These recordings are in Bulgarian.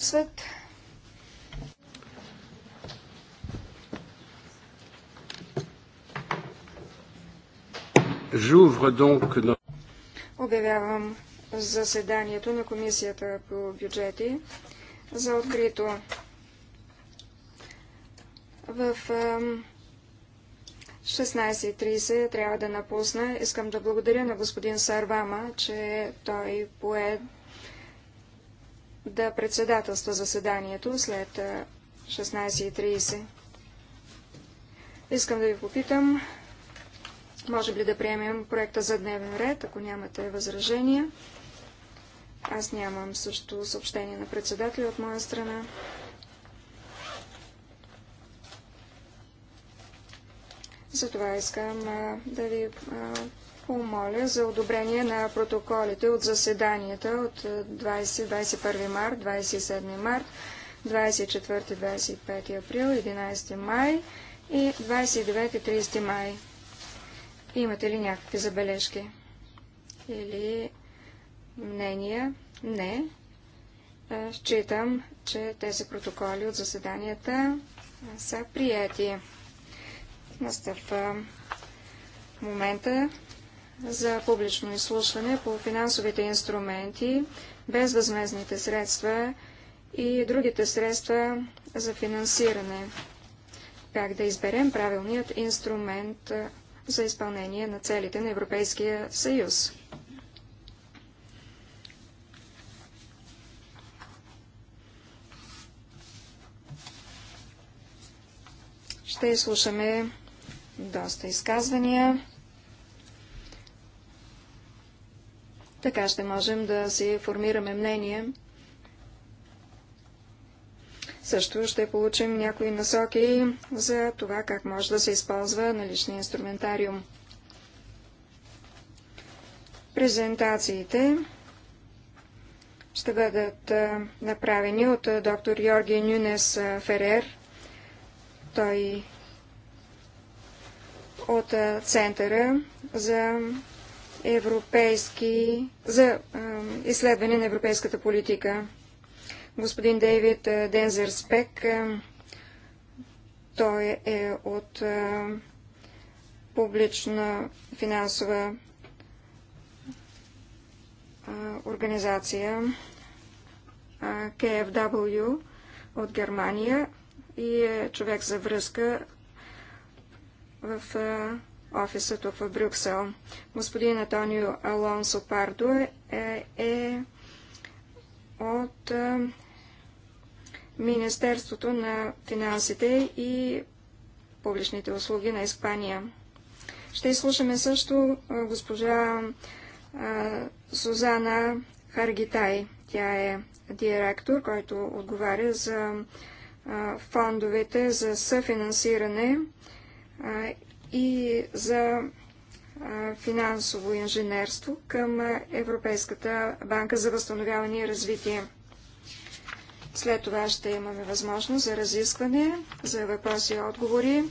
свет. Обявявам заседанието на Комисията по бюджети за открито. В 16.30 трябва да напусна. Искам да благодаря на господин Сарвама, че той поед да председателства заседанието след 16.30. Искам да ви попитам, може ли да приемем проекта за дневен ред, ако нямате възражения. Аз нямам също съобщение на председателя от моя страна. Затова искам а, да ви а, помоля за одобрение на протоколите от заседанията от 20-21 е, март, 27 март, 24-25 април, 11 май и 29-30 май. Имате ли някакви забележки? Или мнения? Не. Е, считам, че тези протоколи от заседанията са прияти. Настъпва момента за публично изслушване по финансовите инструменти, безвъзмезните средства и другите средства за финансиране. Как да изберем правилният инструмент за изпълнение на целите на Европейския съюз. Ще изслушаме доста изказвания. Така ще можем да си формираме мнение. Също ще получим някои насоки за това как може да се използва наличния инструментариум. Презентациите ще бъдат направени от доктор Йорги Нюнес Ферер. Той от Центъра за европейски, за изследване на европейската политика. Господин Дейвид Дензер Спек, той е от публична финансова организация KFW от Германия и е човек за връзка в офиса тук в Брюксел. Господин Антонио Алонсо Пардо е, е, е от е, Министерството на финансите и публичните услуги на Испания. Ще изслушаме също е, госпожа е, Сузана Харгитай. Тя е директор, който отговаря за е, фондовете за съфинансиране а, е, и за финансово инженерство към Европейската банка за възстановяване и развитие. След това ще имаме възможност за разискване, за въпроси и отговори.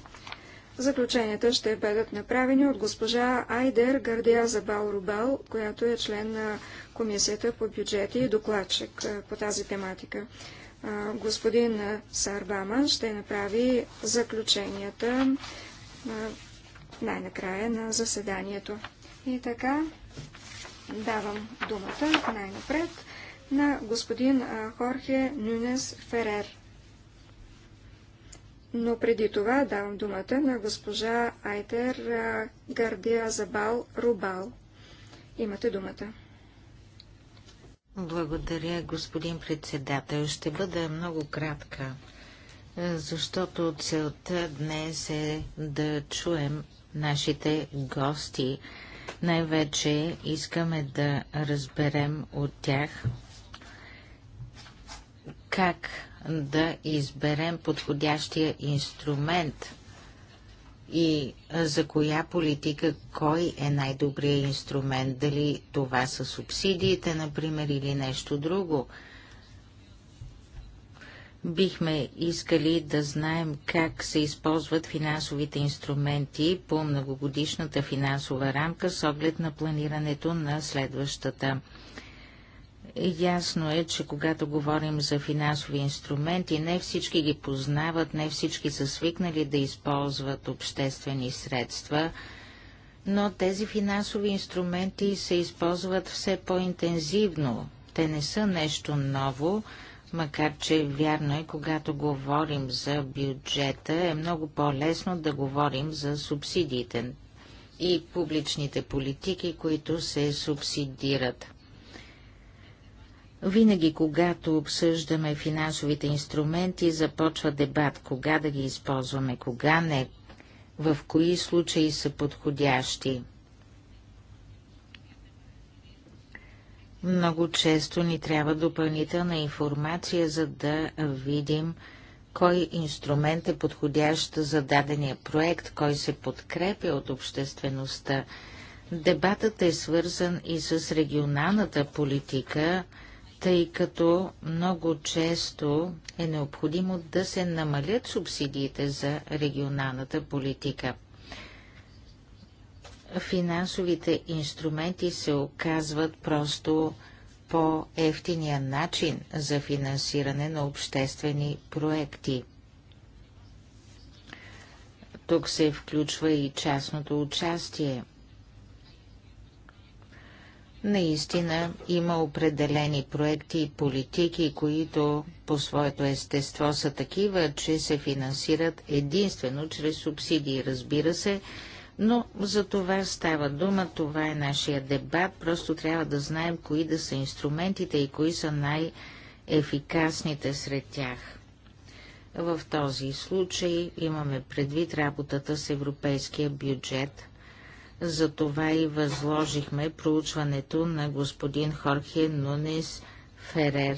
Заключенията ще бъдат направени от госпожа Айдер Гардия Забал Рубал, която е член на Комисията по бюджети и докладчик по тази тематика. Господин Сарбама ще направи заключенията най-накрая на заседанието. И така, давам думата най-напред на господин Хорхе Нюнес Ферер. Но преди това давам думата на госпожа Айтер Гардия Забал Рубал. Имате думата. Благодаря, господин председател. Ще бъда много кратка, защото целта днес е да чуем нашите гости. Най-вече искаме да разберем от тях как да изберем подходящия инструмент и за коя политика кой е най-добрият инструмент, дали това са субсидиите, например, или нещо друго. Бихме искали да знаем как се използват финансовите инструменти по многогодишната финансова рамка с оглед на планирането на следващата. Ясно е, че когато говорим за финансови инструменти, не всички ги познават, не всички са свикнали да използват обществени средства, но тези финансови инструменти се използват все по-интензивно. Те не са нещо ново, Макар, че вярно е, когато говорим за бюджета, е много по-лесно да говорим за субсидиите и публичните политики, които се субсидират. Винаги, когато обсъждаме финансовите инструменти, започва дебат кога да ги използваме, кога не, в кои случаи са подходящи. Много често ни трябва допълнителна информация, за да видим кой инструмент е подходящ за дадения проект, кой се подкрепя от обществеността. Дебатът е свързан и с регионалната политика, тъй като много често е необходимо да се намалят субсидиите за регионалната политика – финансовите инструменти се оказват просто по-ефтиния начин за финансиране на обществени проекти. Тук се включва и частното участие. Наистина има определени проекти и политики, които по своето естество са такива, че се финансират единствено чрез субсидии. Разбира се, но за това става дума, това е нашия дебат, просто трябва да знаем кои да са инструментите и кои са най-ефикасните сред тях. В този случай имаме предвид работата с европейския бюджет. Затова и възложихме проучването на господин Хорхе Нунес Ферер.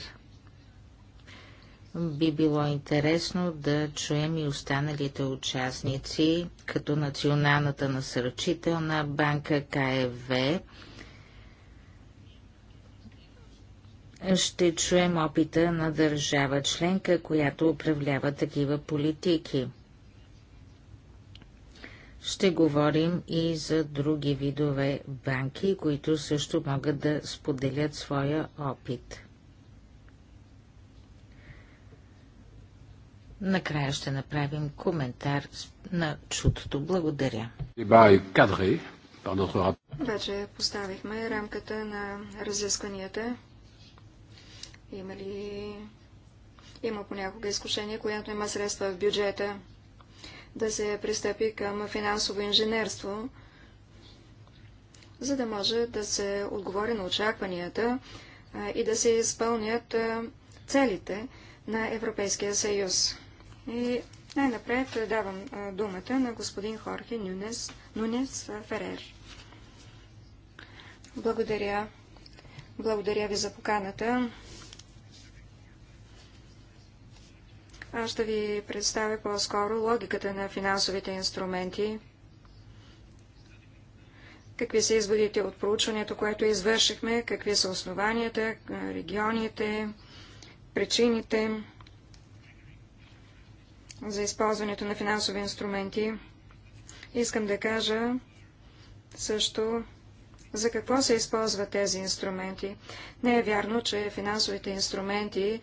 Би било интересно да чуем и останалите участници, като Националната насърчителна банка КФВ. Е Ще чуем опита на държава членка, която управлява такива политики. Ще говорим и за други видове банки, които също могат да споделят своя опит. Накрая ще направим коментар на чутото. Благодаря. Вече поставихме рамката на разискванията. Има ли... Има понякога изкушение, която има средства в бюджета да се пристъпи към финансово инженерство, за да може да се отговори на очакванията и да се изпълнят целите на Европейския съюз. И най-напред е, давам е, думата на господин Хорхе Нюнес, Нюнес е, Ферер. Благодаря. Благодаря ви за поканата. Аз ще ви представя по-скоро логиката на финансовите инструменти. Какви са изводите от проучването, което извършихме, какви са основанията, регионите, причините за използването на финансови инструменти. Искам да кажа също за какво се използват тези инструменти. Не е вярно, че финансовите инструменти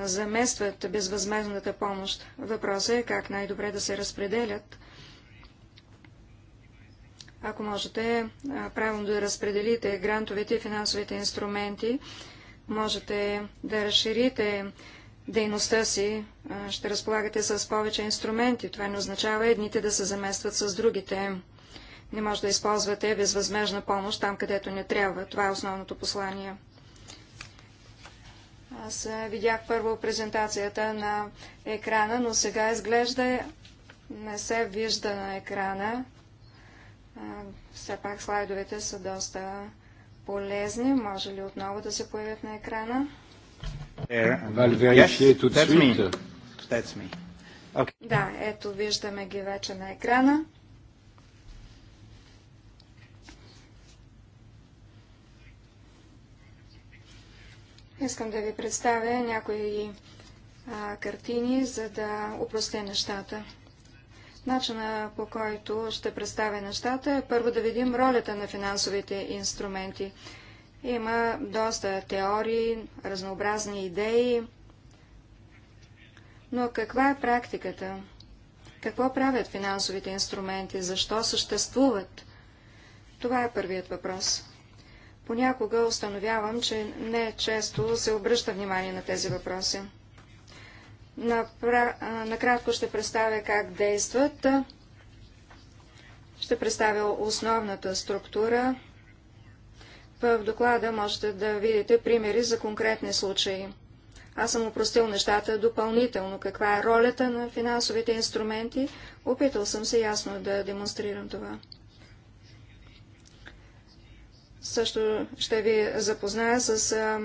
заместват безвъзмезната помощ. Въпросът е как най-добре да се разпределят. Ако можете правилно да разпределите грантовете и финансовите инструменти, можете да разширите дейността си ще разполагате с повече инструменти. Това не означава едните да се заместват с другите. Не може да използвате безвъзмежна помощ там, където не трябва. Това е основното послание. Аз видях първо презентацията на екрана, но сега изглежда не се вижда на екрана. Все пак слайдовете са доста полезни. Може ли отново да се появят на екрана? Yes, okay. Да, ето виждаме ги вече на екрана. Искам да ви представя някои а, картини, за да упростя нещата. Начина по който ще представя нещата е първо да видим ролята на финансовите инструменти. Има доста теории, разнообразни идеи. Но каква е практиката? Какво правят финансовите инструменти? Защо съществуват? Това е първият въпрос. Понякога установявам, че не често се обръща внимание на тези въпроси. Напра... Накратко ще представя как действат. Ще представя основната структура в доклада можете да видите примери за конкретни случаи. Аз съм упростил нещата допълнително, каква е ролята на финансовите инструменти. Опитал съм се ясно да демонстрирам това. Също ще ви запозная с а,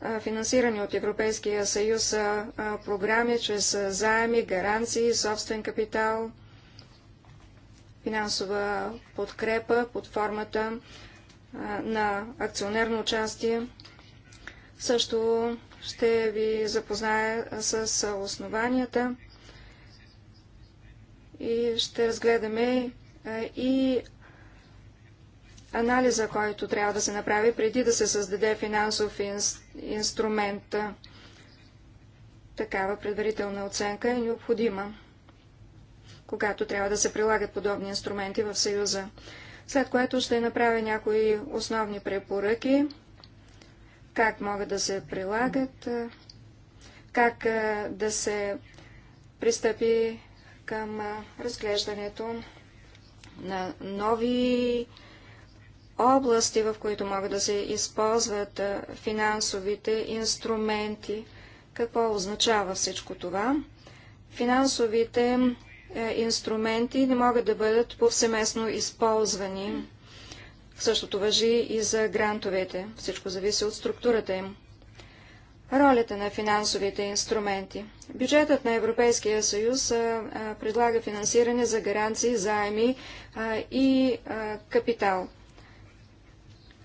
а, финансирани от Европейския съюз а, програми чрез заеми, гаранции, собствен капитал, финансова подкрепа под формата на акционерно участие. Също ще ви запозная с основанията и ще разгледаме и анализа, който трябва да се направи преди да се създаде финансов инструмент. Такава предварителна оценка е необходима, когато трябва да се прилагат подобни инструменти в Съюза след което ще направя някои основни препоръки, как могат да се прилагат, как да се пристъпи към разглеждането на нови области, в които могат да се използват финансовите инструменти. Какво означава всичко това? Финансовите е, инструменти не могат да бъдат повсеместно използвани. Същото въжи и за грантовете. Всичко зависи от структурата им. Ролята на финансовите инструменти. Бюджетът на Европейския съюз предлага финансиране за гаранции, заеми и капитал.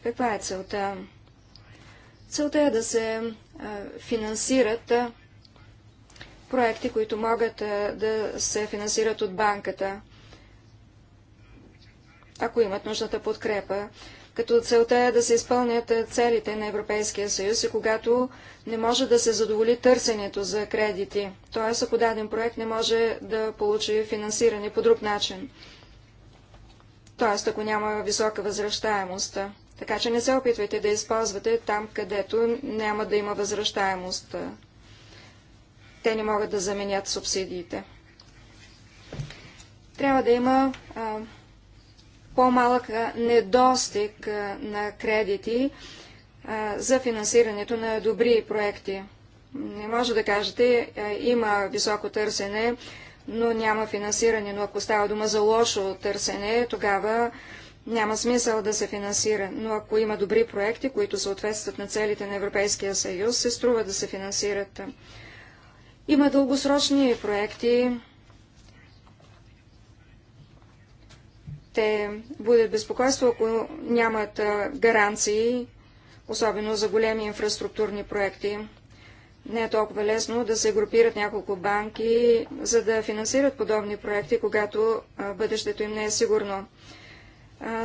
Каква е целта? Целта е да се финансират проекти, които могат е, да се финансират от банката, ако имат нужната подкрепа като целта е да се изпълнят е, целите на Европейския съюз и когато не може да се задоволи търсенето за кредити, т.е. ако даден проект не може да получи финансиране по друг начин, т.е. ако няма висока възвръщаемост. Така че не се опитвайте да използвате там, където няма да има възвръщаемост те не могат да заменят субсидиите. Трябва да има по-малък недостиг а, на кредити а, за финансирането на добри проекти. Не може да кажете, а, има високо търсене, но няма финансиране. Но ако става дума за лошо търсене, тогава няма смисъл да се финансира. Но ако има добри проекти, които съответстват на целите на Европейския съюз, се струва да се финансират. Има дългосрочни проекти. Те будят безпокойство, ако нямат гаранции, особено за големи инфраструктурни проекти. Не е толкова лесно да се групират няколко банки, за да финансират подобни проекти, когато бъдещето им не е сигурно.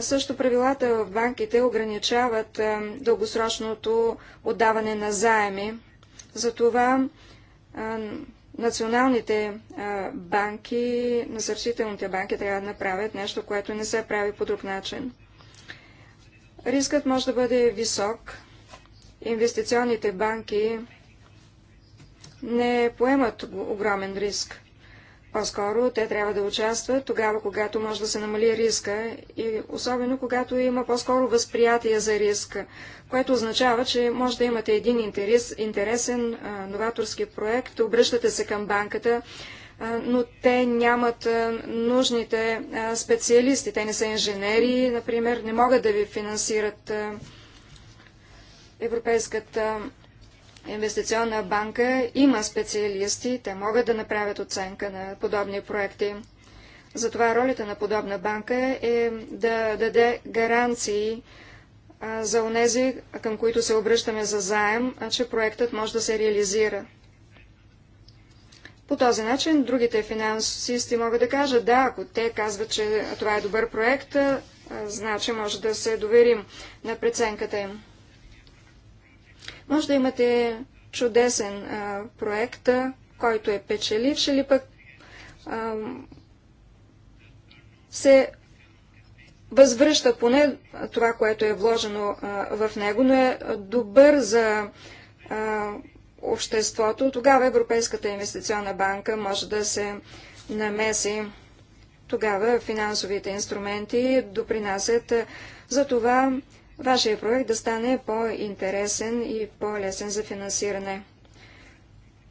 Също правилата в банките ограничават дългосрочното отдаване на заеми. Затова националните банки, насърчителните банки трябва да направят нещо, което не се прави по друг начин. Рискът може да бъде висок. Инвестиционните банки не поемат огромен риск. По-скоро те трябва да участват тогава, когато може да се намали риска и особено когато има по-скоро възприятие за риска, което означава, че може да имате един интерес, интересен а, новаторски проект, обръщате се към банката, а, но те нямат а, нужните а, специалисти, те не са инженери, например, не могат да ви финансират а, Европейската инвестиционна банка има специалисти, те могат да направят оценка на подобни проекти. Затова ролята на подобна банка е да даде гаранции за онези, към които се обръщаме за заем, а че проектът може да се реализира. По този начин другите финансисти могат да кажат, да, ако те казват, че това е добър проект, значи може да се доверим на преценката им. Може да имате чудесен а, проект, който е печеливш или пък а, се възвръща поне това, което е вложено а, в него, но е добър за а, обществото. Тогава Европейската инвестиционна банка може да се намеси. Тогава финансовите инструменти допринасят за това вашия проект да стане по-интересен и по-лесен за финансиране.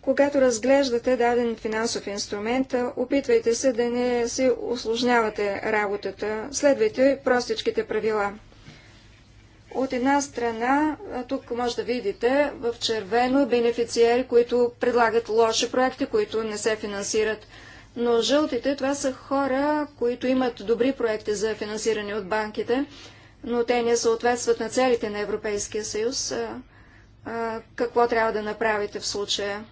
Когато разглеждате даден финансов инструмент, опитвайте се да не си осложнявате работата, следвайте простичките правила. От една страна, тук може да видите в червено бенефициери, които предлагат лоши проекти, които не се финансират. Но жълтите, това са хора, които имат добри проекти за финансиране от банките но те не съответстват на целите на Европейския съюз. Какво трябва да направите в случая?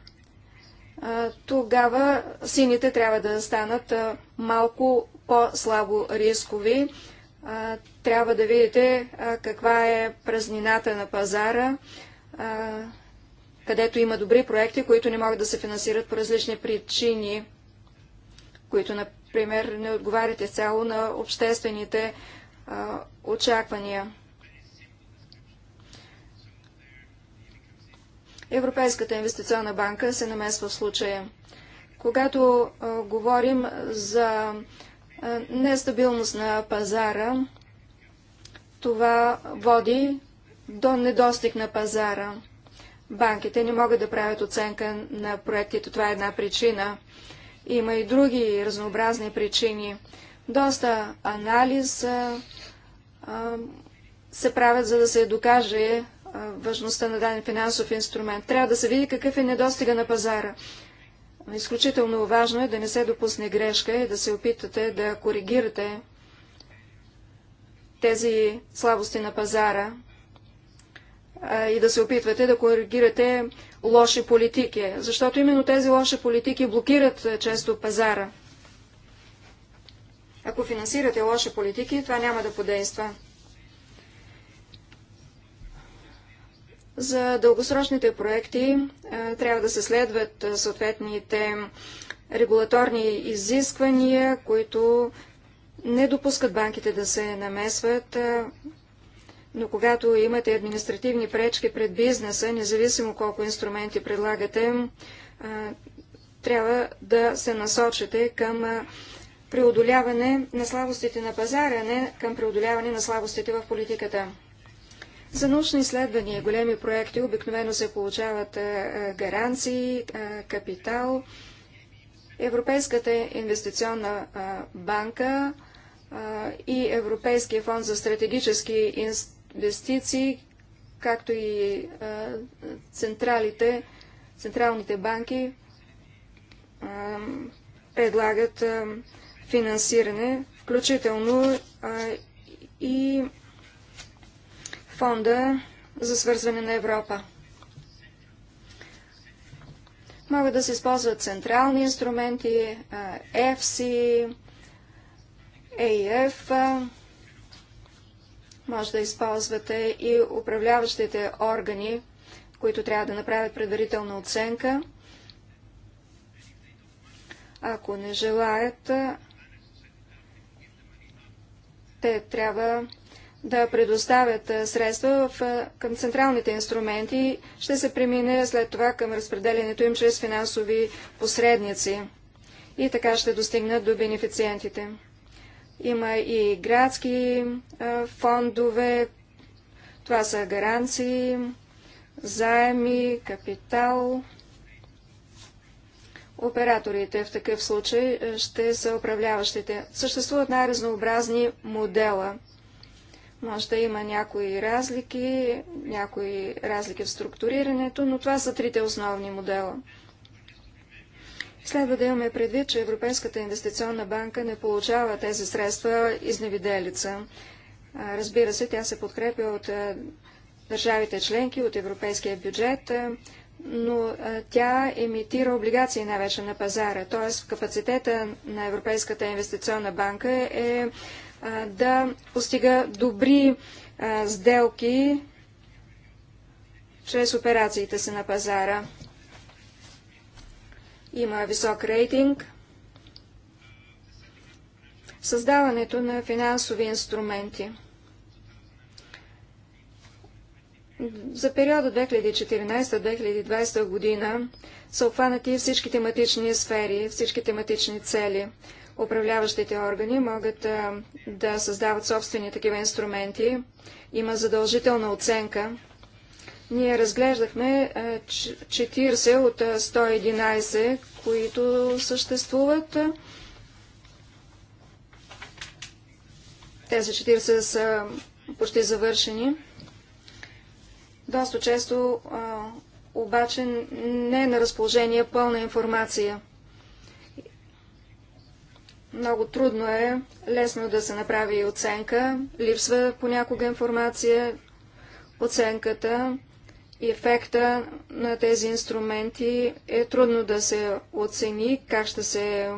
Тогава сините трябва да станат малко по-слабо рискови. Трябва да видите каква е празнината на пазара, където има добри проекти, които не могат да се финансират по различни причини, които, например, не отговарят изцяло на обществените очаквания. Европейската инвестиционна банка се намесва в случая. Когато а, говорим за а, нестабилност на пазара, това води до недостиг на пазара. Банките не могат да правят оценка на проектите. Това е една причина. Има и други разнообразни причини. Доста анализ а, а, се правят, за да се докаже важността на даден финансов инструмент. Трябва да се види какъв е недостига на пазара. Изключително важно е да не се допусне грешка и да се опитате да коригирате тези слабости на пазара а, и да се опитвате да коригирате лоши политики, защото именно тези лоши политики блокират често пазара. Ако финансирате лоши политики, това няма да подейства. За дългосрочните проекти е, трябва да се следват е, съответните регулаторни изисквания, които не допускат банките да се намесват, е, но когато имате административни пречки пред бизнеса, независимо колко инструменти предлагате, трябва да се насочите към преодоляване на слабостите на пазара, не към преодоляване на слабостите в политиката. За научни изследвания и големи проекти обикновено се получават гаранции, капитал. Европейската инвестиционна банка и Европейския фонд за стратегически инвестиции, както и централите, централните банки предлагат финансиране, включително а, и фонда за свързване на Европа. Могат да се използват централни инструменти, FC, AF. Може да използвате и управляващите органи, които трябва да направят предварителна оценка. Ако не желаят, те трябва да предоставят средства в, към централните инструменти. Ще се премине след това към разпределението им чрез финансови посредници. И така ще достигнат до бенефициентите. Има и градски фондове. Това са гаранции, заеми, капитал, Операторите в такъв случай е, ще са управляващите. Съществуват най-разнообразни модела. Може да има някои разлики, някои разлики в структурирането, но това са трите основни модела. Следва да имаме предвид, че Европейската инвестиционна банка не получава тези средства изневиделица. Разбира се, тя се подкрепя от е, държавите членки, от европейския бюджет. Е, но тя емитира облигации най-вече на пазара. Т.е. капацитета на Европейската инвестиционна банка е да постига добри сделки чрез операциите си на пазара. Има висок рейтинг. Създаването на финансови инструменти – За периода 2014-2020 година са обхванати всички тематични сфери, всички тематични цели. Управляващите органи могат а, да създават собствени такива инструменти. Има задължителна оценка. Ние разглеждахме а, 40 от 111, които съществуват. Тези 40 са почти завършени. Доста често а, обаче не е на разположение пълна информация. Много трудно е, лесно е да се направи оценка, липсва понякога информация, оценката и ефекта на тези инструменти е трудно да се оцени как ще се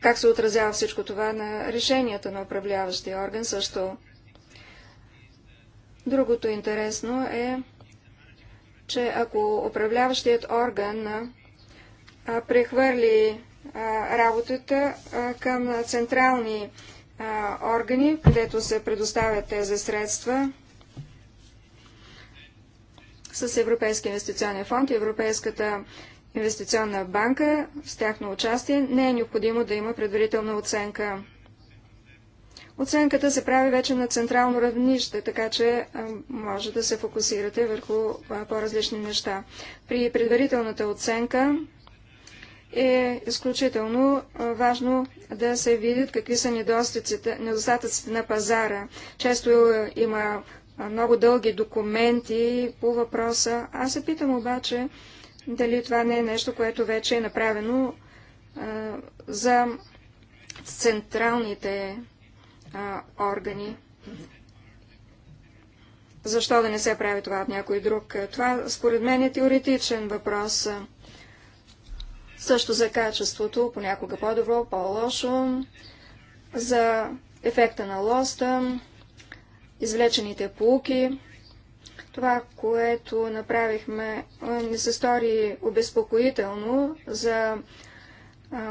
как се отразява всичко това на решенията на управляващия орган също. Другото интересно е, че ако управляващият орган прехвърли работата към централни органи, където се предоставят тези средства с Европейския инвестиционен фонд и Европейската инвестиционна банка с тяхно участие, не е необходимо да има предварителна оценка. Оценката се прави вече на централно равнище, така че може да се фокусирате върху по-различни неща. При предварителната оценка е изключително важно да се видят какви са недостатъците на пазара. Често има много дълги документи по въпроса. Аз се питам обаче дали това не е нещо, което вече е направено за централните а, органи. Защо да не се прави това от някой друг? Това, според мен, е теоретичен въпрос. Също за качеството, понякога по-добро, по-лошо, за ефекта на лоста, извлечените полуки. Това, което направихме, не се стори обезпокоително за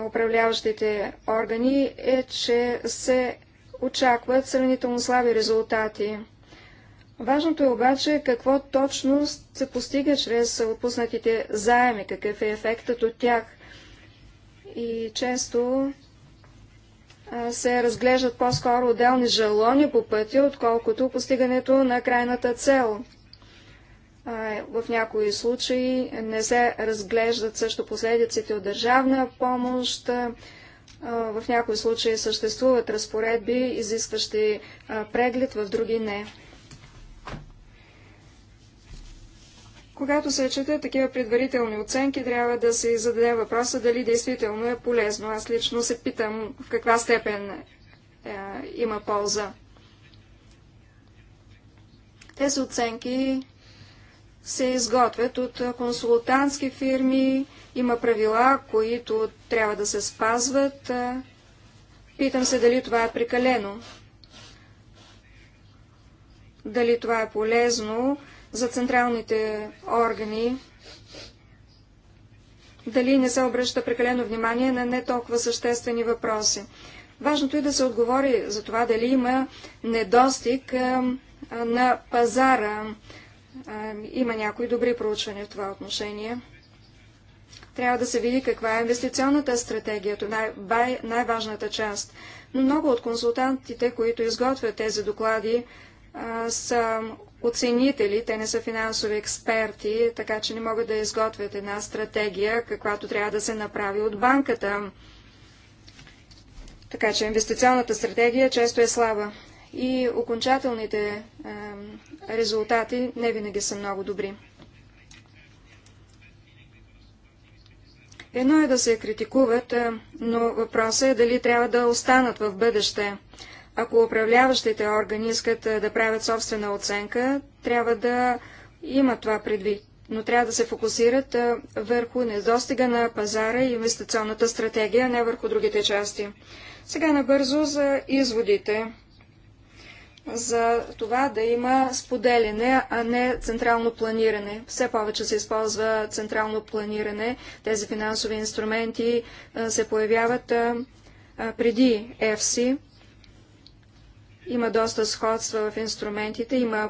управляващите органи, е, че се очакват сравнително слаби резултати. Важното е обаче какво точно се постига чрез отпуснатите заеми, какъв е ефектът от тях. И често се разглеждат по-скоро отделни жалони по пътя, отколкото постигането на крайната цел. В някои случаи не се разглеждат също последиците от държавна помощ, в някои случаи съществуват разпоредби, изискващи преглед, в други не. Когато се четат такива предварителни оценки, трябва да се зададе въпроса дали действително е полезно. Аз лично се питам в каква степен е, има полза. Тези оценки се изготвят от консултантски фирми, има правила, които трябва да се спазват. Питам се дали това е прекалено. Дали това е полезно за централните органи. Дали не се обръща прекалено внимание на не толкова съществени въпроси. Важното е да се отговори за това дали има недостиг на пазара. има някои добри проучвания в това отношение. Трябва да се види каква е инвестиционната стратегия, най- най-важната част. Но много от консултантите, които изготвят тези доклади, а, са оценители, те не са финансови експерти, така че не могат да изготвят една стратегия, каквато трябва да се направи от банката. Така че инвестиционната стратегия често е слаба и окончателните е, резултати не винаги са много добри. Едно е да се критикуват, е, но въпросът е дали трябва да останат в бъдеще. Ако управляващите органи искат е, да правят собствена оценка, трябва да имат това предвид, но трябва да се фокусират е, върху недостига на пазара и инвестиционната стратегия, а не върху другите части. Сега набързо за изводите за това да има споделяне, а не централно планиране. Все повече се използва централно планиране. Тези финансови инструменти е, се появяват е, е, преди ЕФСИ. Има доста сходства в инструментите, има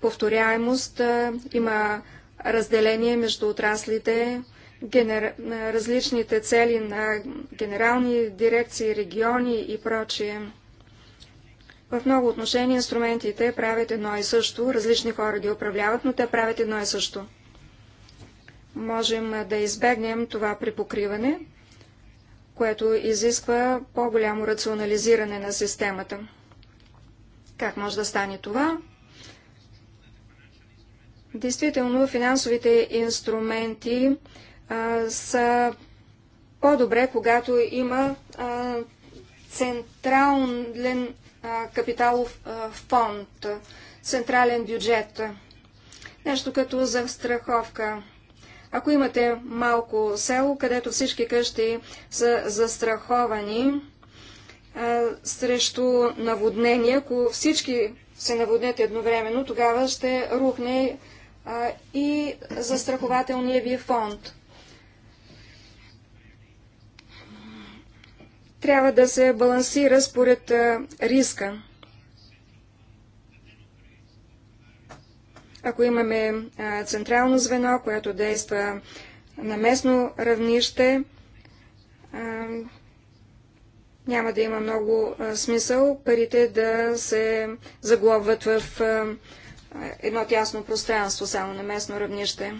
повторяемост, има разделение между отраслите, генер... различните цели на генерални дирекции, региони и прочие. В много отношения инструментите правят едно и също, различни хора ги управляват, но те правят едно и също. Можем да избегнем това припокриване, което изисква по-голямо рационализиране на системата. Как може да стане това? Действително, финансовите инструменти а, са по-добре, когато има а, централен капиталов фонд, централен бюджет, нещо като застраховка. Ако имате малко село, където всички къщи са застраховани срещу наводнения, ако всички се наводнят едновременно, тогава ще рухне и застрахователния ви фонд. трябва да се балансира според риска. Ако имаме централно звено, което действа на местно равнище, няма да има много смисъл парите да се заглобват в едно тясно пространство само на местно равнище.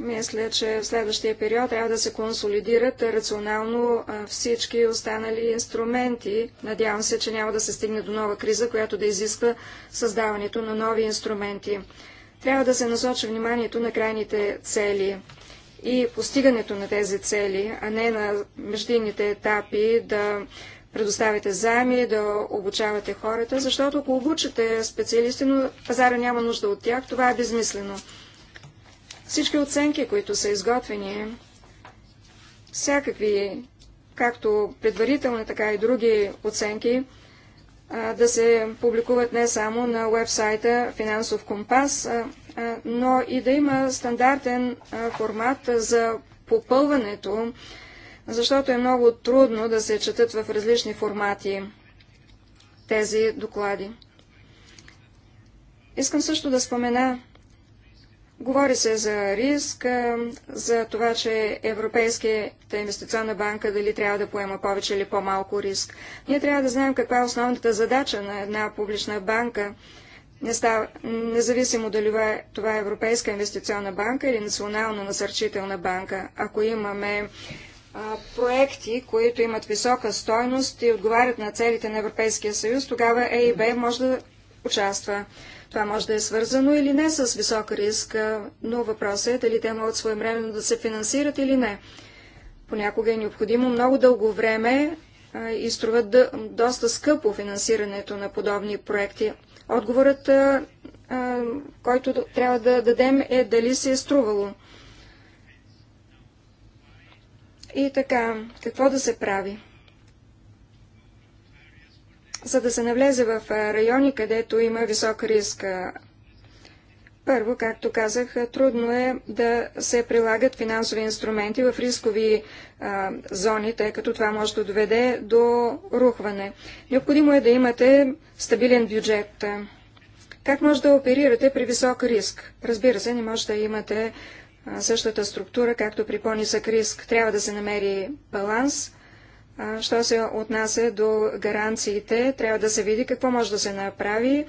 Мисля, че в следващия период трябва да се консолидират рационално всички останали инструменти. Надявам се, че няма да се стигне до нова криза, която да изисква създаването на нови инструменти. Трябва да се насочи вниманието на крайните цели и постигането на тези цели, а не на междинните етапи да предоставяте заеми, да обучавате хората, защото ако обучате специалисти, но пазара няма нужда от тях, това е безмислено. Всички оценки, които са изготвени, всякакви, както предварителни, така и други оценки, да се публикуват не само на вебсайта Финансов компас, но и да има стандартен формат за попълването, защото е много трудно да се четат в различни формати тези доклади. Искам също да спомена, Говори се за риск, за това, че Европейската инвестиционна банка дали трябва да поема повече или по-малко риск. Ние трябва да знаем каква е основната задача на една публична банка, не става, независимо дали това е, е Европейска инвестиционна банка или Национална насърчителна банка. Ако имаме а, проекти, които имат висока стойност и отговарят на целите на Европейския съюз, тогава ЕИБ може да участва. Това може да е свързано или не с висок риск, но въпросът е дали те могат своевременно да се финансират или не. Понякога е необходимо много дълго време и струват доста скъпо финансирането на подобни проекти. Отговорът, който трябва да дадем е дали се е струвало. И така, какво да се прави? за да се навлезе в райони, където има висок риск. Първо, както казах, трудно е да се прилагат финансови инструменти в рискови а, зони, тъй като това може да доведе до рухване. Необходимо е да имате стабилен бюджет. Как може да оперирате при висок риск? Разбира се, не може да имате а, същата структура, както при по-нисък риск. Трябва да се намери баланс Що се отнася до гаранциите, трябва да се види какво може да се направи,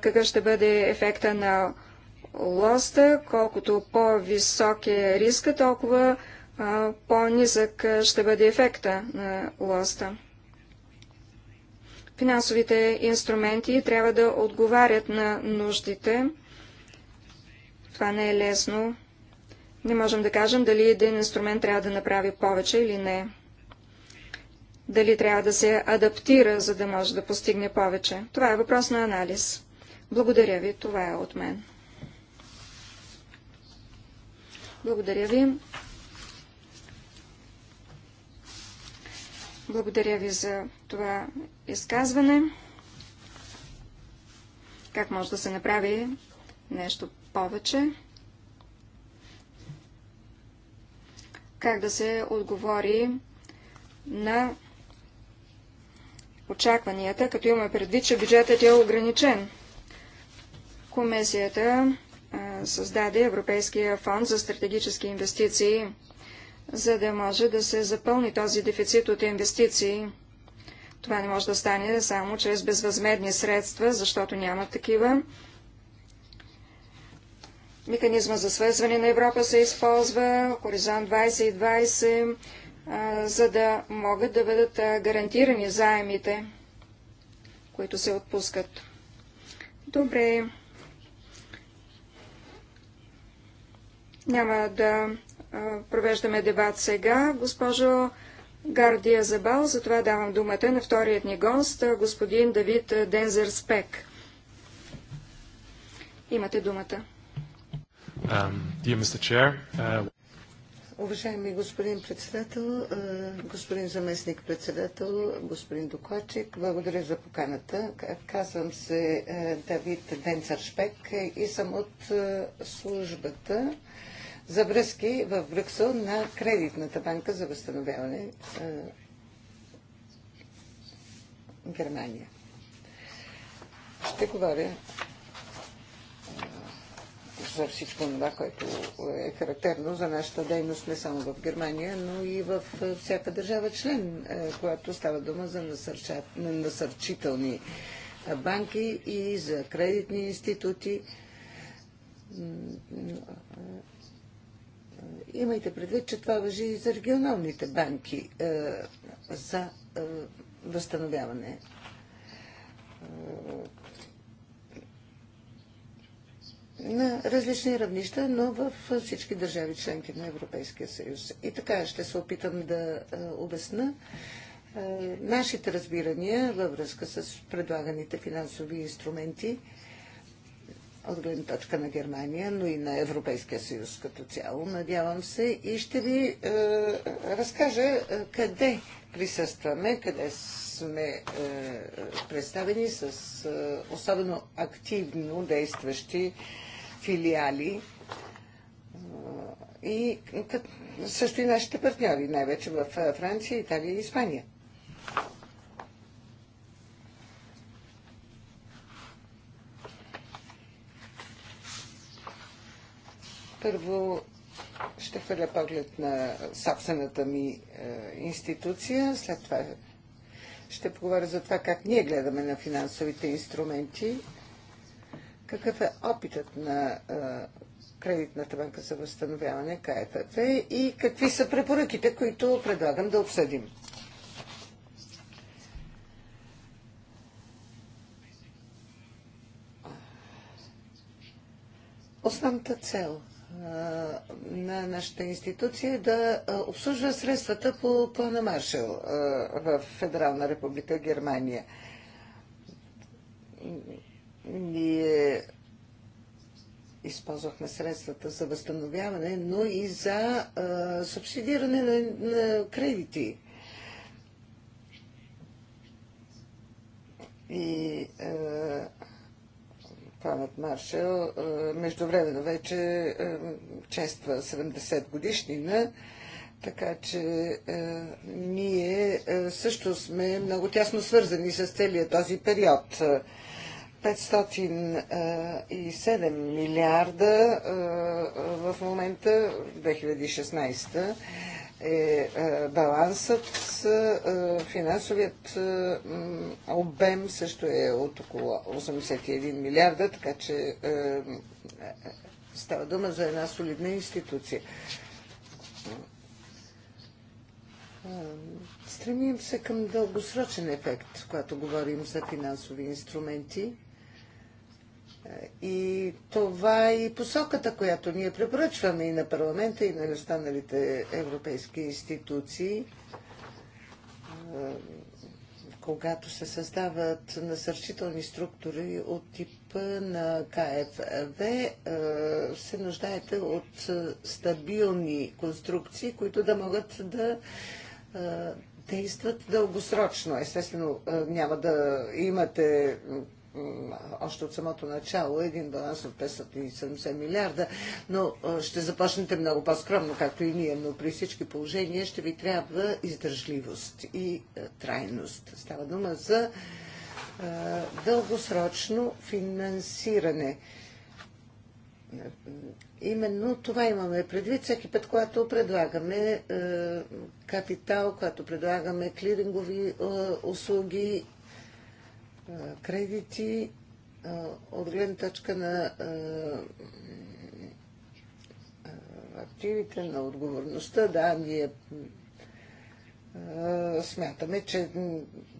какъв ще бъде ефекта на лоста. Колкото по-висок е риска, толкова по-низък ще бъде ефекта на лоста. Финансовите инструменти трябва да отговарят на нуждите. Това не е лесно. Не можем да кажем дали един инструмент трябва да направи повече или не дали трябва да се адаптира, за да може да постигне повече. Това е въпрос на анализ. Благодаря ви. Това е от мен. Благодаря ви. Благодаря ви за това изказване. Как може да се направи нещо повече? Как да се отговори на очакванията, като имаме предвид, че бюджетът е ограничен. Комисията създаде Европейския фонд за стратегически инвестиции, за да може да се запълни този дефицит от инвестиции. Това не може да стане само чрез безвъзмедни средства, защото няма такива. Механизма за свързване на Европа се използва, Хоризонт 2020, за да могат да бъдат гарантирани заемите, които се отпускат. Добре. Няма да провеждаме дебат сега. Госпожо Гардия Забал, затова давам думата на вторият ни гост, господин Давид Дензер Спек. Имате думата. Um, Уважаеми господин председател, е, господин заместник председател, господин докладчик, благодаря за поканата. Казвам се е, Давид Денцаршпек и съм от е, службата за връзки в Брюксел на Кредитната банка за възстановяване Германия. Ще говоря за всичко това, което е характерно за нашата дейност не само в Германия, но и в е, всяка държава член, е, която става дума за насърчителни банки и за кредитни институти. Е, имайте предвид, че това въжи и за регионалните банки за възстановяване на различни равнища, но в всички държави членки на Европейския съюз. И така ще се опитам да обясна нашите разбирания във връзка с предлаганите финансови инструменти от гледна точка на Германия, но и на Европейския съюз като цяло, надявам се. И ще ви е, разкажа къде присъстваме, къде сме е, представени с е, особено активно действащи филиали и също и нашите партньори, най-вече в Франция, Италия и Испания. Първо ще хвърля поглед на собствената ми е, институция, след това ще поговоря за това как ние гледаме на финансовите инструменти какъв е опитът на Кредитната банка за възстановяване, КФФ и какви са препоръките, които предлагам да обсъдим. Основната цел на нашата институция е да обслужва средствата по плана Маршал в Федерална република Германия ние използвахме средствата за възстановяване, но и за а, субсидиране на, на кредити. И памет Павел Маршал междувременно вече а, чества 70 годишнина. Така че а, ние а, също сме много тясно свързани с целият този период. 507 милиарда в момента, 2016 е балансът с финансовият обем също е от около 81 милиарда, така че става дума за една солидна институция. Стремим се към дългосрочен ефект, когато говорим за финансови инструменти. И това е и посоката, която ние препоръчваме и на парламента, и на останалите европейски институции, е, когато се създават насърчителни структури от тип на КФВ, е, се нуждаете от стабилни конструкции, които да могат да е, действат дългосрочно. Естествено, няма да имате още от самото начало един баланс от 570 милиарда, но ще започнете много по-скромно, както и ние, но при всички положения ще ви трябва издържливост и трайност. Става дума за дългосрочно финансиране. Именно това имаме предвид всеки път, когато предлагаме е, капитал, когато предлагаме клирингови е, услуги кредити от гледна точка на активите, на отговорността. Да, ние смятаме, че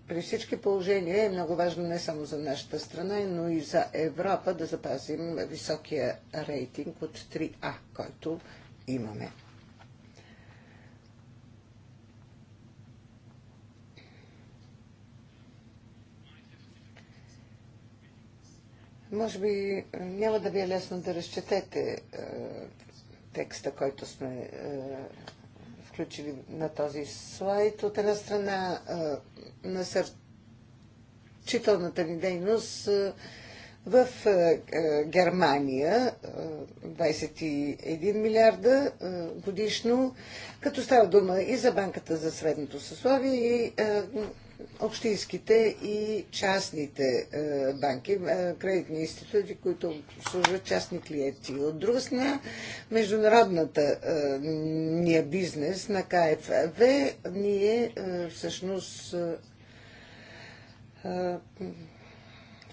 при всички положения е много важно не само за нашата страна, но и за Европа да запазим високия рейтинг от 3А, който имаме. Може би е, няма да ви е лесно да разчетете е, текста, който сме е, включили на този слайд. От една страна е, насърчителната ни дейност е, в е, е Германия е, 21 милиарда е, годишно, като става дума и за банката за средното съсловие и е, общинските и частните е, банки, е, кредитни институти, които служат частни клиенти. От друга страна, международната е, ния бизнес на КФВ, ние всъщност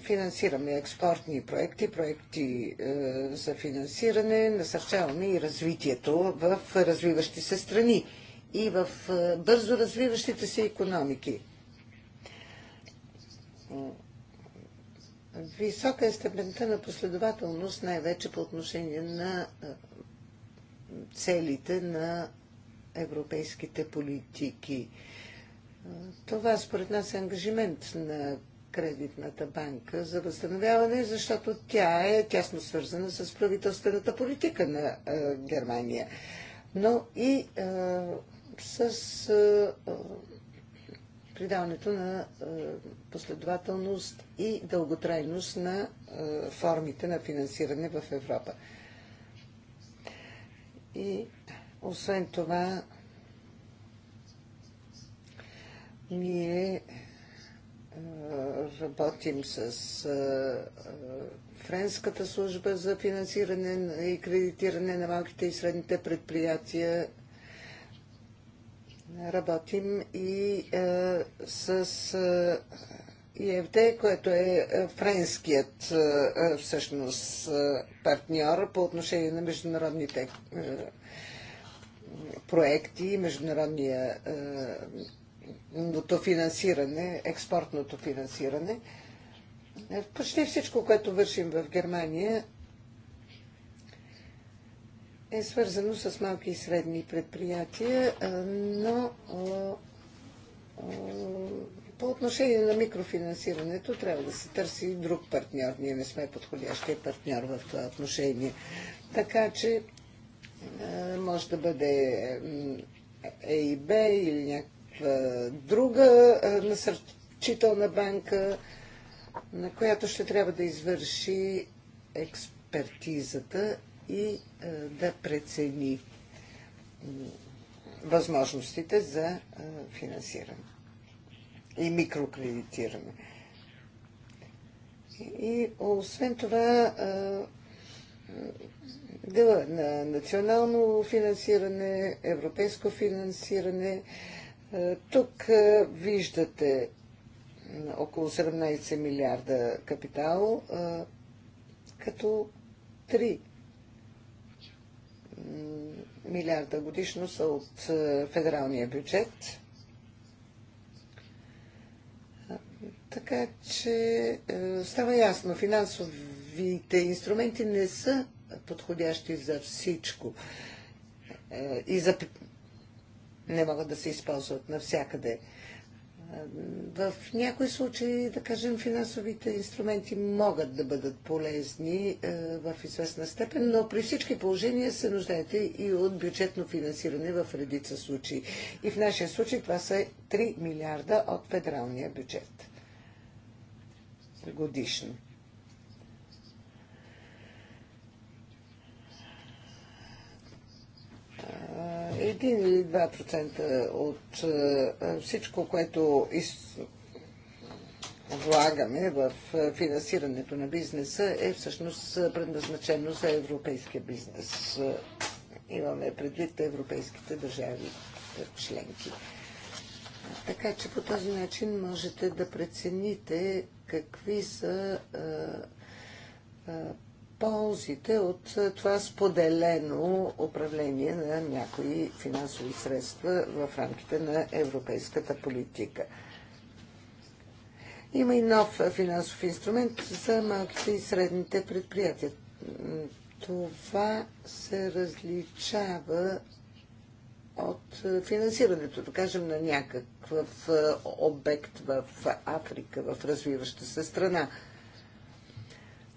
финансираме експортни проекти, проекти за финансиране, насърчаваме и развитието в развиващи се страни и в бързо развиващите се економики. Висока е степента на последователност, най-вече по отношение на целите на европейските политики. Това според нас е ангажимент на кредитната банка за възстановяване, защото тя е тясно свързана с правителствената политика на е, Германия. Но и е, с е, придаването на е, последователност и дълготрайност на е, формите на финансиране в Европа. И освен това, ние е, работим с Френската служба за финансиране и кредитиране на малките и средните предприятия работим и е, с е, ИФД, което е, е френският е, е всъщност е, партньор по отношение на международните е, проекти, международния е, финансиране, експортното финансиране. Почти всичко, което вършим в Германия, е свързано с малки и средни предприятия, но по отношение на микрофинансирането трябва да се търси друг партньор. Ние не сме подходящия партньор в това отношение. Така че може да бъде ЕИБ или някаква друга насърчителна банка, на която ще трябва да извърши експертизата и е, да прецени възможностите за е, финансиране и микрокредитиране. И освен това, е, дела на национално финансиране, европейско финансиране, тук виждате около 17 милиарда капитал, като три милиарда годишно са от е, федералния бюджет. Така че е, става ясно, финансовите инструменти не са подходящи за всичко е, и за... не могат да се използват навсякъде. Е, в някои случаи, да кажем, финансовите инструменти могат да бъдат полезни е, в известна степен, но при всички положения се нуждаете и от бюджетно финансиране в редица случаи. И в нашия случай това са 3 милиарда от федералния бюджет годишно. Един или 2% от от е, всичко, което из... влагаме в е, финансирането на бизнеса, е всъщност е, предназначено за европейския бизнес. Имаме предвид европейските държави членки. Така че по този начин можете да прецените какви са ползите от е, това споделено управление на някои финансови средства в рамките на европейската политика. Има и нов финансов инструмент за малките и средните предприятия. Това се различава от е, финансирането, да кажем, на някакъв е, обект в Африка, в развиваща се страна.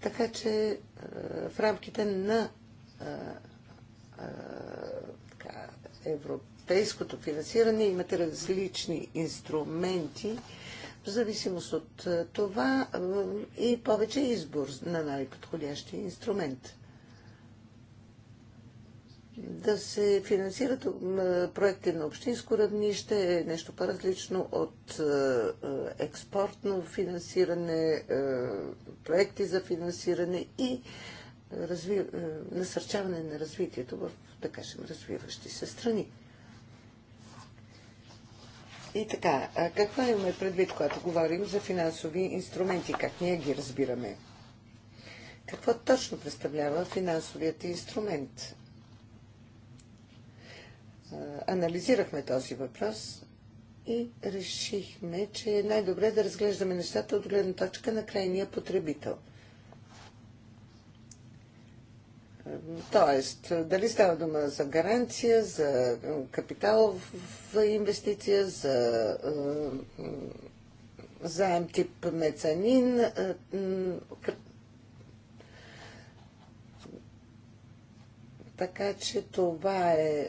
Така че е, в рамките на е, е, така, европейското финансиране имате различни инструменти, в зависимост от това и повече избор на най-подходящия инструмент да се финансират проекти на общинско равнище нещо по-различно от е, е, експортно финансиране, е, проекти за финансиране и разви... насърчаване на развитието в, да кажем, развиващи се страни. И така, какво имаме предвид, когато говорим за финансови инструменти? Как ние ги разбираме? Какво точно представлява финансовият инструмент? анализирахме този въпрос и решихме, че е най-добре да разглеждаме нещата от гледна точка на крайния потребител. Тоест, дали става дума за гаранция, за в инвестиция, за заем тип мецанин, Така че това е, е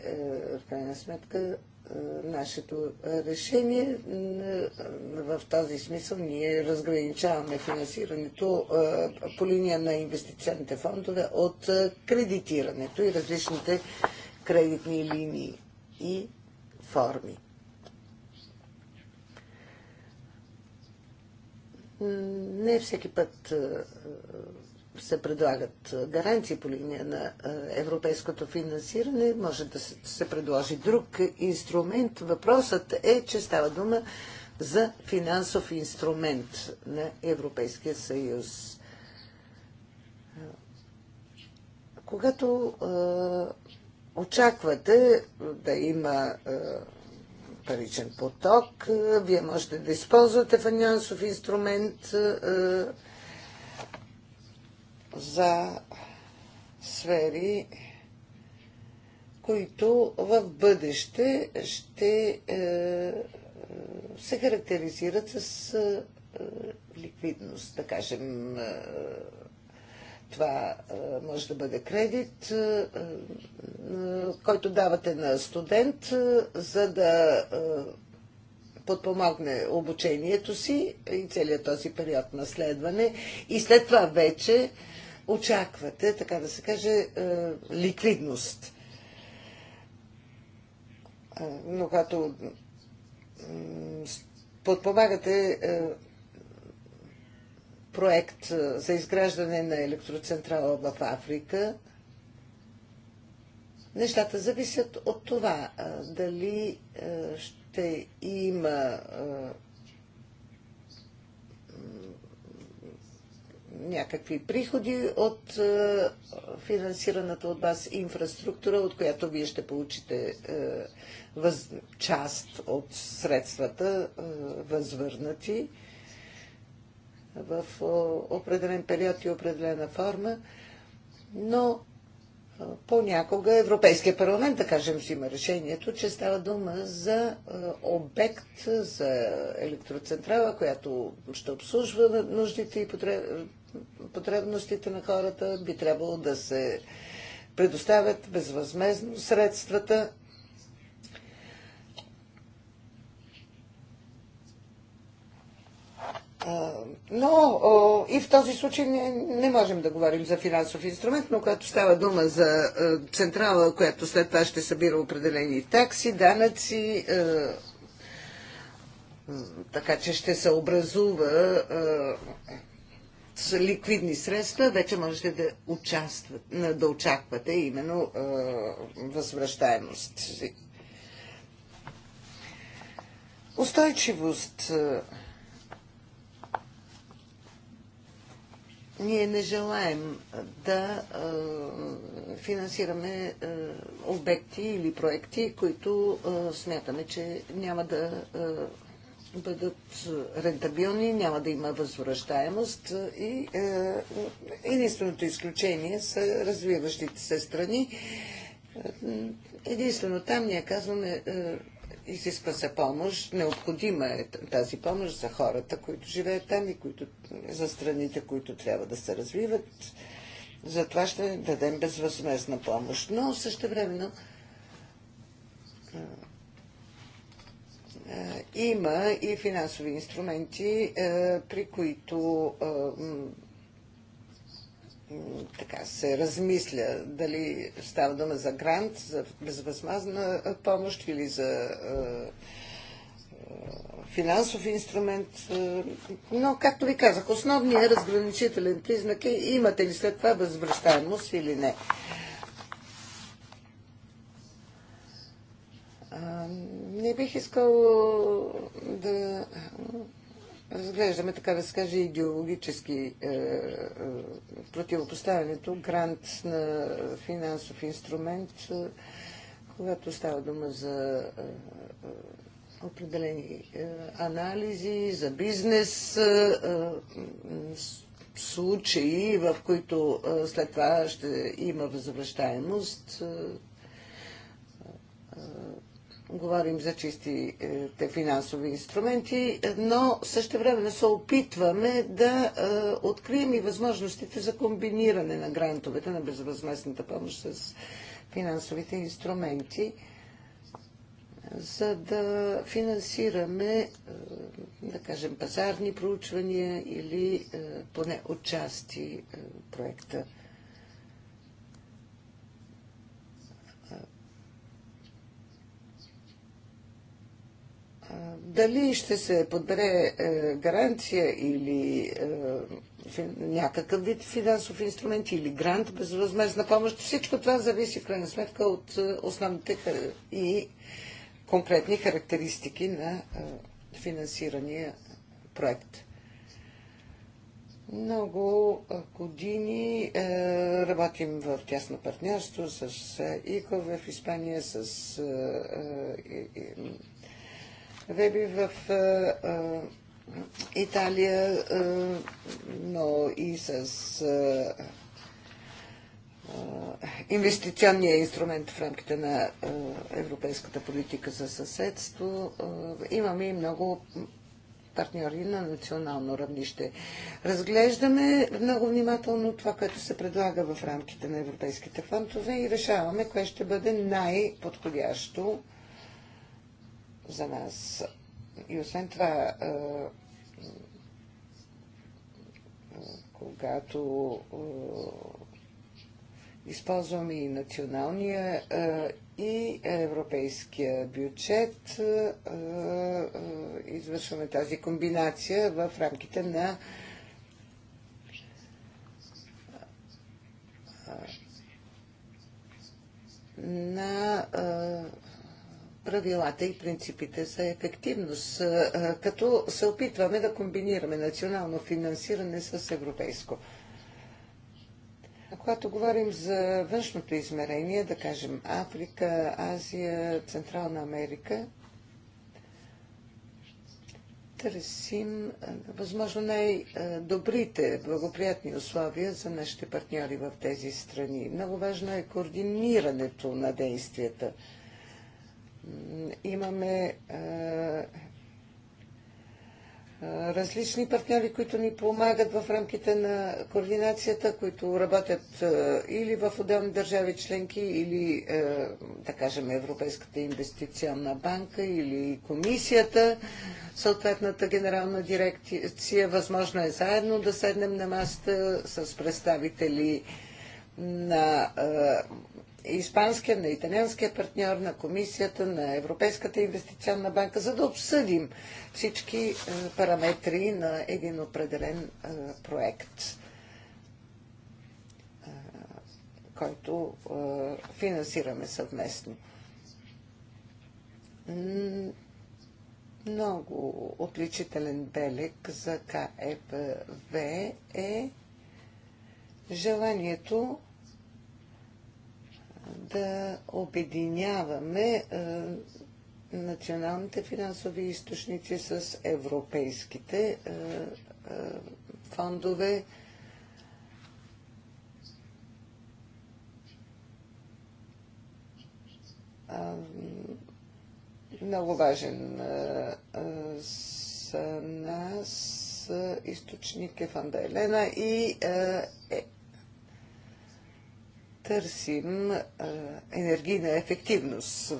в крайна сметка е, нашето решение. Е, в този смисъл ние разграничаваме финансирането по линия на инвестиционните фондове от кредитирането и различните кредитни линии и форми. Не всеки път се предлагат гаранции по линия на европейското финансиране, може да се предложи друг инструмент. Въпросът е, че става дума за финансов инструмент на Европейския съюз. Когато очаквате да има паричен поток, вие можете да използвате финансов инструмент за сфери, които в бъдеще ще е, се характеризират с е, ликвидност, да кажем. Е, това е, може да бъде кредит, е, е, който давате на студент, за да подпомогне обучението си и целият този период на следване. И след това вече очаквате, така да се каже, е, ликвидност. Е, но е, подпомагате проект е, за изграждане на електроцентрала в Африка, нещата зависят от това дали ще има някакви приходи от е, финансираната от вас инфраструктура, от която вие ще получите е, въз... част от средствата е, възвърнати в е, определен период и определена форма, но е, понякога Европейския парламент, да кажем, има решението, че става дума за е, обект, за електроцентрала, която ще обслужва нуждите и потребностите на хората, би трябвало да се предоставят безвъзмезно средствата. Но и в този случай не, не можем да говорим за финансов инструмент, но когато става дума за централа, която след това ще събира определени такси, данъци, така че ще се образува с ликвидни средства, вече можете да, участват, да очаквате именно е, възвръщаемост. Устойчивост. Ние не желаем да е, финансираме е, обекти или проекти, които е, смятаме, че няма да. Е, бъдат е, рентабилни, няма да има възвръщаемост и е, единственото изключение са развиващите се страни. Единствено там ние казваме е, изисква се помощ, необходима е тази помощ за хората, които живеят там и които, за страните, които трябва да се развиват. Затова ще дадем безвъзмезна помощ. Но също времено е, е, има и финансови инструменти, е, при които е, така се размисля дали става дума за грант, за безвъзмазна помощ или за финансов инструмент. Но, както ви казах, основният разграничителен признак е имате ли след това възвръщаемост или не. Не бих искал да разглеждаме, така да се каже, идеологически е, е, противопоставянето, грант на финансов инструмент, е, когато става дума за е, е, определени е, анализи, за бизнес, е, е, случаи, в които е, след това ще има възвръщаемост. Е, е, Говорим за чистите е, финансови инструменти, но също време се опитваме да е, открием и възможностите за комбиниране на грантовете на безвъзместната помощ с финансовите инструменти за да финансираме, е, да кажем, пазарни проучвания или поне отчасти проекта. Дали ще се подбере е, гаранция или е, някакъв вид финансов инструмент или грант, безвъзмезна помощ, всичко това зависи в крайна сметка от е, основните и конкретни характеристики на финансирания проект. Много години е, работим в тясно партньорство с ИКО в Испания, с е, е, Веби в Италия, но и с инвестиционния инструмент в рамките на европейската политика за съседство. Имаме и много партньори на национално равнище. Разглеждаме много внимателно това, което се предлага в рамките на европейските фондове и решаваме кое ще бъде най-подходящо за нас. И освен това, когато използваме и националния и европейския бюджет, извършваме тази комбинация в рамките на на правилата и принципите за ефективност, като се опитваме да комбинираме национално финансиране с европейско. А когато говорим за външното измерение, да кажем Африка, Азия, Централна Америка, търсим възможно най-добрите, благоприятни условия за нашите партньори в тези страни. Много важно е координирането на действията – Имаме различни партньори, които ни помагат в рамките на координацията, които работят или в отделни държави членки, или, да кажем, Европейската инвестиционна банка, или комисията, съответната генерална дирекция. Възможно е заедно да седнем на масата с представители на испанския, на италианския партньор, на комисията, на Европейската инвестиционна банка, за да обсъдим всички е, параметри на един определен е, проект, е, който финансираме съвместно. Много отличителен белег за КФВ е желанието да обединяваме е, националните финансови източници с европейските е, е, фондове. Много важен за нас източник е фонда Елена и е търсим енергийна ефективност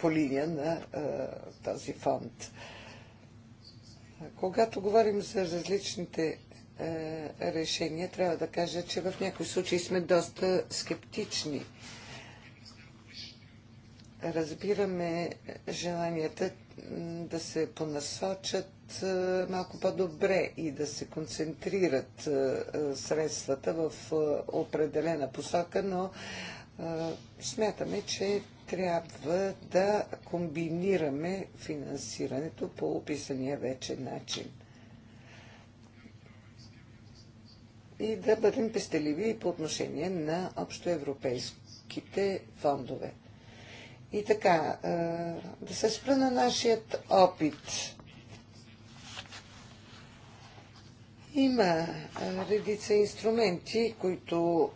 по линия на този фонд. Когато говорим за различните решения, трябва да кажа, че в някои случаи сме доста скептични. Разбираме желанията да се понасочат малко по-добре и да се концентрират средствата в определена посока, но смятаме, че трябва да комбинираме финансирането по описания вече начин. И да бъдем пестеливи по отношение на общоевропейските фондове. И така, да се спра на нашият опит. Има редица инструменти, които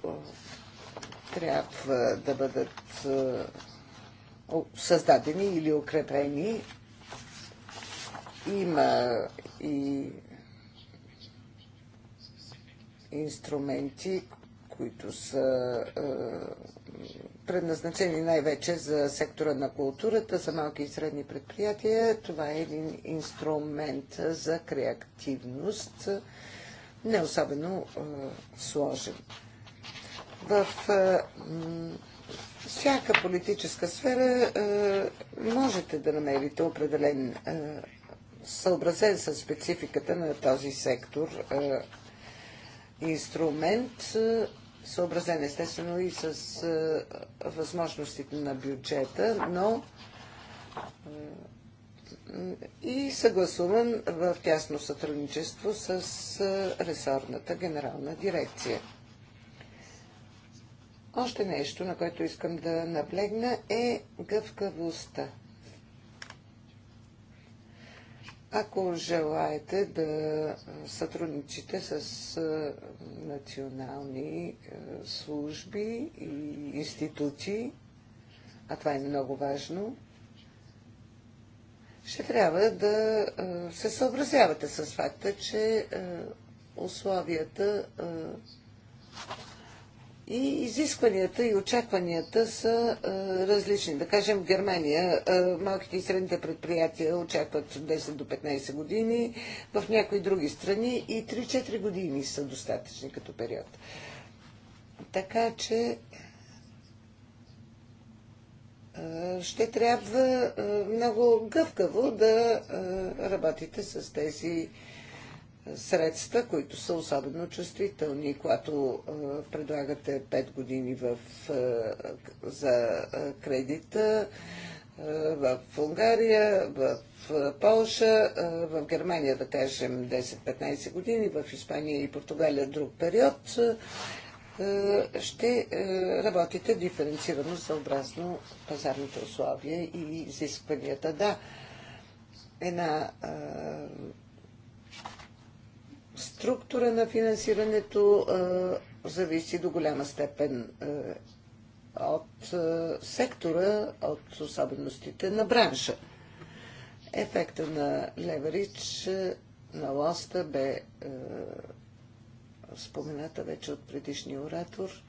трябва да бъдат създадени или укрепени. Има и инструменти, които са предназначени най-вече за сектора на културата, за малки и средни предприятия. Това е един инструмент за креативност, не особено а, сложен. В а, всяка политическа сфера а, можете да намерите определен а, съобразен с спецификата на този сектор а, инструмент, а, съобразен естествено и с а, възможностите на бюджета, но а, и съгласуван в тясно сътрудничество с ресорната генерална дирекция. Още нещо, на което искам да наблегна, е гъвкавостта. Ако желаете да сътрудничите с национални служби и институции, а това е много важно, ще трябва да се съобразявате с факта, че условията и изискванията и очакванията са а, различни. Да кажем, в Германия а, малките и средните предприятия очакват 10 до 15 години, в някои други страни и 3-4 години са достатъчни като период. Така че е, ще трябва е, много гъвкаво да е, работите с тези средства, които са особено чувствителни, когато предлагате 5 години в, за кредита в Унгария, в Полша, в Германия, да кажем, 10-15 години, в Испания и Португалия друг период. Е, ще е, работите диференцирано съобразно пазарните условия и изискванията. Да, една е, структура на финансирането зависи до голяма степен от сектора, от особеностите на бранша. Ефекта на леверидж на лоста бе спомената вече от предишния оратор.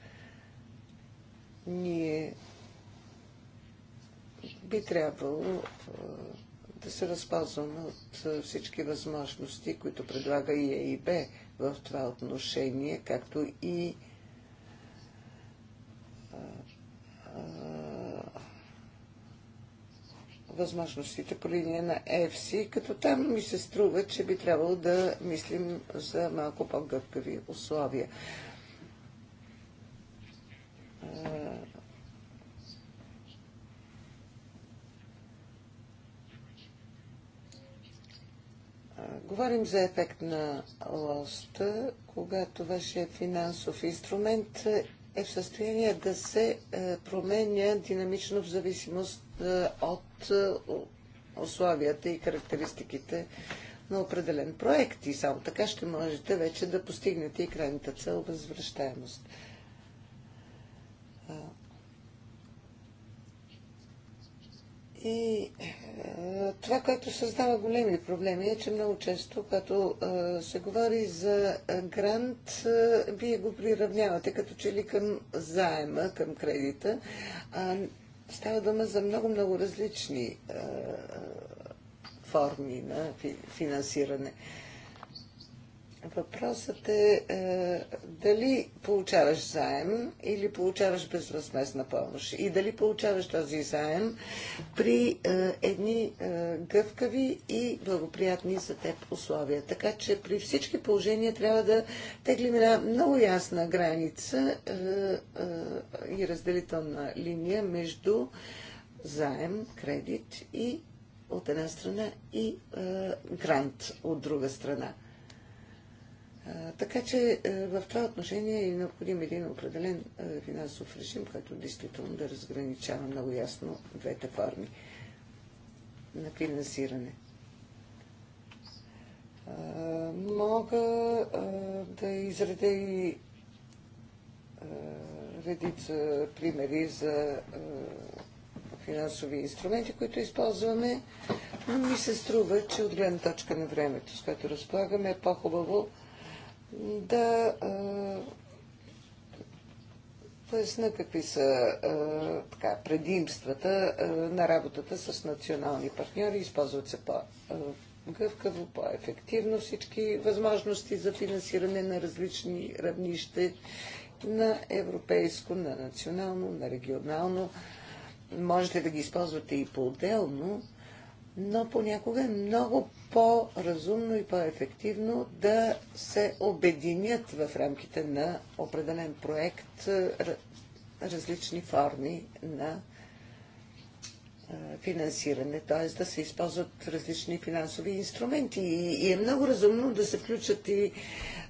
Ние би трябвало е, да се разползваме от е, всички възможности, които предлага и ЕИБ в това отношение, както и е, възможностите по линия на ЕФСИ, като там ми се струва, че би трябвало да мислим за малко по-гъвкави условия. Говорим за ефект на лоста, когато вашия финансов инструмент е в състояние да се е, променя динамично в зависимост е, от е, условията и характеристиките на определен проект и само така ще можете вече да постигнете и крайната цел възвръщаемост. И това, което създава големи проблеми е, че много често, като се говори за грант, вие го приравнявате като че ли към заема, към кредита. става дума за много-много различни форми на финансиране. Въпросът е, е дали получаваш заем или получаваш безвъзмезна помощ и дали получаваш този заем при е, едни е, гъвкави и благоприятни за теб условия. Така че при всички положения трябва да теглим една много ясна граница е, е, и разделителна линия между заем, кредит и от една страна и е, грант от друга страна. Така че в това отношение е необходим един определен финансов режим, който действително да разграничава много ясно двете форми на финансиране. Мога да изредя и редица примери за финансови инструменти, които използваме, но ми се струва, че от гледна точка на времето, с което разполагаме, е по-хубаво да поясна какви са така, предимствата на работата с национални партньори. Използват се по-гъвкаво, по-ефективно всички възможности за финансиране на различни равнища на европейско, на национално, на регионално. Можете да ги използвате и по-отделно но понякога е много по-разумно и по-ефективно да се обединят в рамките на определен проект е, различни форми на е, финансиране, т.е. да се използват различни финансови инструменти. И, и е много разумно да се включат и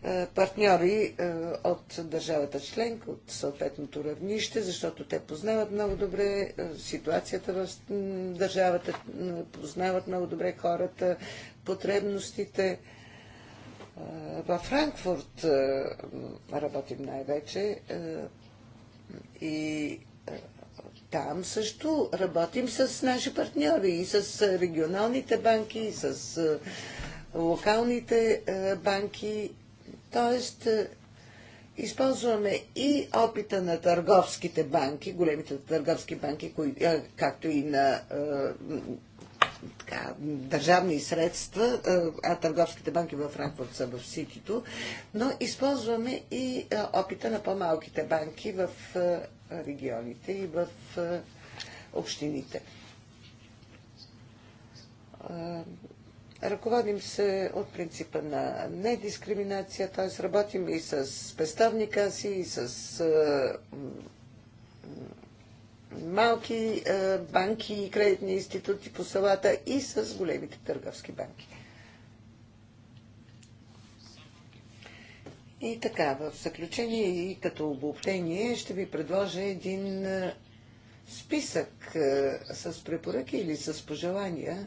е, партньори е, от държавата членка, от съответното равнище, защото те познават много добре е, ситуацията в държавата, познават много добре хората, потребностите. Във Франкфурт работим най-вече и там също работим с наши партньори и с регионалните банки, и с локалните банки Тоест, е, използваме и опита на търговските банки, големите търговски банки, кои, е, както и на е, така, държавни средства, е, а търговските банки във Франкфурт са в Ситито, но използваме и опита на по-малките банки в регионите и в общините Ръководим се от принципа на недискриминация, т.е. работим и с спестовни каси, и с е, малки е, банки и кредитни институти по селата и с големите търговски банки. И така, в заключение и като обобщение ще ви предложа един е, списък с препоръки или с пожелания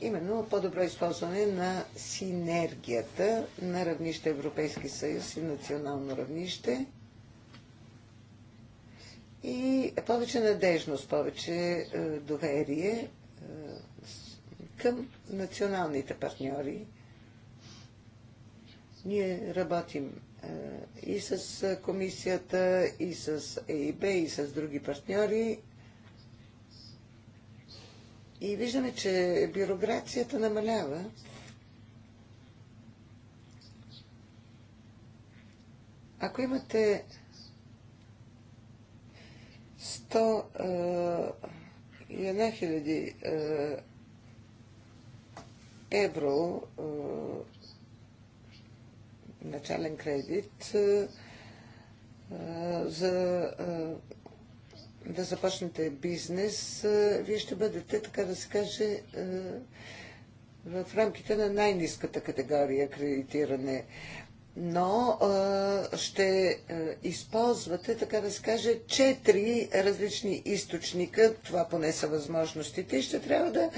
именно по-добро използване на синергията на равнище Европейски съюз и национално равнище и повече надежност, повече е, доверие е, към националните партньори. Ние работим е, и с комисията, и с ЕИБ, и с други партньори и виждаме, че бюрокрацията намалява. Ако имате 100 е, хиляди евро е, начален кредит за да започнете бизнес, вие ще бъдете, така да се каже, в рамките на най-низката категория кредитиране. Но ще използвате, така да се каже, четири различни източника, това поне са възможностите, и ще трябва да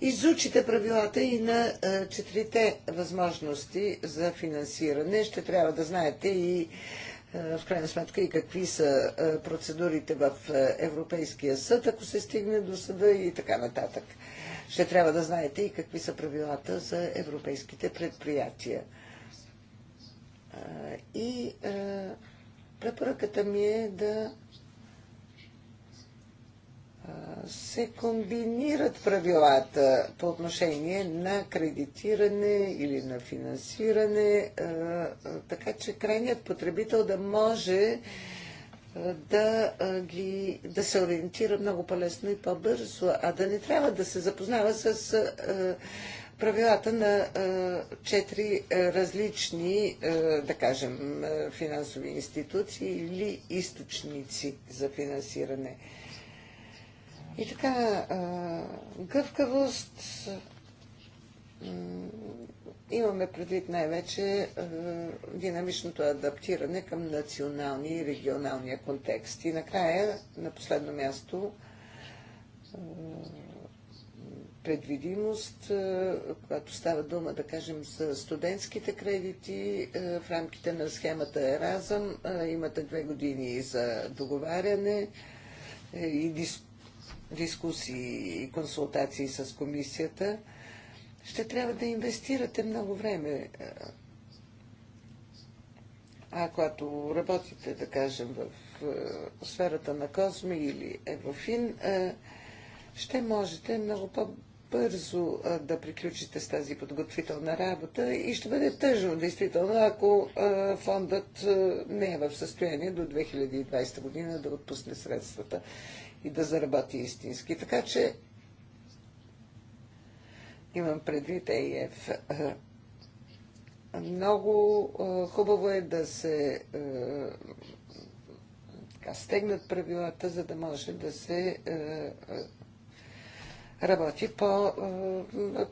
изучите правилата и на четирите възможности за финансиране. Ще трябва да знаете и е, в крайна сметка и какви са е, процедурите в е, Европейския съд, ако се стигне до съда и така нататък. Ще трябва да знаете и какви са правилата за европейските предприятия. И препоръката ми е да се комбинират правилата по отношение на кредитиране или на финансиране, така че крайният потребител да може да, ги, да се ориентира много по-лесно и по-бързо, а да не трябва да се запознава с правилата на четири различни, да кажем, финансови институции или източници за финансиране. И така, гъвкавост имаме предвид най-вече динамичното адаптиране към националния и регионалния контекст. И накрая, на последно място, предвидимост, когато става дума, да кажем, за студентските кредити в рамките на схемата Еразъм. Имате две години за договаряне е, и дис дискусии и консултации с комисията, ще трябва да инвестирате много време. А когато работите, да кажем, в сферата на Козми или Еврофин, е, ще можете много по-бързо е, да приключите с тази подготвителна работа и ще бъде тъжно, действително, ако е, фондът не е в състояние до 2020 година да отпусне средствата и да заработи истински. Така че имам предвид ЕИФ. Много хубаво е да се така, стегнат правилата, за да може да се работи по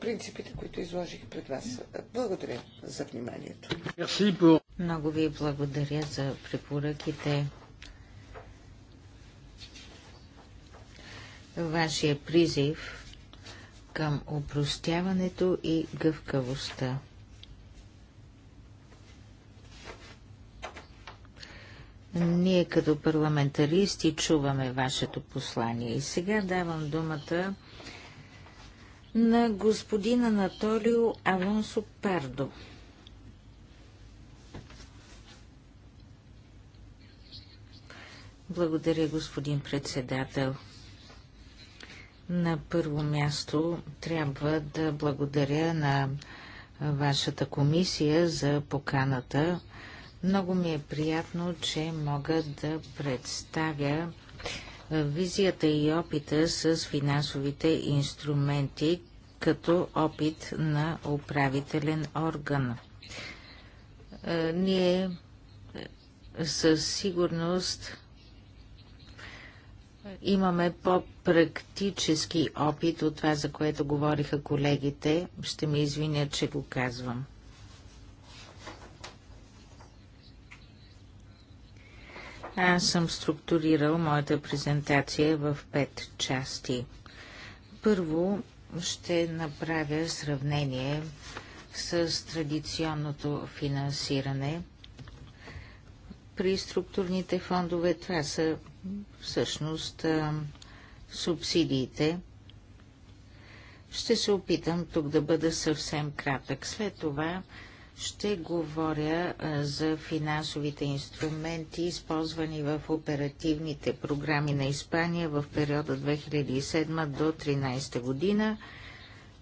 принципите, които изложих пред вас. Благодаря за вниманието. Много ви благодаря за препоръките. вашия призив към упростяването и гъвкавостта. Ние като парламентаристи чуваме вашето послание. И сега давам думата на господин Анатолио Алонсо Пардо. Благодаря, господин председател. На първо място трябва да благодаря на вашата комисия за поканата. Много ми е приятно, че мога да представя визията и опита с финансовите инструменти като опит на управителен орган. Е, ние със сигурност Имаме по-практически опит от това, за което говориха колегите. Ще ме извиня, че го казвам. Аз съм структурирал моята презентация в пет части. Първо ще направя сравнение с традиционното финансиране. При структурните фондове това са всъщност субсидиите. Ще се опитам тук да бъда съвсем кратък. След това ще говоря за финансовите инструменти, използвани в оперативните програми на Испания в периода 2007 до 2013 година.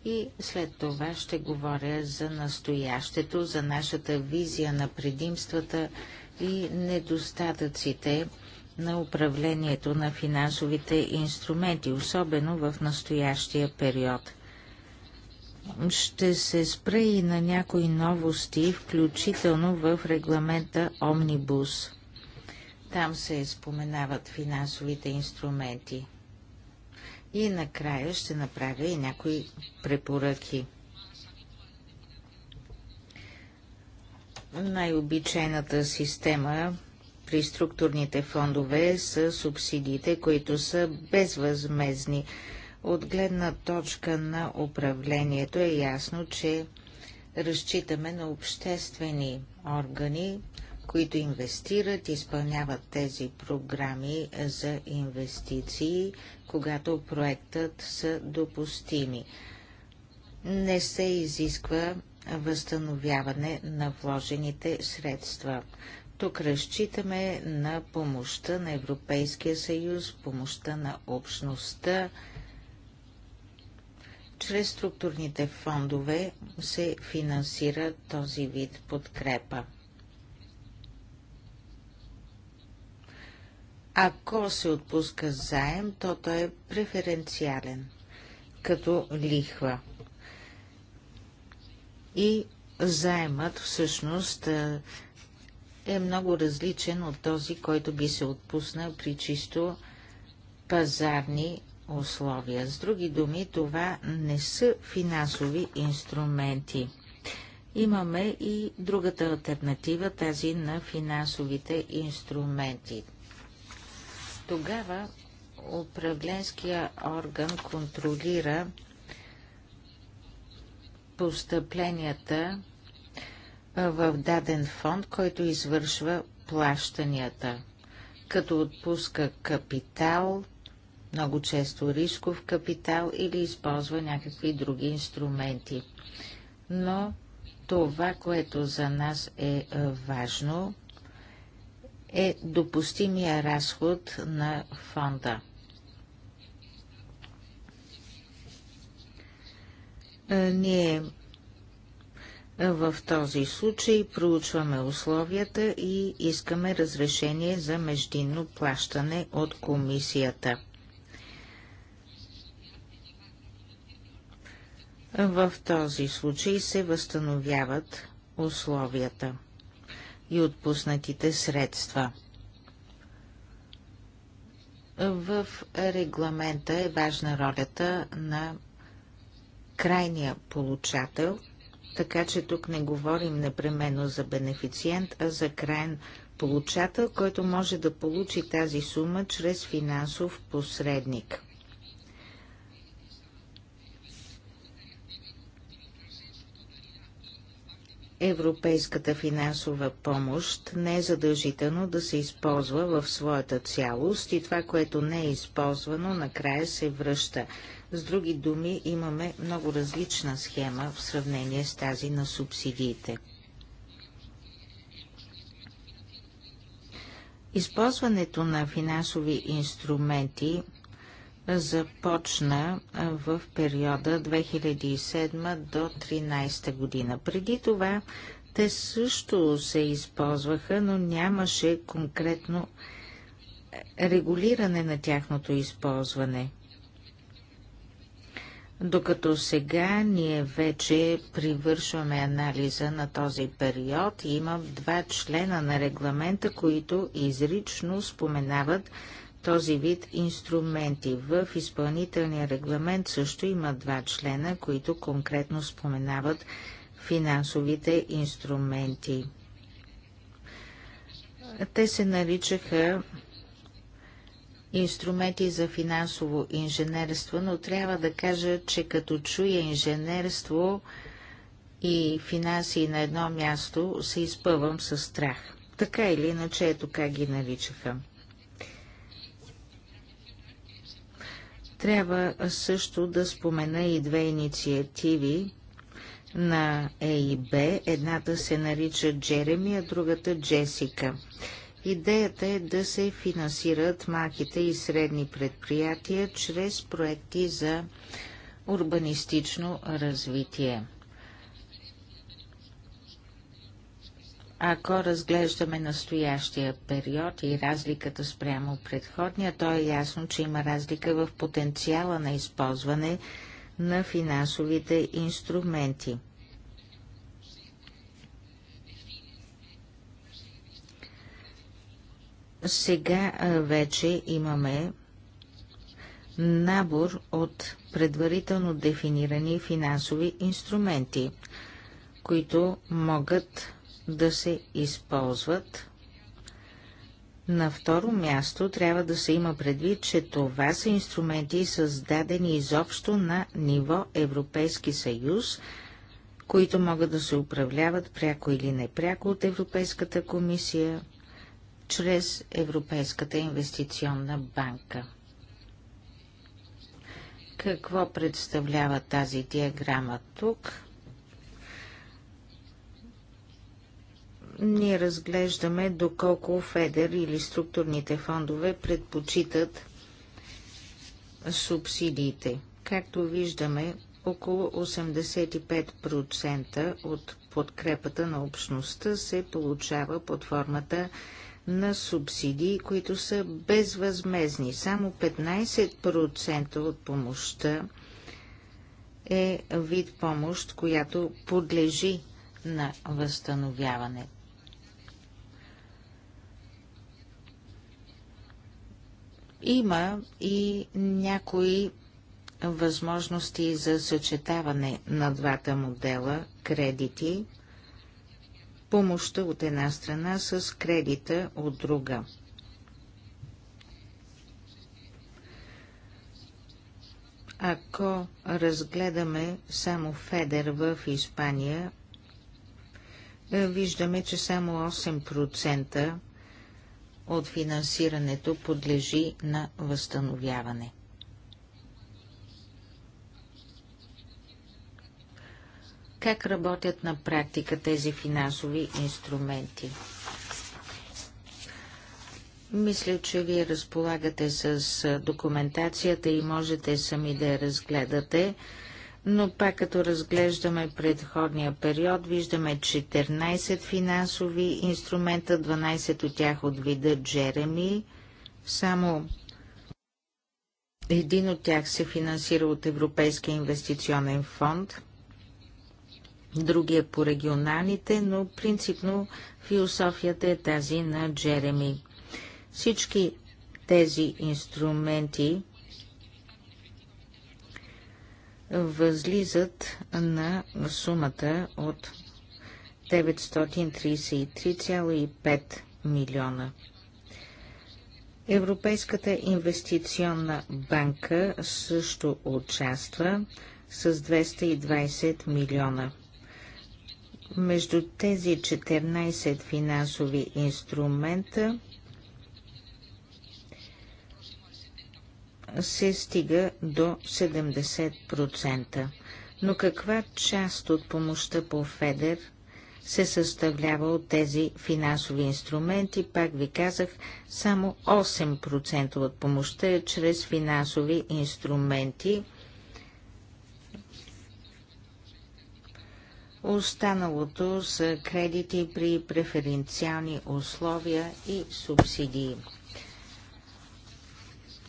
И след това ще говоря за настоящето, за нашата визия на предимствата и недостатъците на управлението на финансовите инструменти, особено в настоящия период. Ще се спра и на някои новости, включително в регламента Омнибус. Там се споменават финансовите инструменти. И накрая ще направя и някои препоръки. Най-обичайната система при структурните фондове са субсидиите, които са безвъзмезни. От гледна точка на управлението е ясно, че разчитаме на обществени органи, които инвестират, изпълняват тези програми за инвестиции, когато проектът са допустими. Не се изисква възстановяване на вложените средства. Тук разчитаме на помощта на Европейския съюз, помощта на общността. Чрез структурните фондове се финансира този вид подкрепа. Ако се отпуска заем, то той е преференциален, като лихва. И заемът всъщност е много различен от този, който би се отпуснал при чисто пазарни условия. С други думи, това не са финансови инструменти. Имаме и другата альтернатива, тази на финансовите инструменти. Тогава управленския орган контролира постъпленията в даден фонд, който извършва плащанията, като отпуска капитал, много често рисков капитал или използва някакви други инструменти. Но това, което за нас е важно, е допустимия разход на фонда. Е, ние в този случай проучваме условията и искаме разрешение за междинно плащане от комисията. В този случай се възстановяват условията и отпуснатите средства. В регламента е важна ролята на крайния получател – така че тук не говорим непременно за бенефициент, а за крайен получател, който може да получи тази сума чрез финансов посредник. Европейската финансова помощ не е задължително да се използва в своята цялост и това, което не е използвано, накрая се връща. С други думи, имаме много различна схема в сравнение с тази на субсидиите. Използването на финансови инструменти – започна в периода 2007 до 2013 година. Преди това те също се използваха, но нямаше конкретно е, регулиране на тяхното използване. Докато сега ние вече привършваме анализа на този период, има два члена на регламента, които изрично споменават този вид инструменти. В изпълнителния регламент също има два члена, които конкретно споменават финансовите инструменти. Те се наричаха инструменти за финансово инженерство, но трябва да кажа, че като чуя инженерство и финанси на едно място, се изпъвам със страх. Така или иначе, ето как ги наричаха. Трябва също да спомена и две инициативи на Е и Б. Едната се нарича Джереми, а другата Джесика. Идеята е да се финансират малките и средни предприятия чрез проекти за урбанистично развитие. Ако разглеждаме настоящия период и разликата спрямо предходния, то е ясно, че има разлика в потенциала на използване на финансовите инструменти. Сега вече имаме набор от предварително дефинирани финансови инструменти, които могат да се използват. На второ място трябва да се има предвид, че това са инструменти, създадени изобщо на ниво Европейски съюз, които могат да се управляват пряко или непряко от Европейската комисия, чрез Европейската инвестиционна банка. Какво представлява тази диаграма тук? ние разглеждаме доколко ФЕДЕР или структурните фондове предпочитат субсидиите. Както виждаме, около 85% от подкрепата на общността се получава под формата на субсидии, които са безвъзмезни. Само 15% от помощта е вид помощ, която подлежи на възстановяване. Има и някои възможности за съчетаване на двата модела кредити, помощта от една страна с кредита от друга. Ако разгледаме само Федер в Испания, виждаме, че само 8% от финансирането подлежи на възстановяване. Как работят на практика тези финансови инструменти? Мисля, че вие разполагате с документацията и можете сами да я разгледате но пак като разглеждаме предходния период, виждаме 14 финансови инструмента, 12 от тях от вида Джереми, само един от тях се финансира от Европейския инвестиционен фонд, другия по регионалните, но принципно философията е тази на Джереми. Всички тези инструменти възлизат на сумата от 933,5 милиона. Европейската инвестиционна банка също участва с 220 милиона. Между тези 14 финансови инструмента се стига до 70%. Но каква част от помощта по ФЕДЕР се съставлява от тези финансови инструменти, пак ви казах, само 8% от помощта е чрез финансови инструменти. Останалото са кредити при преференциални условия и субсидии.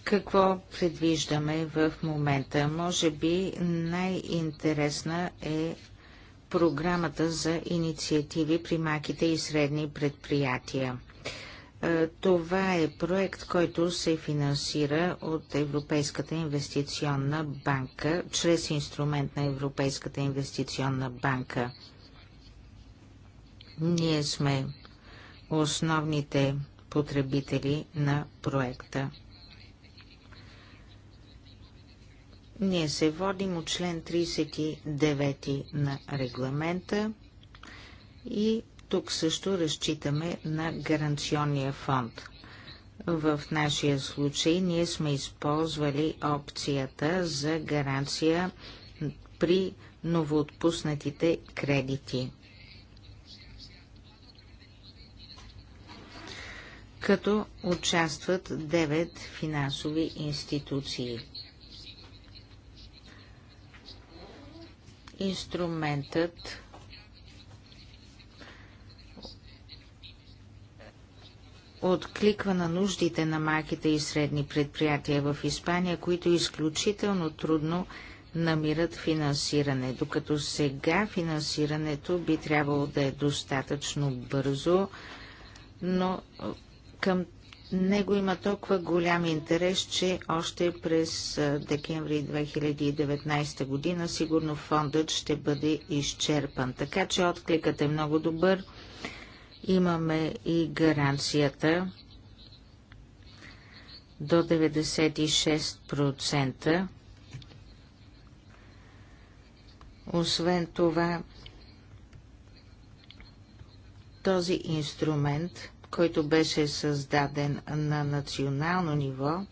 Какво предвиждаме в момента? Може би най-интересна е програмата за инициативи при маките и средни предприятия. Това е проект, който се финансира от Европейската инвестиционна банка, чрез инструмент на Европейската инвестиционна банка. Ние сме основните потребители на проекта. Ние се водим от член 39 на регламента и тук също разчитаме на гаранционния фонд. В нашия случай ние сме използвали опцията за гаранция при новоотпуснатите кредити. като участват 9 финансови институции. Инструментът откликва на нуждите на малките и средни предприятия в Испания, които изключително трудно намират финансиране, докато сега финансирането би трябвало да е достатъчно бързо, но към него има толкова голям интерес, че още през декември 2019 година сигурно фондът ще бъде изчерпан. Така че откликът е много добър. Имаме и гаранцията до 96%. Освен това, този инструмент – който беше създаден на национално ниво,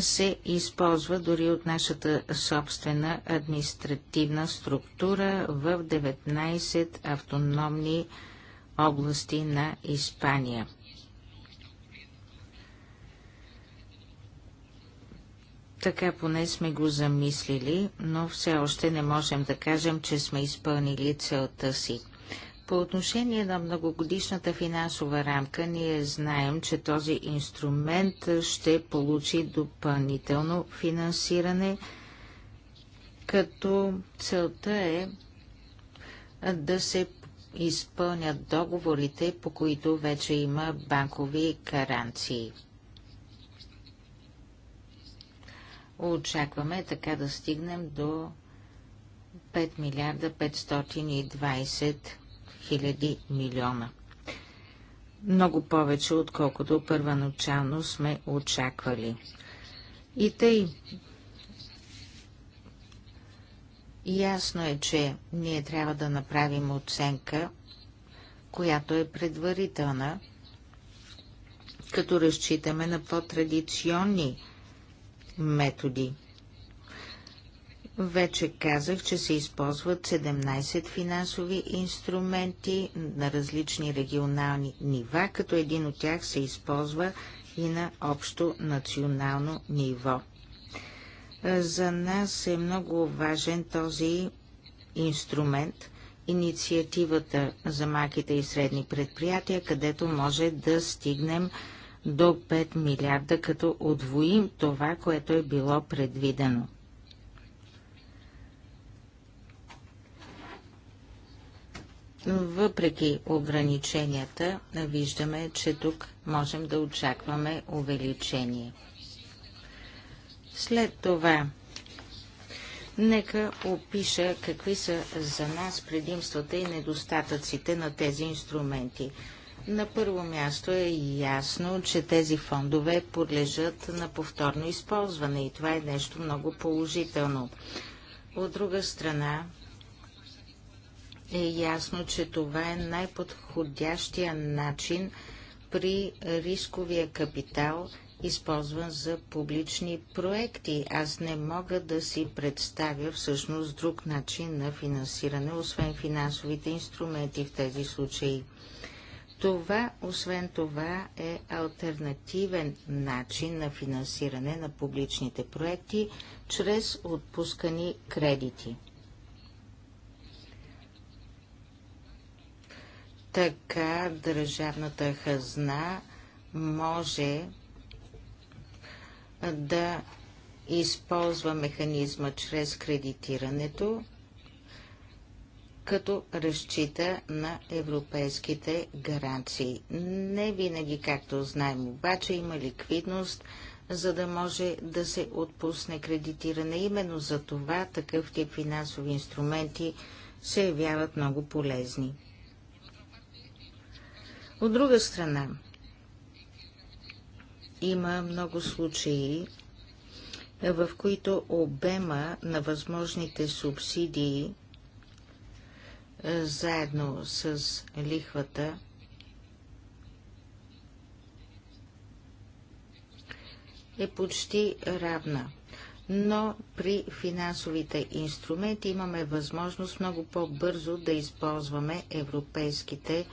се използва дори от нашата собствена административна структура в 19 автономни области на Испания. Така поне сме го замислили, но все още не можем да кажем, че сме изпълнили целта си. По отношение на многогодишната финансова рамка, ние знаем, че този инструмент ще получи допълнително финансиране, като целта е да се изпълнят договорите, по които вече има банкови гаранции. Очакваме така да стигнем до 5 милиарда 520 хиляди милиона. Много повече, отколкото първоначално сме очаквали. И тъй, ясно е, че ние трябва да направим оценка, която е предварителна, като разчитаме на по-традиционни методи. Вече казах, че се използват 17 финансови инструменти на различни регионални нива, като един от тях се използва и на общо национално ниво. За нас е много важен този инструмент, инициативата за малките и средни предприятия, където може да стигнем до 5 милиарда, като отвоим това, което е било предвидено. Въпреки ограниченията, виждаме, че тук можем да очакваме увеличение. След това, нека опиша какви са за нас предимствата и недостатъците на тези инструменти – на първо място е ясно, че тези фондове подлежат на повторно използване и това е нещо много положително. От друга страна, е ясно, че това е най-подходящия начин при рисковия капитал, използван за публични проекти. Аз не мога да си представя всъщност друг начин на финансиране, освен финансовите инструменти в тези случаи. Това, освен това, е альтернативен начин на финансиране на публичните проекти чрез отпускани кредити. Така държавната хазна може да използва механизма чрез кредитирането като разчита на европейските гаранции. Не винаги, както знаем, обаче има ликвидност, за да може да се отпусне кредитиране. Именно за това такъв тип финансови инструменти се явяват много полезни. От друга страна, има много случаи, в които обема на възможните субсидии заедно с лихвата е почти равна. Но при финансовите инструменти имаме възможност много по-бързо да използваме европейските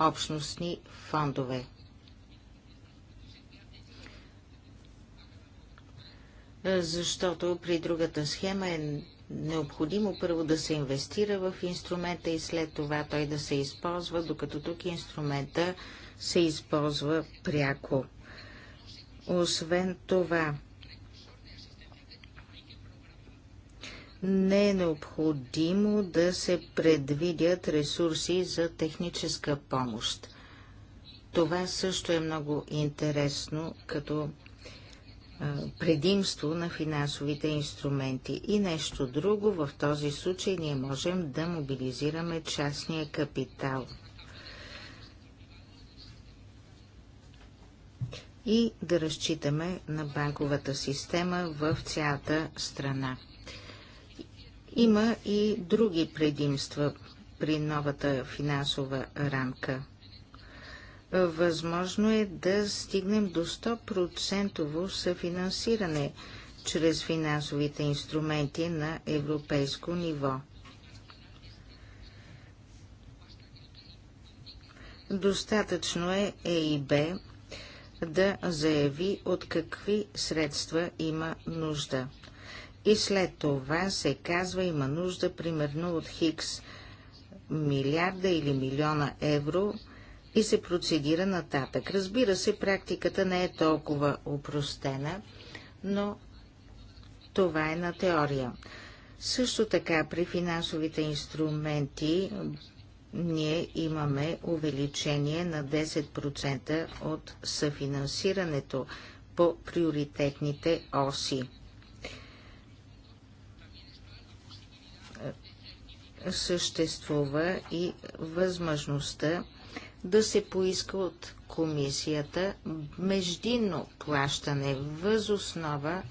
общностни фондове. Защото при другата схема е необходимо първо да се инвестира в инструмента и след това той да се използва, докато тук инструмента се използва пряко. Освен това, не е необходимо да се предвидят ресурси за техническа помощ. Това също е много интересно като предимство на финансовите инструменти. И нещо друго, в този случай ние можем да мобилизираме частния капитал. И да разчитаме на банковата система в цялата страна. Има и други предимства при новата финансова рамка. Възможно е да стигнем до 100% съфинансиране чрез финансовите инструменти на европейско ниво. Достатъчно е ЕИБ да заяви от какви средства има нужда. И след това се казва има нужда примерно от Хикс милиарда или милиона евро – и се процедира нататък. Разбира се, практиката не е толкова упростена, но това е на теория. Също така при финансовите инструменти ние имаме увеличение на 10% от съфинансирането по приоритетните оси. Съществува и възможността да се поиска от комисията междинно плащане въз основа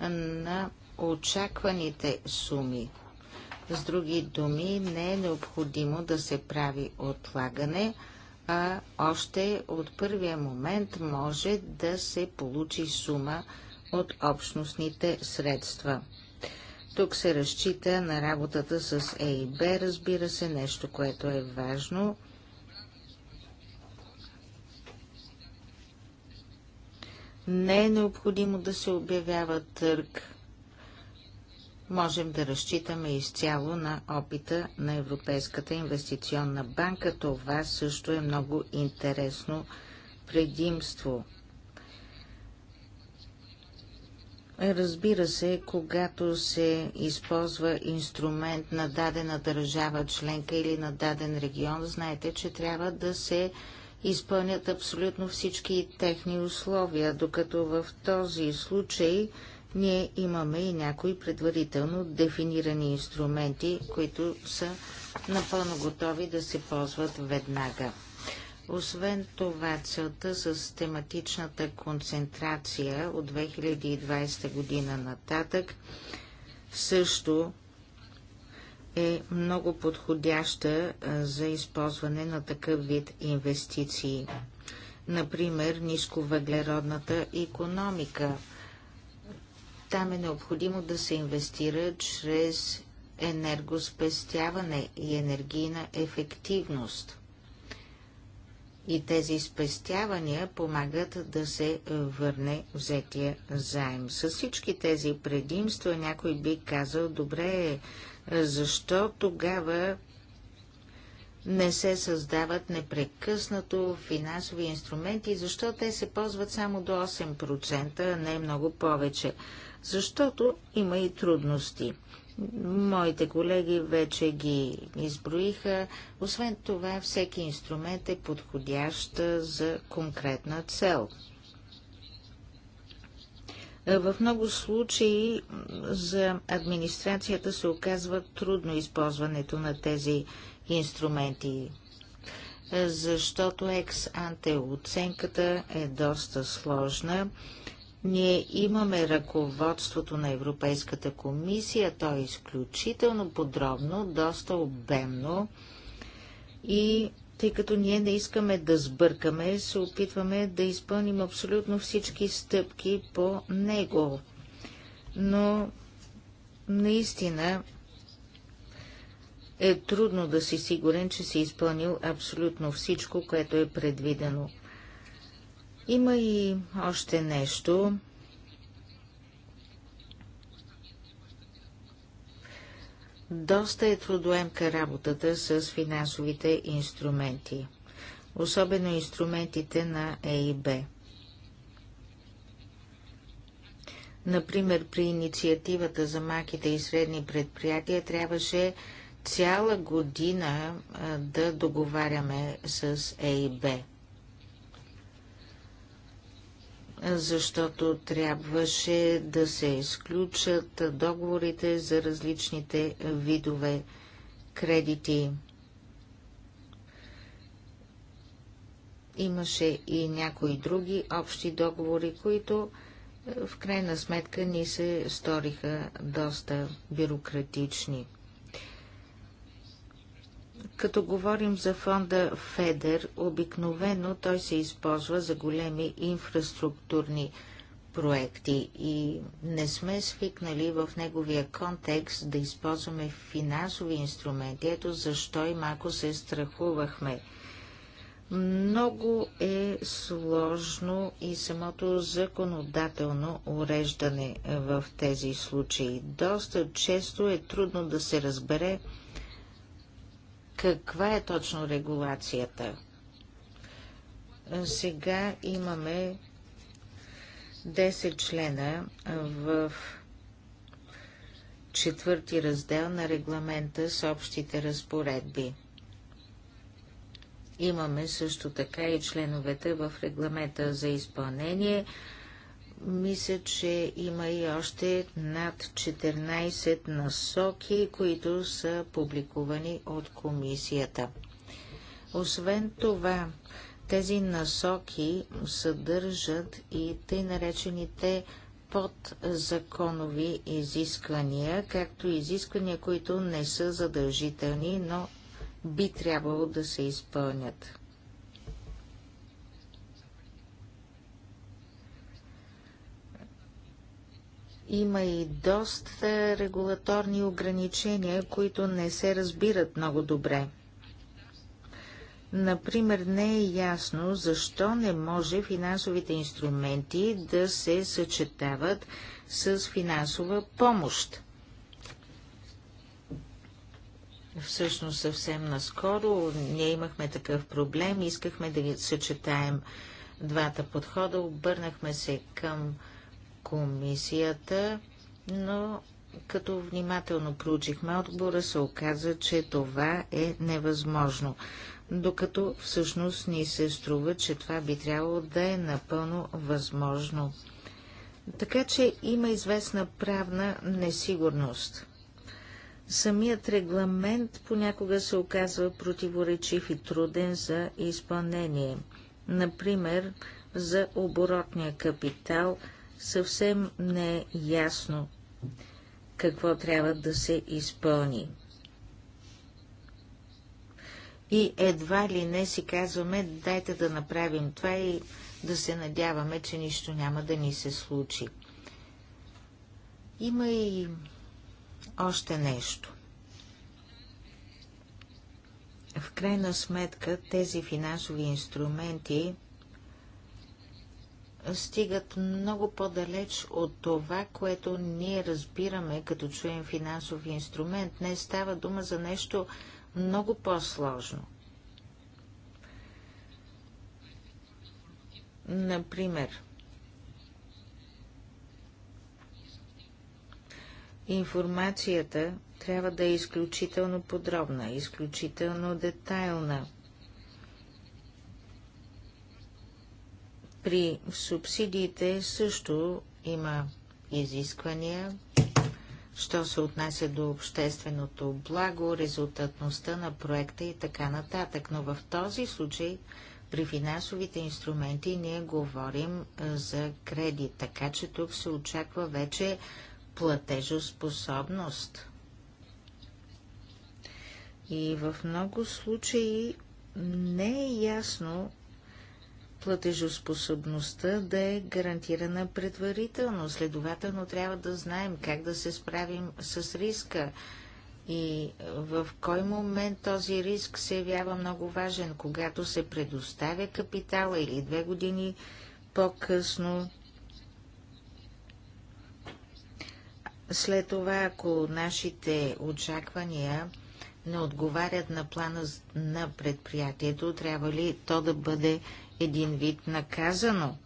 на очакваните суми. С други думи, не е необходимо да се прави отлагане, а още от първия момент може да се получи сума от общностните средства. Тук се разчита на работата с ЕИБ, разбира се, нещо, което е важно – Не е необходимо да се обявява търг. Можем да разчитаме изцяло на опита на Европейската инвестиционна банка. Това също е много интересно предимство. Разбира се, когато се използва инструмент на дадена държава членка или на даден регион, знаете, че трябва да се изпълнят абсолютно всички техни условия, докато в този случай ние имаме и някои предварително дефинирани инструменти, които са напълно готови да се ползват веднага. Освен това, целта с тематичната концентрация от 2020 година нататък също е много подходяща за използване на такъв вид инвестиции. Например, нисковъглеродната економика. Там е необходимо да се инвестира чрез енергоспестяване и енергийна ефективност. И тези спестявания помагат да се върне взетия заем. С всички тези предимства някой би казал, добре, защо тогава не се създават непрекъснато финансови инструменти, защо те се ползват само до 8%, а не много повече? Защото има и трудности. Моите колеги вече ги изброиха. Освен това, всеки инструмент е подходящ за конкретна цел. Е, в много случаи за администрацията се оказва трудно използването на тези инструменти, е, защото екс-анте оценката е доста сложна. Ние имаме ръководството на Европейската комисия, то е изключително подробно, доста обемно и тъй като ние не искаме да сбъркаме, се опитваме да изпълним абсолютно всички стъпки по него. Но наистина е трудно да си сигурен, че си изпълнил абсолютно всичко, което е предвидено. Има и още нещо. Доста е трудоемка работата с финансовите инструменти, особено инструментите на ЕИБ. Например, при инициативата за маките и средни предприятия трябваше цяла година да договаряме с ЕИБ. защото трябваше да се изключат договорите за различните видове кредити. Имаше и някои други общи договори, които е, в крайна сметка ни се сториха доста бюрократични. Като говорим за фонда ФЕДЕР, обикновено той се използва за големи инфраструктурни проекти и не сме свикнали в неговия контекст да използваме финансови инструменти. Ето защо и малко се страхувахме. Много е сложно и самото законодателно уреждане в тези случаи. Доста често е трудно да се разбере каква е точно регулацията? Сега имаме 10 члена в четвърти раздел на регламента с общите разпоредби. Имаме също така и членовете в регламента за изпълнение, мисля, че има и още над 14 насоки, които са публикувани от комисията. Освен това, тези насоки съдържат и тъй наречените подзаконови изисквания, както и изисквания, които не са задължителни, но би трябвало да се изпълнят. Има и доста регулаторни ограничения, които не се разбират много добре. Например, не е ясно защо не може финансовите инструменти да се съчетават с финансова помощ. Всъщност съвсем наскоро ние имахме такъв проблем, искахме да съчетаем двата подхода, обърнахме се към комисията, но като внимателно проучихме отбора, се оказа, че това е невъзможно, докато всъщност ни се струва, че това би трябвало да е напълно възможно. Така че има известна правна несигурност. Самият регламент понякога се оказва противоречив и труден за изпълнение. Например, за оборотния капитал – съвсем не е ясно какво трябва да се изпълни. И едва ли не си казваме, дайте да направим това и да се надяваме, че нищо няма да ни се случи. Има и още нещо. В крайна сметка тези финансови инструменти стигат много по-далеч от това, което ние разбираме, като чуем финансов инструмент. Не става дума за нещо много по-сложно. Например, информацията трябва да е изключително подробна, изключително детайлна – При субсидиите също има изисквания, що се отнася до общественото благо, резултатността на проекта и така нататък. Но в този случай при финансовите инструменти ние говорим за кредит, така че тук се очаква вече платежоспособност. И в много случаи не е ясно платежоспособността да е гарантирана предварително. Следователно трябва да знаем как да се справим с риска и в кой момент този риск се явява много важен, когато се предоставя капитала или две години по-късно. След това, ако нашите очаквания не отговарят на плана на предприятието, трябва ли то да бъде един вид наказано.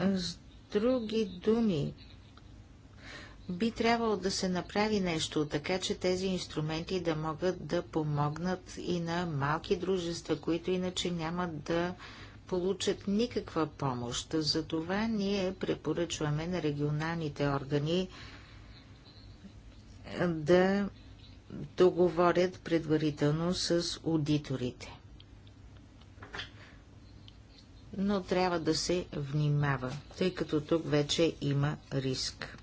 С други думи, би трябвало да се направи нещо, така че тези инструменти да могат да помогнат и на малки дружества, които иначе нямат да получат никаква помощ. Затова ние препоръчваме на регионалните органи да договорят предварително с аудиторите. Но трябва да се внимава, тъй като тук вече има риск.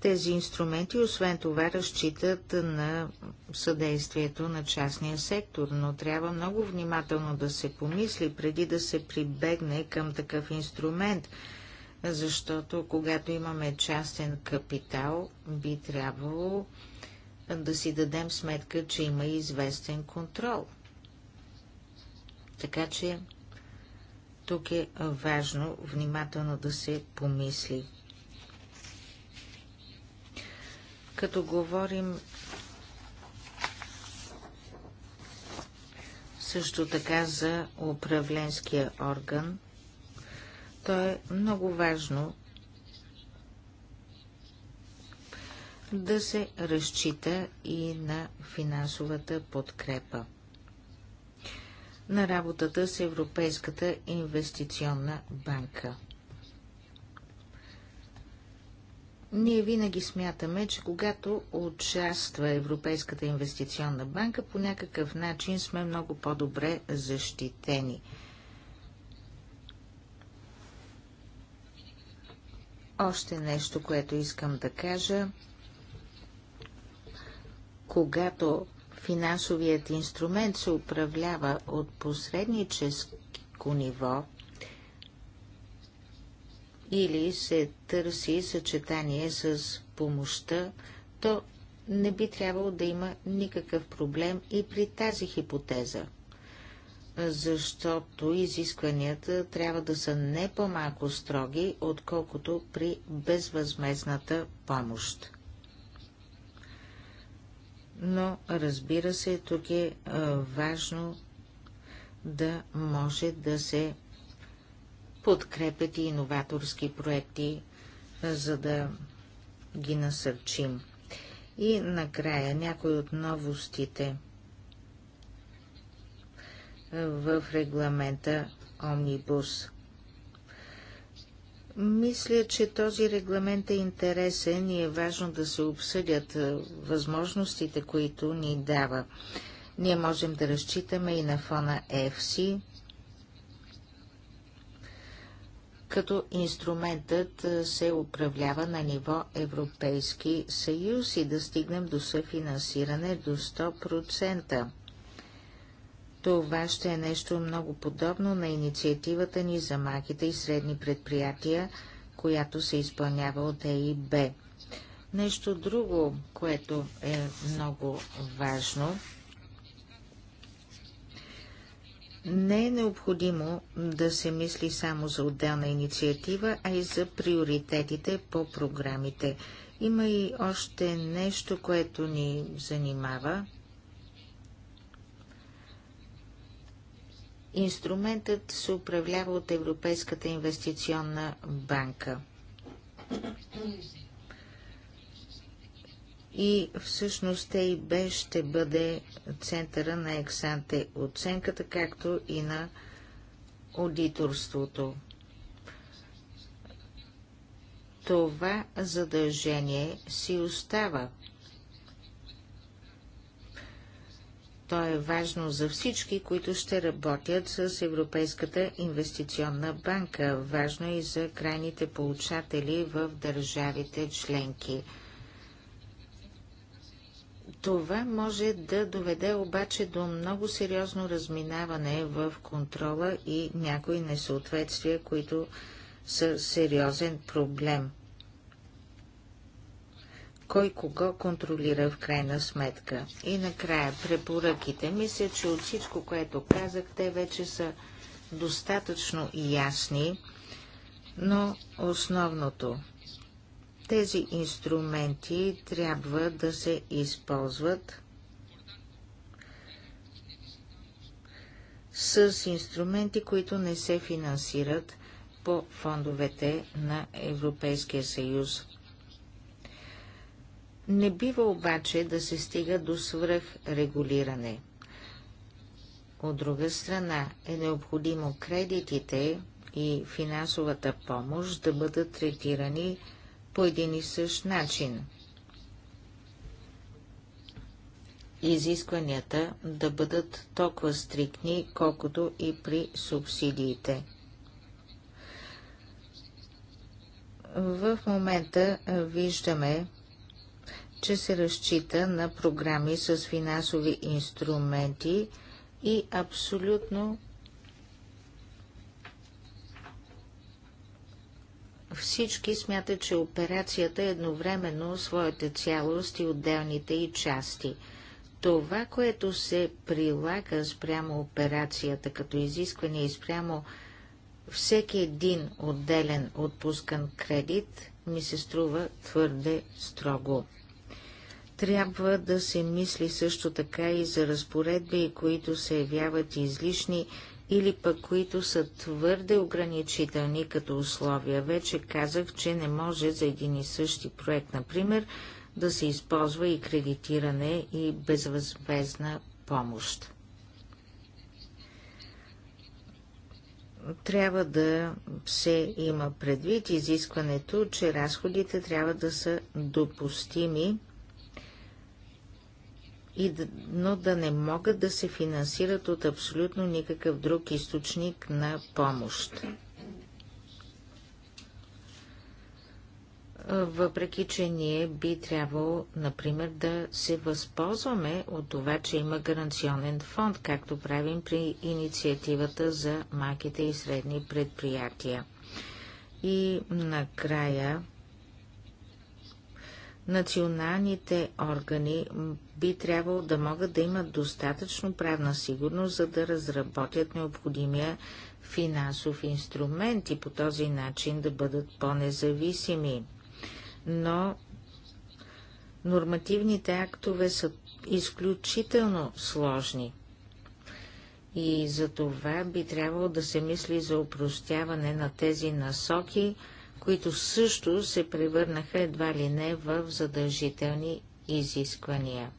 Тези инструменти, освен това, разчитат на съдействието на частния сектор, но трябва много внимателно да се помисли преди да се прибегне към такъв инструмент – защото когато имаме частен капитал, би трябвало да си дадем сметка, че има известен контрол. Така че тук е важно внимателно да се помисли. Като говорим също така за управленския орган, то е много важно да се разчита и на финансовата подкрепа на работата с Европейската инвестиционна банка. Ние винаги смятаме, че когато участва Европейската инвестиционна банка, по някакъв начин сме много по-добре защитени – Още нещо, което искам да кажа. Когато финансовият инструмент се управлява от посредническо ниво или се търси съчетание с помощта, то не би трябвало да има никакъв проблем и при тази хипотеза защото изискванията трябва да са не по-малко строги, отколкото при безвъзмезната помощ. Но, разбира се, тук е важно да може да се подкрепят и иноваторски проекти, за да ги насърчим. И накрая някои от новостите – в регламента Омнибус. Мисля, че този регламент е интересен и е важно да се обсъдят е, възможностите, които ни дава. Ние можем да разчитаме и на фона EFSI, като инструментът е, се управлява на ниво Европейски съюз и да стигнем до съфинансиране до 100%. Това ще е нещо много подобно на инициативата ни за малките и средни предприятия, която се изпълнява от ЕИБ. Нещо друго, което е много важно, не е необходимо да се мисли само за отделна инициатива, а и за приоритетите по програмите. Има и още нещо, което ни занимава Инструментът се управлява от Европейската инвестиционна банка. И всъщност Бе ще бъде центъра на ексанте оценката, както и на аудиторството. Това задължение си остава. То е важно за всички, които ще работят с Европейската инвестиционна банка. Важно е и за крайните получатели в държавите членки. Това може да доведе обаче до много сериозно разминаване в контрола и някои несъответствия, които са сериозен проблем кой кого контролира в крайна сметка. И накрая препоръките. Мисля, че от всичко, което казах, те вече са достатъчно ясни, но основното тези инструменти трябва да се използват с инструменти, които не се финансират по фондовете на Европейския съюз. Не бива обаче да се стига до свръхрегулиране. От друга страна е необходимо кредитите и финансовата помощ да бъдат третирани по един и същ начин. Изискванията да бъдат толкова стрикни, колкото и при субсидиите. В момента виждаме че се разчита на програми с финансови инструменти и абсолютно Всички смятат, че операцията е едновременно своята цялост и отделните и части. Това, което се прилага спрямо операцията като изискване и спрямо всеки един отделен отпускан кредит, ми се струва твърде строго. Трябва да се мисли също така и за разпоредби, които се явяват излишни или пък които са твърде ограничителни като условия. Вече казах, че не може за един и същи проект, например, да се използва и кредитиране и безвъзвезна помощ. Трябва да се има предвид изискването, че разходите трябва да са допустими и да, но да не могат да се финансират от абсолютно никакъв друг източник на помощ. Въпреки, че ние би трябвало, например, да се възползваме от това, че има гаранционен фонд, както правим при инициативата за малките и средни предприятия. И накрая националните органи би трябвало да могат да имат достатъчно правна сигурност, за да разработят необходимия финансов инструмент и по този начин да бъдат по-независими. Но нормативните актове са изключително сложни. И за това би трябвало да се мисли за упростяване на тези насоки, които също се превърнаха едва ли не в задължителни изисквания.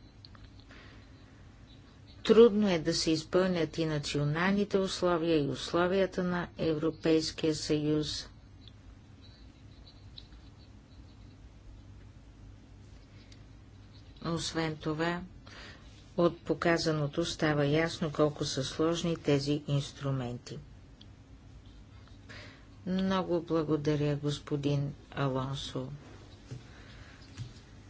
Трудно е да се изпълнят и националните условия и условията на Европейския съюз. Освен това, от показаното става ясно колко са сложни тези инструменти. Много благодаря, господин Алонсо.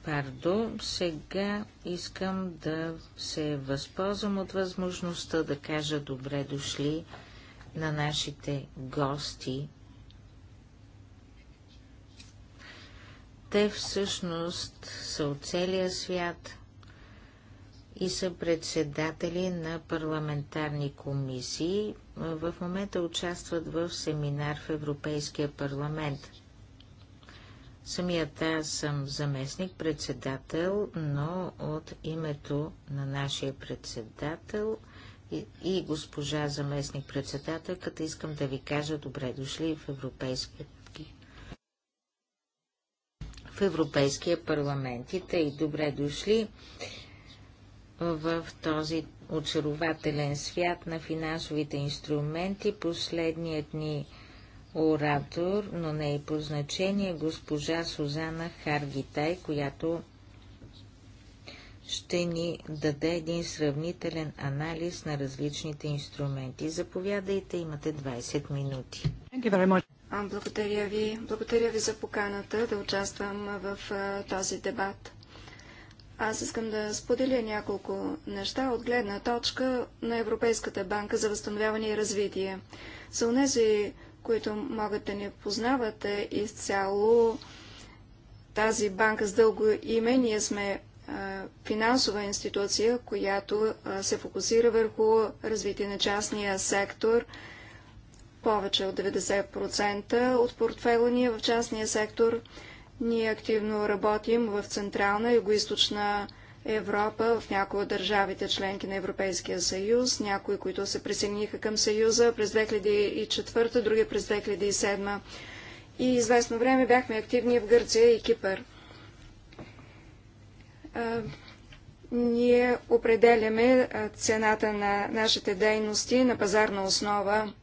Пардо, сега искам да се възползвам от възможността да кажа добре дошли на нашите гости. Те всъщност са от целия свят и са председатели на парламентарни комисии, в момента участват в семинар в Европейския парламент. Самият аз съм заместник-председател, но от името на нашия председател и, и госпожа заместник-председателката искам да ви кажа добре дошли в Европейския в Европейския парламент и добре дошли в този очарователен свят на финансовите инструменти. Последният ни оратор, но не и по значение, госпожа Сузана Харгитай, която ще ни даде един сравнителен анализ на различните инструменти. Заповядайте, имате 20 минути. Благодаря ви. Благодаря ви за поканата да участвам в този дебат. Аз искам да споделя няколко неща от гледна точка на Европейската банка за възстановяване и развитие. За унези, които могат да не познават е изцяло тази банка с дълго име, ние сме финансова институция, която се фокусира върху развитие на частния сектор. Повече от 90% от портфела ни е в частния сектор – ние активно работим в Централна и Югоизточна Европа, в някои от държавите членки на Европейския съюз, някои, които се присъединиха към съюза през 2004, други през 2007. И известно време бяхме активни в Гърция и Кипър. ние определяме цената на нашите дейности на пазарна основа.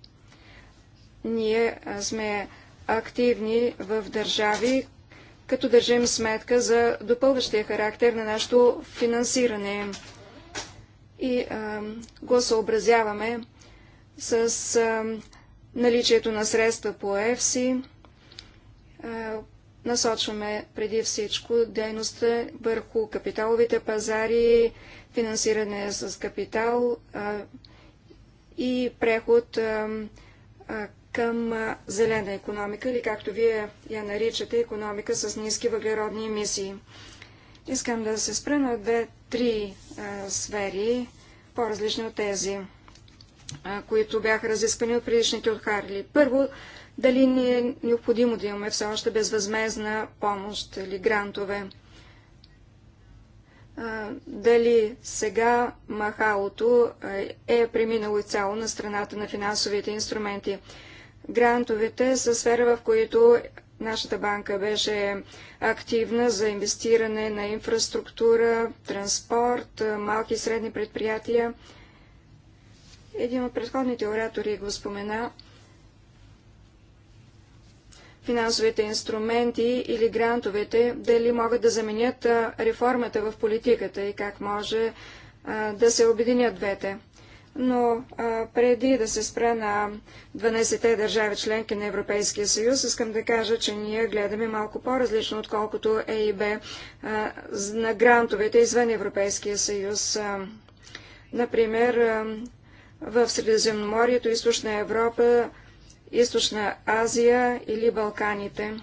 Ние сме активни в държави, като държим сметка за допълващия характер на нашето финансиране и а, го съобразяваме с а, наличието на средства по ЕФСИ. А, насочваме преди всичко дейността върху капиталовите пазари, финансиране с капитал а, и преход а, а, към зелена економика или както вие я наричате економика с ниски въглеродни емисии. Искам да се спра на две-три сфери, по-различни от тези, а, които бяха разисквани от предишните от Харли. Първо, дали ни е необходимо да имаме все още безвъзмезна помощ или грантове. А, дали сега махалото е преминало цяло на страната на финансовите инструменти. Грантовете са сфера, в които нашата банка беше активна за инвестиране на инфраструктура, транспорт, малки и средни предприятия. Един от предходните оратори го спомена. Финансовите инструменти или грантовете, дали могат да заменят реформата в политиката и как може да се обединят двете. Но а, преди да се спра на 12-те държави членки на Европейския съюз, искам да кажа, че ние гледаме малко по-различно, отколкото ЕИБ а, на грантовете извън Европейския съюз. А, например, а, в Средиземноморието, Източна Европа, Източна Азия или Балканите.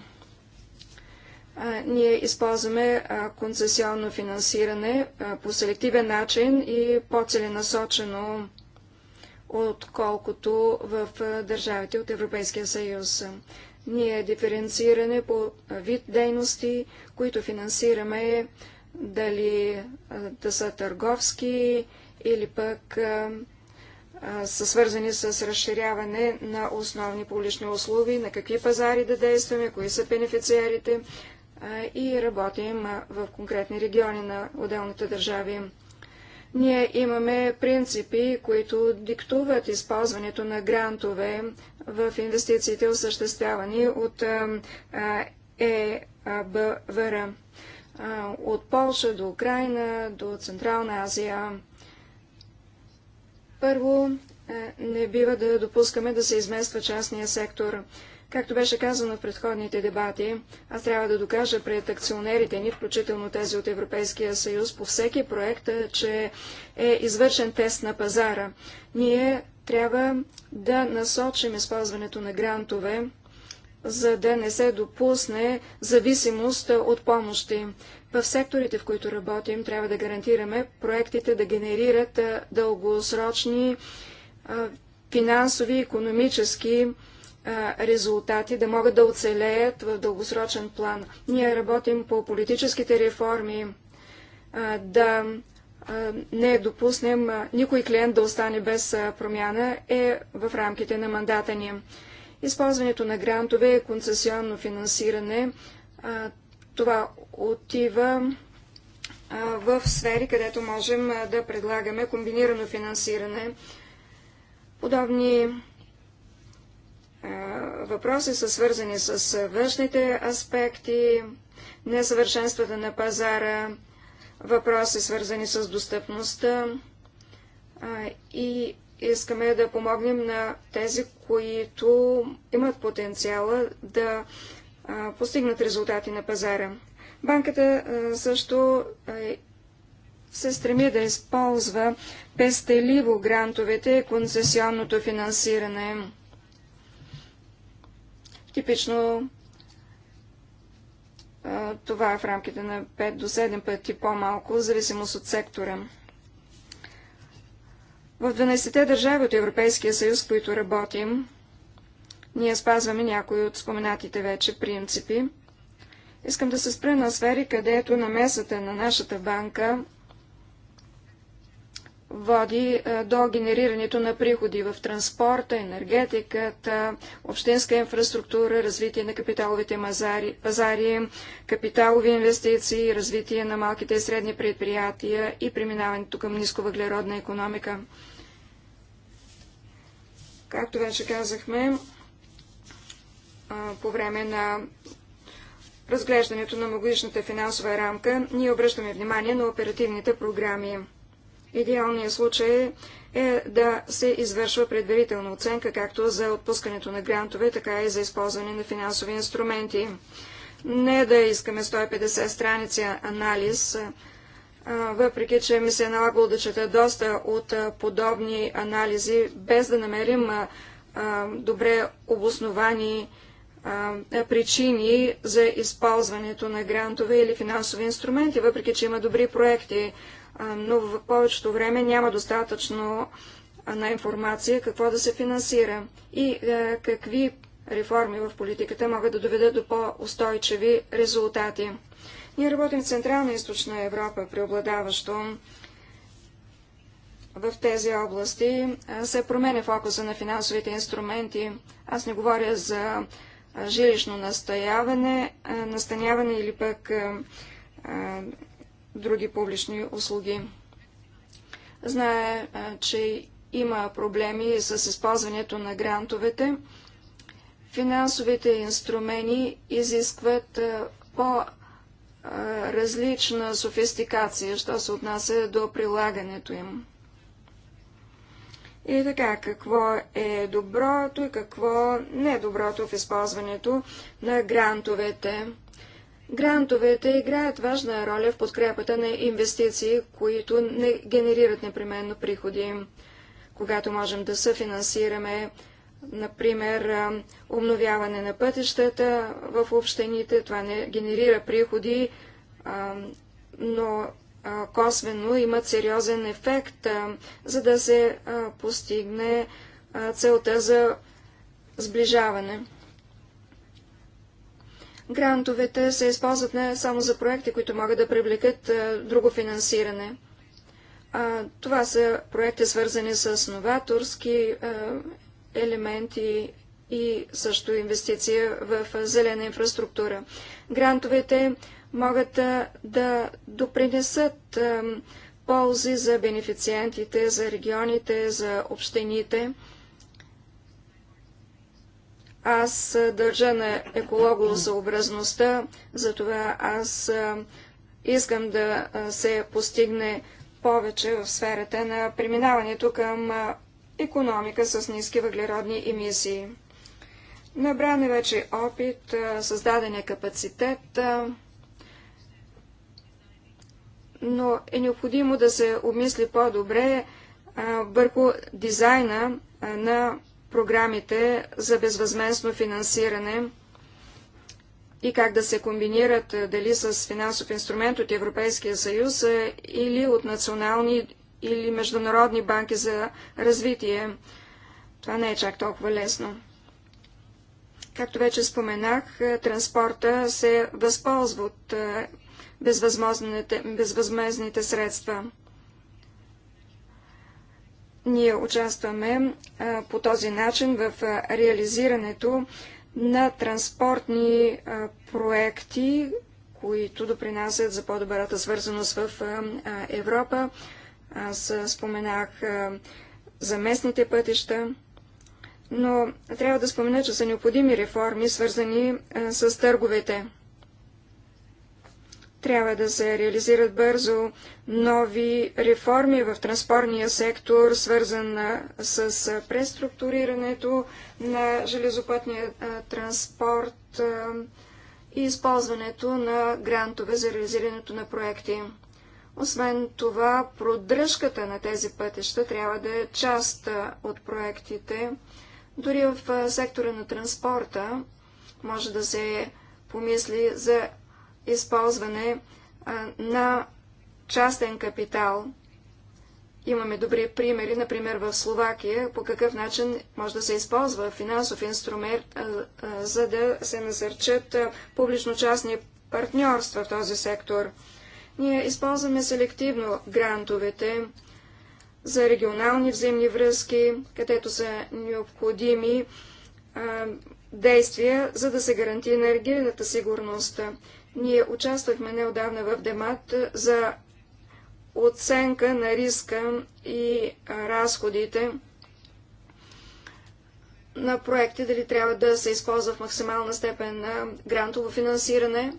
А, ние използваме а, концесионно финансиране а, по селективен начин и по-целенасочено отколкото в държавите от Европейския съюз. Ние диференциране по вид дейности, които финансираме, дали да са търговски или пък са свързани с разширяване на основни публични услуги, на какви пазари да действаме, кои са бенефициарите и работим в конкретни региони на отделните държави. Ние имаме принципи, които диктуват използването на грантове в инвестициите, осъществявани от ЕБВР. От Полша до Украина, до Централна Азия. Първо, не бива да допускаме да се измества частния сектор. Както беше казано в предходните дебати, аз трябва да докажа пред акционерите ни, включително тези от Европейския съюз, по всеки проект, че е извършен тест на пазара. Ние трябва да насочим използването на грантове, за да не се допусне зависимост от помощи. В секторите, в които работим, трябва да гарантираме проектите да генерират дългосрочни финансови и економически, резултати, да могат да оцелеят в дългосрочен план. Ние работим по политическите реформи, да не допуснем никой клиент да остане без промяна е в рамките на мандата ни. Използването на грантове, и концесионно финансиране, това отива в сфери, където можем да предлагаме комбинирано финансиране. Подобни въпроси са свързани с външните аспекти, несъвършенствата на пазара, въпроси свързани с достъпността и искаме да помогнем на тези, които имат потенциала да постигнат резултати на пазара. Банката също се стреми да използва пестеливо грантовете и концесионното финансиране. Типично това е в рамките на 5 до 7 пъти по-малко, в зависимост от сектора. В 12-те държави от Европейския съюз, в които работим, ние спазваме някои от споменатите вече принципи. Искам да се спра на сфери, където намесата на нашата банка води е, до генерирането на приходи в транспорта, енергетиката, общинска инфраструктура, развитие на капиталовите мазари, пазари, капиталови инвестиции, развитие на малките и средни предприятия и преминаването към нисковъглеродна економика. Както вече казахме, е, по време на разглеждането на многогодишната финансова рамка, ние обръщаме внимание на оперативните програми. Идеалният случай е да се извършва предварителна оценка както за отпускането на грантове, така и за използване на финансови инструменти. Не да искаме 150 страници анализ, въпреки че ми се е налагало да чета доста от подобни анализи, без да намерим добре обосновани причини за използването на грантове или финансови инструменти, въпреки че има добри проекти но в повечето време няма достатъчно на информация какво да се финансира и е, какви реформи в политиката могат да доведат до по-устойчиви резултати. Ние работим в Централна и Източна Европа преобладаващо. В тези области се променя фокуса на финансовите инструменти. Аз не говоря за жилищно настояване, настаняване или пък други публични услуги. Знае, че има проблеми с използването на грантовете. Финансовите инструменти изискват по-различна софистикация, що се отнася до прилагането им. И така, какво е доброто и какво не е доброто в използването на грантовете. Грантовете играят важна роля в подкрепата на инвестиции, които не генерират непременно приходи. Когато можем да съфинансираме, например, обновяване на пътищата в общините, това не генерира приходи, но косвено имат сериозен ефект, за да се постигне целта за сближаване. Грантовете се използват не само за проекти, които могат да привлекат друго финансиране. това са проекти свързани с новаторски елементи и също инвестиция в зелена инфраструктура. Грантовете могат да допринесат ползи за бенефициентите, за регионите, за общините. Аз държа на екологосъобразността, затова аз искам да се постигне повече в сферата на преминаването към економика с ниски въглеродни емисии. Набран е вече опит, създаден е капацитет, но е необходимо да се обмисли по-добре върху дизайна на програмите за безвъзместно финансиране и как да се комбинират е, дали с финансов инструмент от Европейския съюз е, или от национални или международни банки за развитие. Това не е чак толкова лесно. Както вече споменах, е, транспорта се възползва от безвъзмезните средства. Ние участваме по този начин в реализирането на транспортни проекти, които допринасят за по-добрата свързаност в Европа. Аз споменах за местните пътища, но трябва да спомена, че са необходими реформи, свързани с търговете. Трябва да се реализират бързо нови реформи в транспортния сектор, свързан с преструктурирането на железопътния транспорт и използването на грантове за реализирането на проекти. Освен това, продръжката на тези пътища трябва да е част от проектите. Дори в сектора на транспорта може да се помисли за използване а, на частен капитал. Имаме добри примери, например в Словакия, по какъв начин може да се използва финансов инструмент, а, а, за да се насърчат публично-частни партньорства в този сектор. Ние използваме селективно грантовете за регионални взаимни връзки, където са необходими действия, за да се гарантира енергийната сигурност. Ние участвахме неодавна в демат за оценка на риска и разходите на проекти, дали трябва да се използва в максимална степен на грантово финансиране,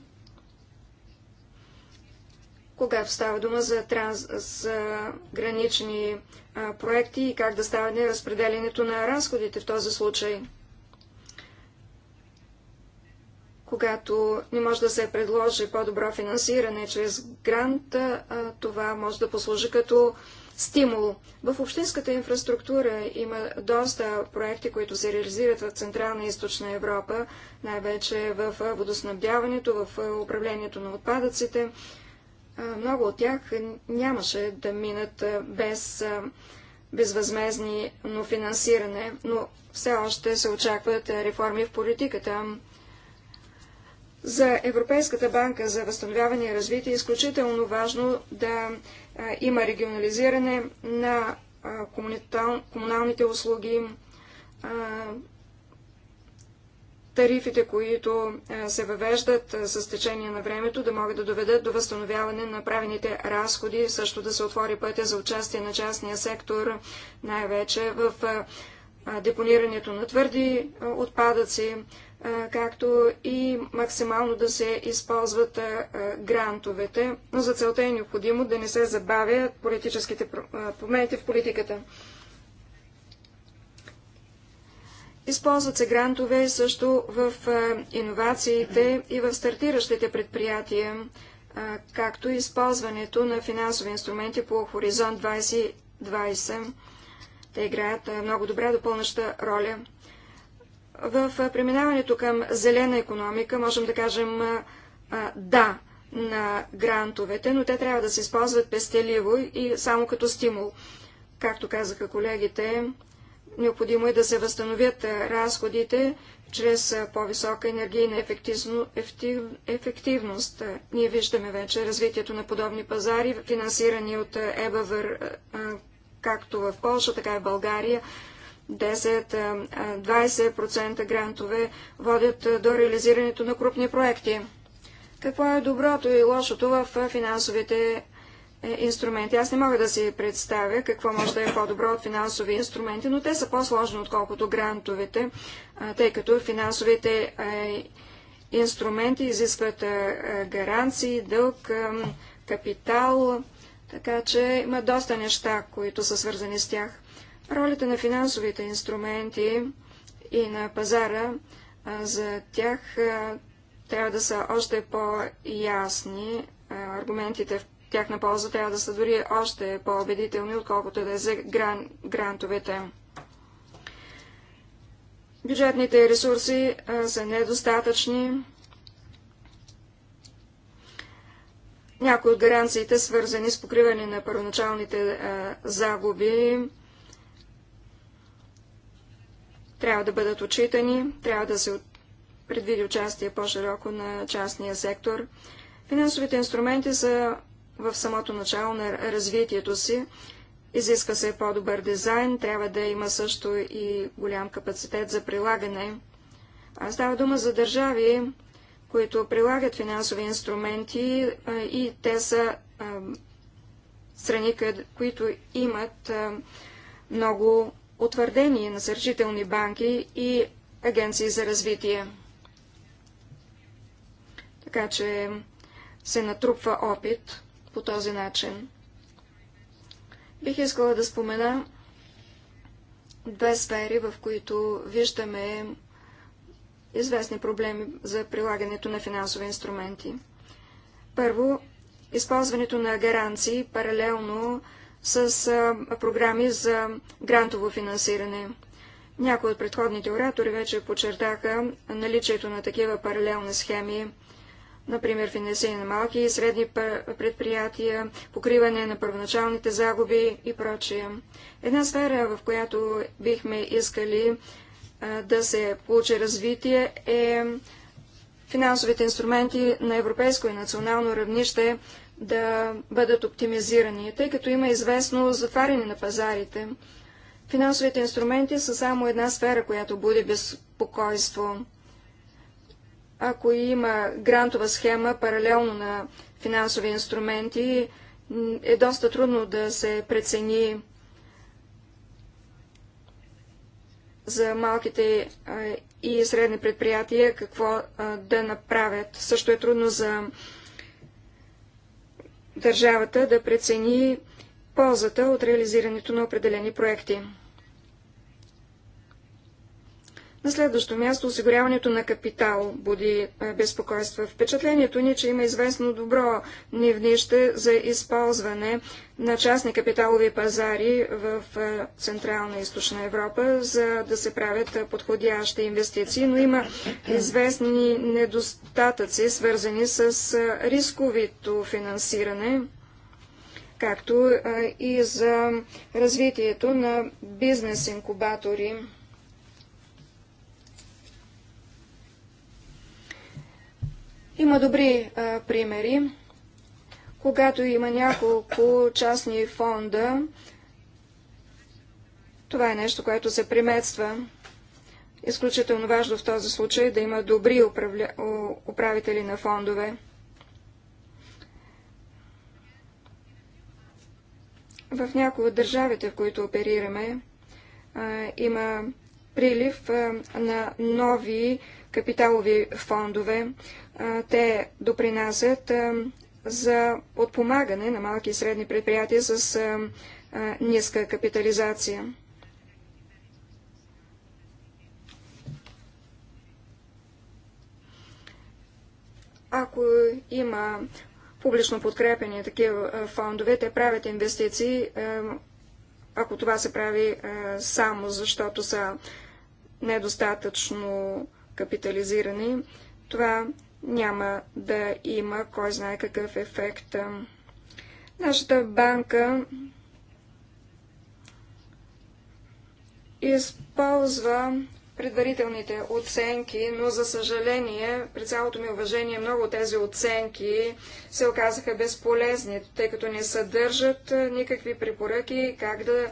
когато става дума за, транс, за гранични а, проекти и как да става неразпределението на разходите в този случай когато не може да се предложи по-добро финансиране чрез грант, това може да послужи като стимул. В общинската инфраструктура има доста проекти, които се реализират в Централна и Източна Европа, най-вече в водоснабдяването, в управлението на отпадъците. Много от тях нямаше да минат без но финансиране, но все още се очакват реформи в политиката. За Европейската банка за възстановяване и развитие е изключително важно да има регионализиране на комуналните услуги, тарифите, които се въвеждат с течение на времето, да могат да доведат до възстановяване на правените разходи, също да се отвори пътя за участие на частния сектор, най-вече в депонирането на твърди отпадъци, както и максимално да се използват грантовете, но за целта е необходимо да не се забавят политическите промените в политиката. Използват се грантове също в иновациите и в стартиращите предприятия, както и използването на финансови инструменти по Хоризонт 2020. Те играят много добра, допълнаща роля. В преминаването към зелена економика можем да кажем да на грантовете, но те трябва да се използват пестеливо и само като стимул. Както казаха колегите, необходимо е да се възстановят разходите чрез по-висока енергийна ефективност. Ние виждаме вече развитието на подобни пазари, финансирани от ЕБВР, както в Польша, така и в България. 10-20% грантове водят до реализирането на крупни проекти. Какво е доброто и лошото в финансовите е, инструменти? Аз не мога да си представя какво може да е по-добро от финансови инструменти, но те са по-сложни, отколкото грантовете, тъй като финансовите инструменти изискват гаранции, дълг, капитал, така че има доста неща, които са свързани с тях. Ролята на финансовите инструменти и на пазара за тях трябва да са още по-ясни. Аргументите в тяхна полза трябва да са дори още по-убедителни, отколкото да е за гран... грантовете. Бюджетните ресурси са недостатъчни. Някои от гаранциите, свързани с покриване на първоначалните а, загуби, трябва да бъдат отчитани, трябва да се предвиди участие по-широко на частния сектор. Финансовите инструменти са в самото начало на развитието си. Изиска се по-добър дизайн, трябва да има също и голям капацитет за прилагане. А става дума за държави, които прилагат финансови инструменти и те са страни, които имат много утвърдени насърчителни банки и агенции за развитие. Така че се натрупва опит по този начин. Бих искала да спомена две сфери, в които виждаме известни проблеми за прилагането на финансови инструменти. Първо, използването на гаранции паралелно с програми за грантово финансиране. Някои от предходните оратори вече подчертаха наличието на такива паралелни схеми, например финансиране на малки и средни предприятия, покриване на първоначалните загуби и прочие. Една сфера, в която бихме искали а, да се получи развитие е финансовите инструменти на европейско и национално равнище, да бъдат оптимизирани, тъй като има известно затваряне на пазарите. Финансовите инструменти са само една сфера, която буди безпокойство. Ако има грантова схема паралелно на финансови инструменти, е доста трудно да се прецени за малките и средни предприятия какво да направят. Също е трудно за държавата да прецени ползата от реализирането на определени проекти. На следващо място осигуряването на капитал буди е, безпокойства. Впечатлението ни, че има известно добро нивнище за използване на частни капиталови пазари в е, Централна и Източна Европа, за да се правят е, подходящи инвестиции, но има известни недостатъци, свързани с рисковито финансиране, както и за развитието на бизнес-инкубатори. Има добри а, примери. Когато има няколко частни фонда, това е нещо, което се приметства. Изключително важно в този случай да има добри управля... управители на фондове. В някои от държавите, в които оперираме, а, има прилив на нови капиталови фондове. Те допринасят за подпомагане на малки и средни предприятия с ниска капитализация. Ако има публично подкрепени такива фондове, те правят инвестиции, ако това се прави само защото са недостатъчно капитализирани, това няма да има кой знае какъв ефект. Нашата банка използва предварителните оценки, но за съжаление, при цялото ми уважение, много от тези оценки се оказаха безполезни, тъй като не съдържат никакви препоръки как да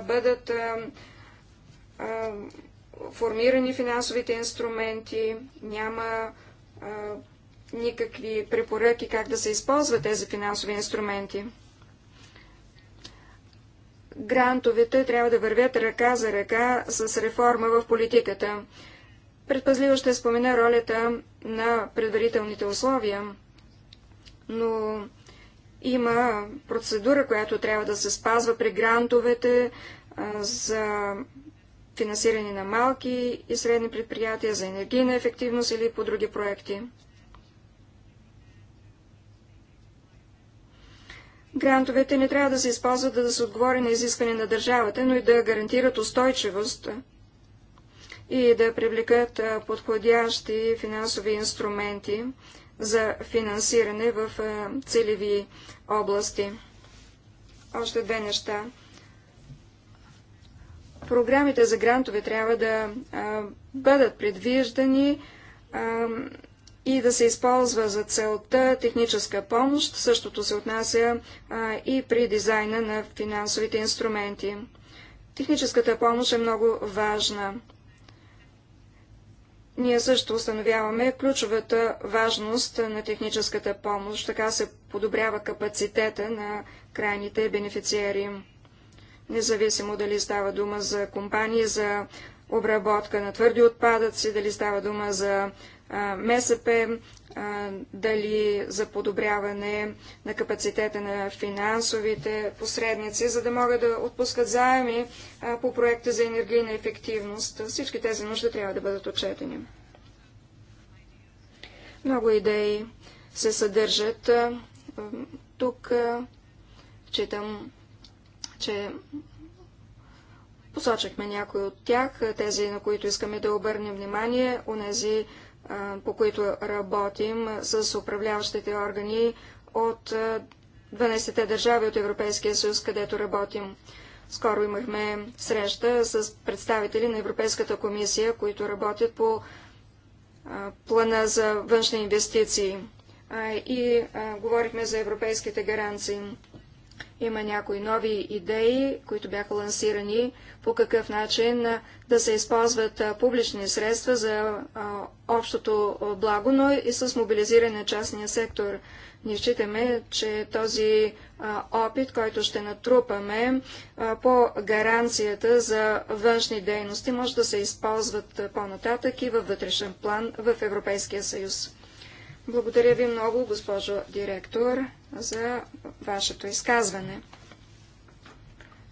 бъдат формирани финансовите инструменти, няма а, никакви препоръки как да се използват тези финансови инструменти. Грантовете трябва да вървят ръка за ръка с реформа в политиката. Предпазливо ще спомена ролята на предварителните условия, но има процедура, която трябва да се спазва при грантовете за финансиране на малки и средни предприятия за енергийна ефективност или по други проекти. Грантовете не трябва да се използват да се отговори на изискване на държавата, но и да гарантират устойчивост и да привлекат подходящи финансови инструменти за финансиране в целеви области. Още две неща. Програмите за грантове трябва да а, бъдат предвиждани а, и да се използва за целта техническа помощ. Същото се отнася а, и при дизайна на финансовите инструменти. Техническата помощ е много важна. Ние също установяваме ключовата важност на техническата помощ, така се подобрява капацитета на крайните бенефициери независимо дали става дума за компании, за обработка на твърди отпадъци, дали става дума за а, МСП, а, дали за подобряване на капацитета на финансовите посредници, за да могат да отпускат заеми а, по проекта за енергийна ефективност. Всички тези нужди трябва да бъдат отчетени. Много идеи се съдържат тук. Читам че посочихме някои от тях, тези, на които искаме да обърнем внимание, онези, по които работим с управляващите органи от 12-те държави от Европейския съюз, където работим. Скоро имахме среща с представители на Европейската комисия, които работят по плана за външни инвестиции и говорихме за европейските гаранции. Има някои нови идеи, които бяха лансирани по какъв начин да се използват публични средства за общото благо, но и с мобилизиране на частния сектор. Ние считаме, че този опит, който ще натрупаме по гаранцията за външни дейности, може да се използват по-нататък и във вътрешен план в Европейския съюз. Благодаря ви много, госпожо директор за вашето изказване.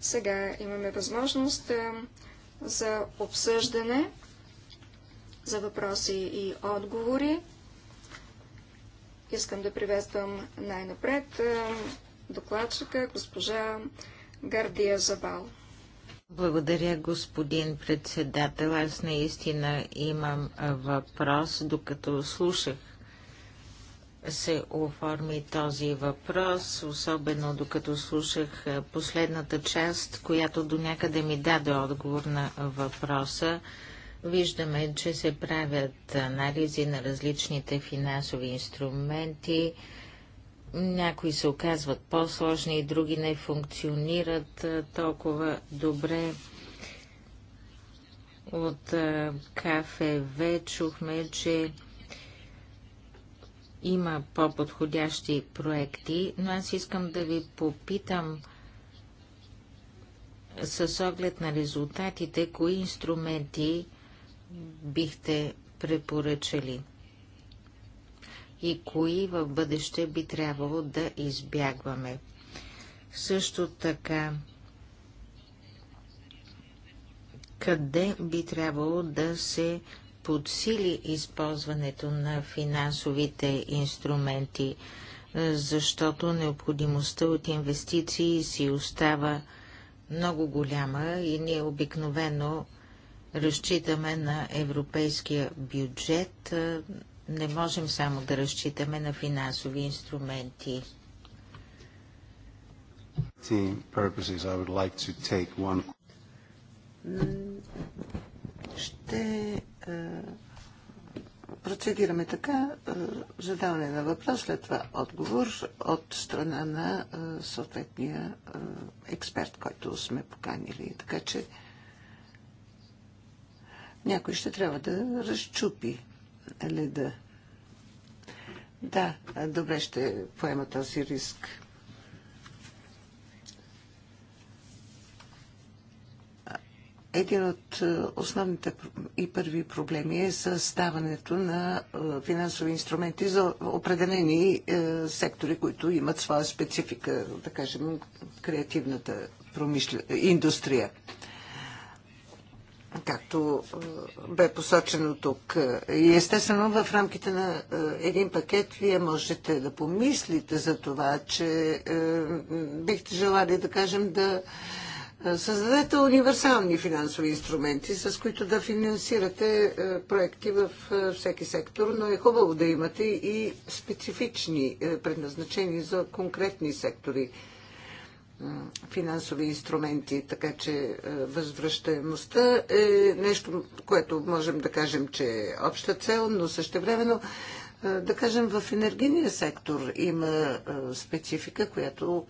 Сега имаме възможност е, за обсъждане, за въпроси и отговори. Искам да приветствам най-напред е, докладчика госпожа Гардия Забал. Благодаря, господин председател. Аз наистина имам въпрос, докато слушах се оформи този въпрос, особено докато слушах е, последната част, която до някъде ми даде отговор на въпроса. Виждаме, че се правят анализи на различните финансови инструменти. Някои се оказват по-сложни, и други не функционират е, толкова добре. От е, КФВ чухме, че има по-подходящи проекти, но аз искам да ви попитам с оглед на резултатите, кои инструменти бихте препоръчали и кои в бъдеще би трябвало да избягваме. Също така, къде би трябвало да се подсили използването на финансовите инструменти, е, защото необходимостта от инвестиции си остава много голяма и ние обикновено разчитаме на европейския бюджет, е, не можем само да разчитаме на финансови инструменти. Ще да е, процедираме така. Е, задаване на въпрос, след това отговор от страна на е, съответния експерт, който сме поканили. Така че някой ще трябва да разчупи леда. Да, добре ще поема този риск. един от е, основните и първи проблеми е създаването на е, финансови инструменти за определени е, сектори, които имат своя специфика, да кажем, креативната промишля... индустрия. Както бе посочено тук. И естествено, в рамките на един пакет вие можете да помислите за това, че бихте желали, да кажем, да е, създадете универсални финансови инструменти, с които да финансирате е, проекти в е, всеки сектор, но е хубаво да имате и специфични предназначени за конкретни сектори финансови инструменти, така че възвръщаемостта е нещо, което можем да кажем, че е обща цел, но същевременно да кажем в енергийния сектор има специфика, която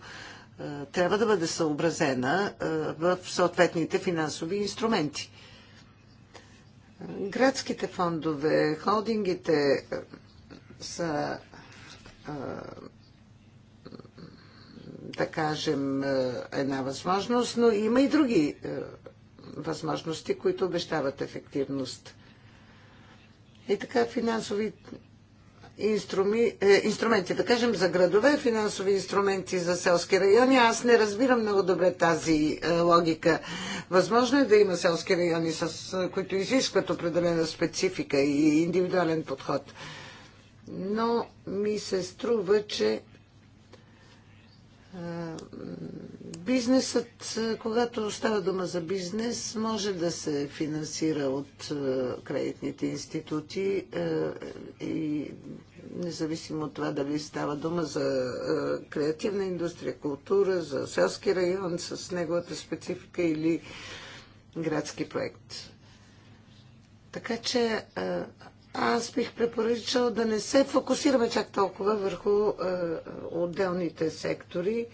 е, трябва да бъде съобразена е, в съответните финансови инструменти. Градските фондове, холдингите е, са, да кажем, една възможност, но има и други възможности, които обещават ефективност. И така финансови инструми, е, инструменти, да кажем, за градове, финансови инструменти за селски райони. Аз не разбирам много добре тази е, логика. Възможно е да има селски райони, с, е, които изискват определена специфика и индивидуален подход. Но ми се струва, че бизнесът, когато става дума за бизнес, може да се финансира от кредитните институти и независимо от това дали става дума за е, креативна индустрия, култура, за селски район с неговата специфика или градски проект. Така че е, аз бих препоръчал да не се фокусираме чак толкова върху е, отделните сектори,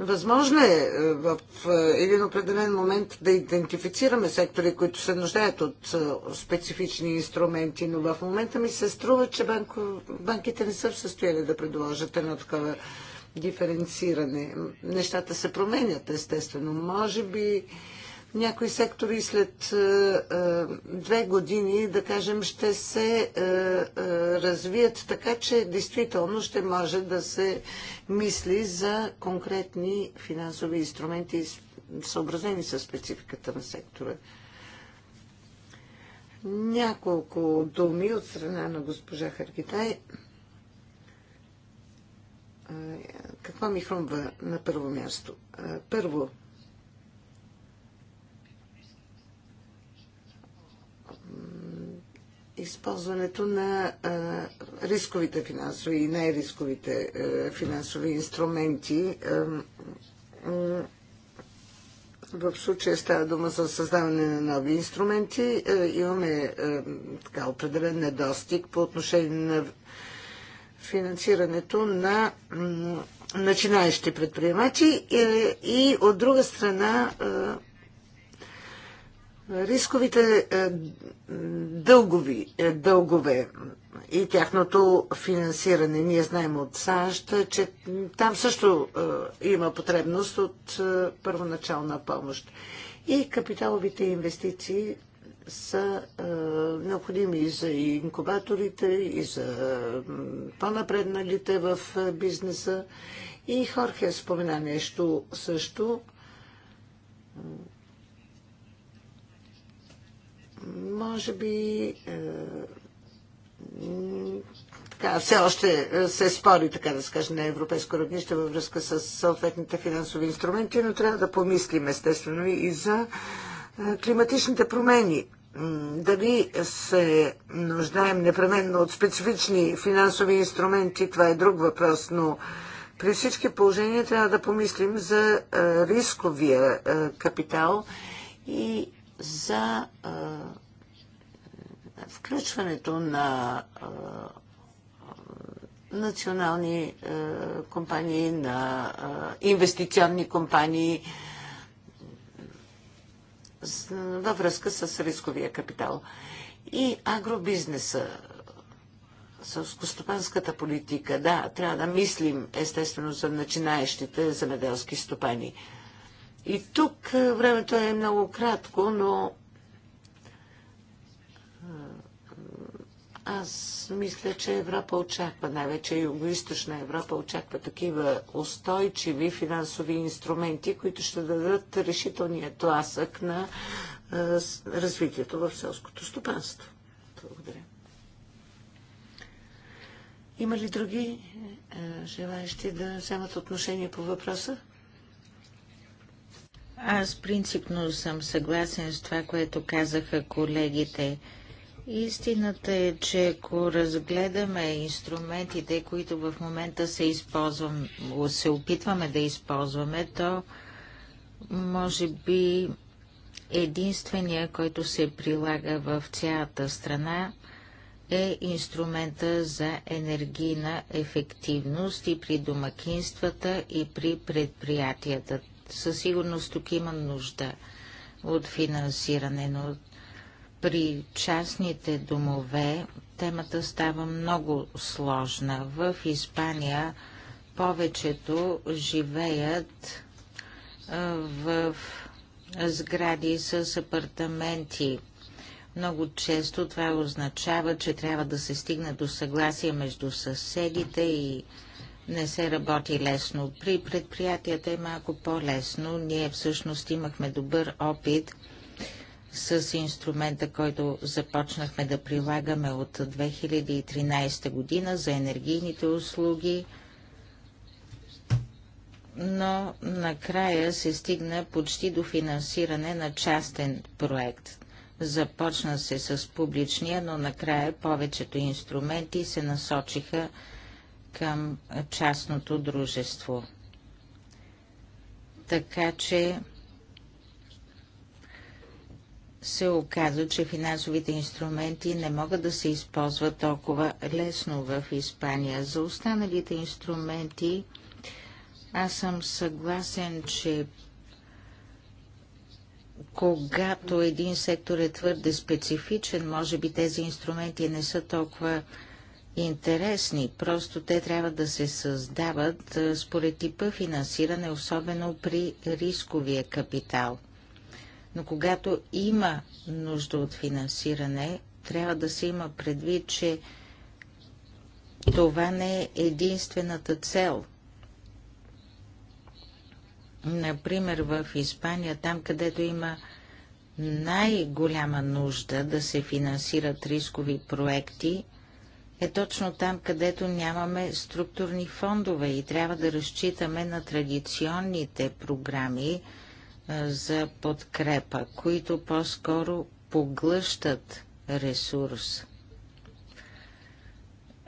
Възможно е, е в е, един определен момент да идентифицираме сектори, които се нуждаят от е, специфични инструменти, но в момента ми се струва, че банко, банките не са в състояние да предложат едно такова диференциране. Нещата се променят, естествено. Може би някои сектори след е, е, две години, да кажем, ще се е, развият така, че действително ще може да се мисли за конкретни финансови инструменти, съобразени с спецификата на сектора. Няколко думи от страна на госпожа Харкитай. Какво ми хрумва на първо място? Първо, използването на рисковите финансови и най-рисковите финансови инструменти. В случая става дума за създаване на нови инструменти. Имаме така определен недостиг по отношение на финансирането на начинаещи предприемачи и, е, и от друга страна рисковите е, дългови, е, дългове и тяхното финансиране. Ние знаем от САЩ, че там също е, има потребност от първоначална помощ. И капиталовите инвестиции са е, необходими и за инкубаторите, и за по-напредналите в бизнеса. И Хорхе спомена нещо също може би е, така, все още е, се спори, така да скажем, на европейско равнище във връзка с съответните финансови инструменти, но трябва да помислим естествено и за е, климатичните промени. Дали се нуждаем непременно от специфични финансови инструменти, това е друг въпрос, но при всички положения трябва да помислим за рисковия капитал и за а, включването на а, национални а, компании, на а, инвестиционни компании с, във връзка с рисковия капитал. И агробизнеса, сълскостопанската политика, да, трябва да мислим естествено за начинаещите земеделски стопани. И тук е, времето е много кратко, но е, аз мисля, че Европа очаква, най-вече Юго-Источна Европа очаква такива устойчиви финансови инструменти, които ще дадат решителния тласък на е, развитието в селското стопанство. Благодаря. Има ли други желаящи да вземат отношение по въпроса? Аз принципно съм съгласен с това, което казаха колегите. Истината е, че ако разгледаме инструментите, които в момента се, използвам, се опитваме да използваме, то може би единствения, който се прилага в цялата страна, е инструмента за енергийна ефективност и при домакинствата, и при предприятията със сигурност тук има нужда от финансиране, но при частните домове темата става много сложна. В Испания повечето живеят в сгради с апартаменти. Много често това означава, че трябва да се стигне до съгласие между съседите и не се работи лесно. При предприятията е малко по-лесно. Ние всъщност имахме добър опит с инструмента, който започнахме да прилагаме от 2013 година за енергийните услуги, но накрая се стигна почти до финансиране на частен проект. Започна се с публичния, но накрая повечето инструменти се насочиха към частното дружество. Така че се оказа, че финансовите инструменти не могат да се използват толкова лесно в Испания. За останалите инструменти аз съм съгласен, че когато един сектор е твърде специфичен, може би тези инструменти не са толкова интересни. Просто те трябва да се създават според типа финансиране, особено при рисковия капитал. Но когато има нужда от финансиране, трябва да се има предвид, че това не е единствената цел. Например, в Испания, там където има най-голяма нужда да се финансират рискови проекти, е точно там, където нямаме структурни фондове и трябва да разчитаме на традиционните програми за подкрепа, които по-скоро поглъщат ресурс.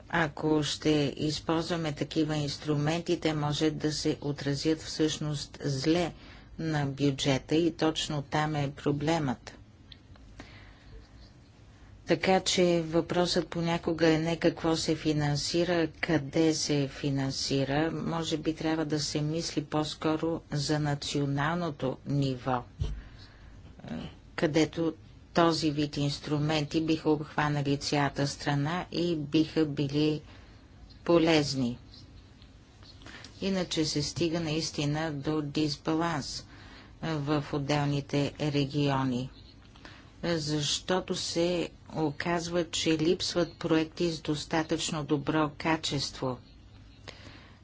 Ако ще използваме такива инструменти, те може да се отразят всъщност зле на бюджета и точно там е проблемът. Така че въпросът понякога е не какво се финансира, къде се финансира. Може би трябва да се мисли по-скоро за националното ниво, е, където този вид инструменти биха обхванали цялата страна и биха били полезни. Иначе се стига наистина до дисбаланс е, в отделните региони, защото се оказва, че липсват проекти с достатъчно добро качество.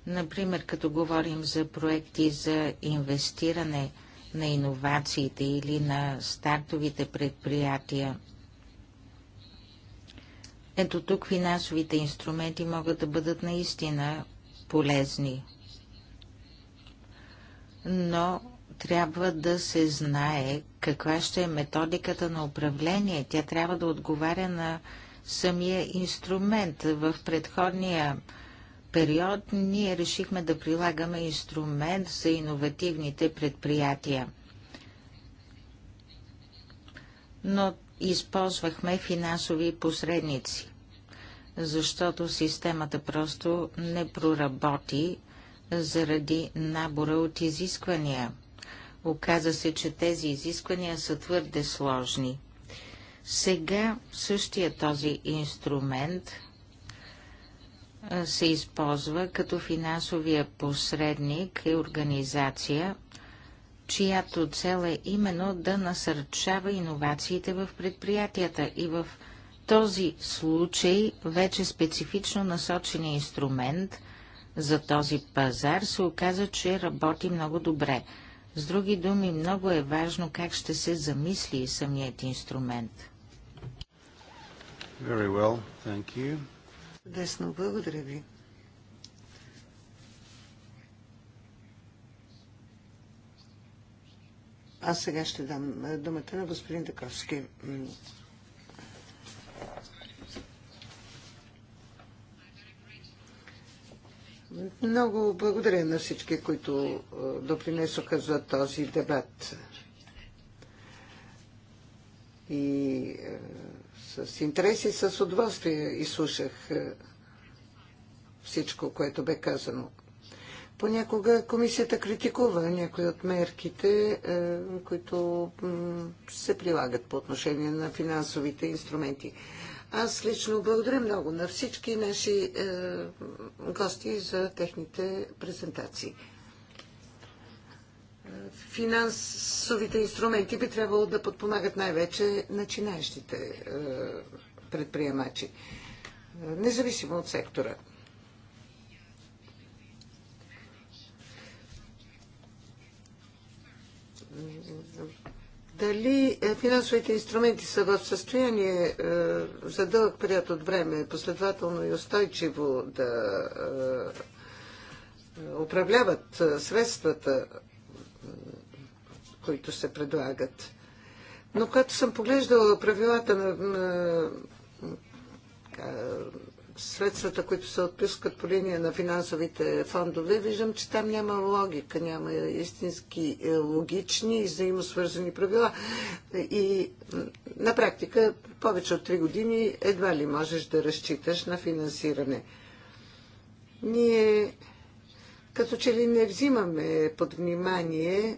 Например, като говорим за проекти за инвестиране на иновациите или на стартовите предприятия. Ето тук финансовите инструменти могат да бъдат наистина полезни. Но трябва да се знае каква ще е методиката на управление. Тя трябва да отговаря на самия инструмент. В предходния период ние решихме да прилагаме инструмент за иновативните предприятия. Но използвахме финансови посредници, защото системата просто не проработи заради набора от изисквания – Оказа се, че тези изисквания са твърде сложни. Сега същия този инструмент се използва като финансовия посредник и организация, чиято цел е именно да насърчава иновациите в предприятията и в този случай вече специфично насочения инструмент за този пазар се оказа, че работи много добре. С други думи, много е важно как ще се замисли самият инструмент. Very well, thank you. Десно, благодаря ви. Аз сега ще дам думата на господин Таковски. Много благодаря на всички, които е, допринесоха за този дебат. И е, с интерес и с удоволствие изслушах е, всичко, което бе казано. Понякога комисията критикува някои от мерките, които се прилагат по отношение на финансовите инструменти. Аз лично благодаря много на всички наши е, гости за техните презентации. Финансовите инструменти би трябвало да подпомагат най-вече начинаещите е, предприемачи, е, независимо от сектора. Дали е, финансовите инструменти са в състояние е, за дълъг период от време, последователно и устойчиво да е, управляват средствата, които се предлагат? Но когато съм поглеждала правилата на, на средствата, които се отпускат по линия на финансовите фондове, виждам, че там няма логика, няма истински е, логични и взаимосвързани правила. И на практика повече от 3 години едва ли можеш да разчиташ на финансиране. Ние като че ли не взимаме под внимание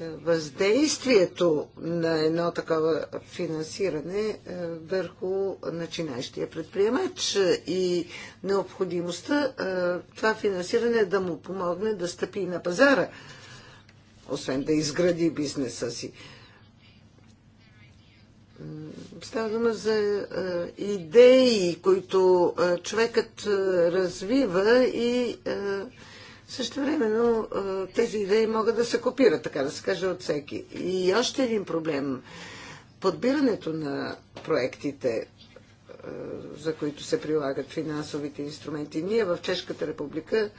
въздействието на едно такова финансиране е, върху начинащия предприемач и необходимостта е, това финансиране да му помогне да стъпи на пазара, освен да изгради бизнеса си. Става дума за е, идеи, които човекът развива и също времено тези идеи могат да се копират, така да се каже, от всеки. И още един проблем. Подбирането на проектите, за които се прилагат финансовите инструменти. Ние в Чешката република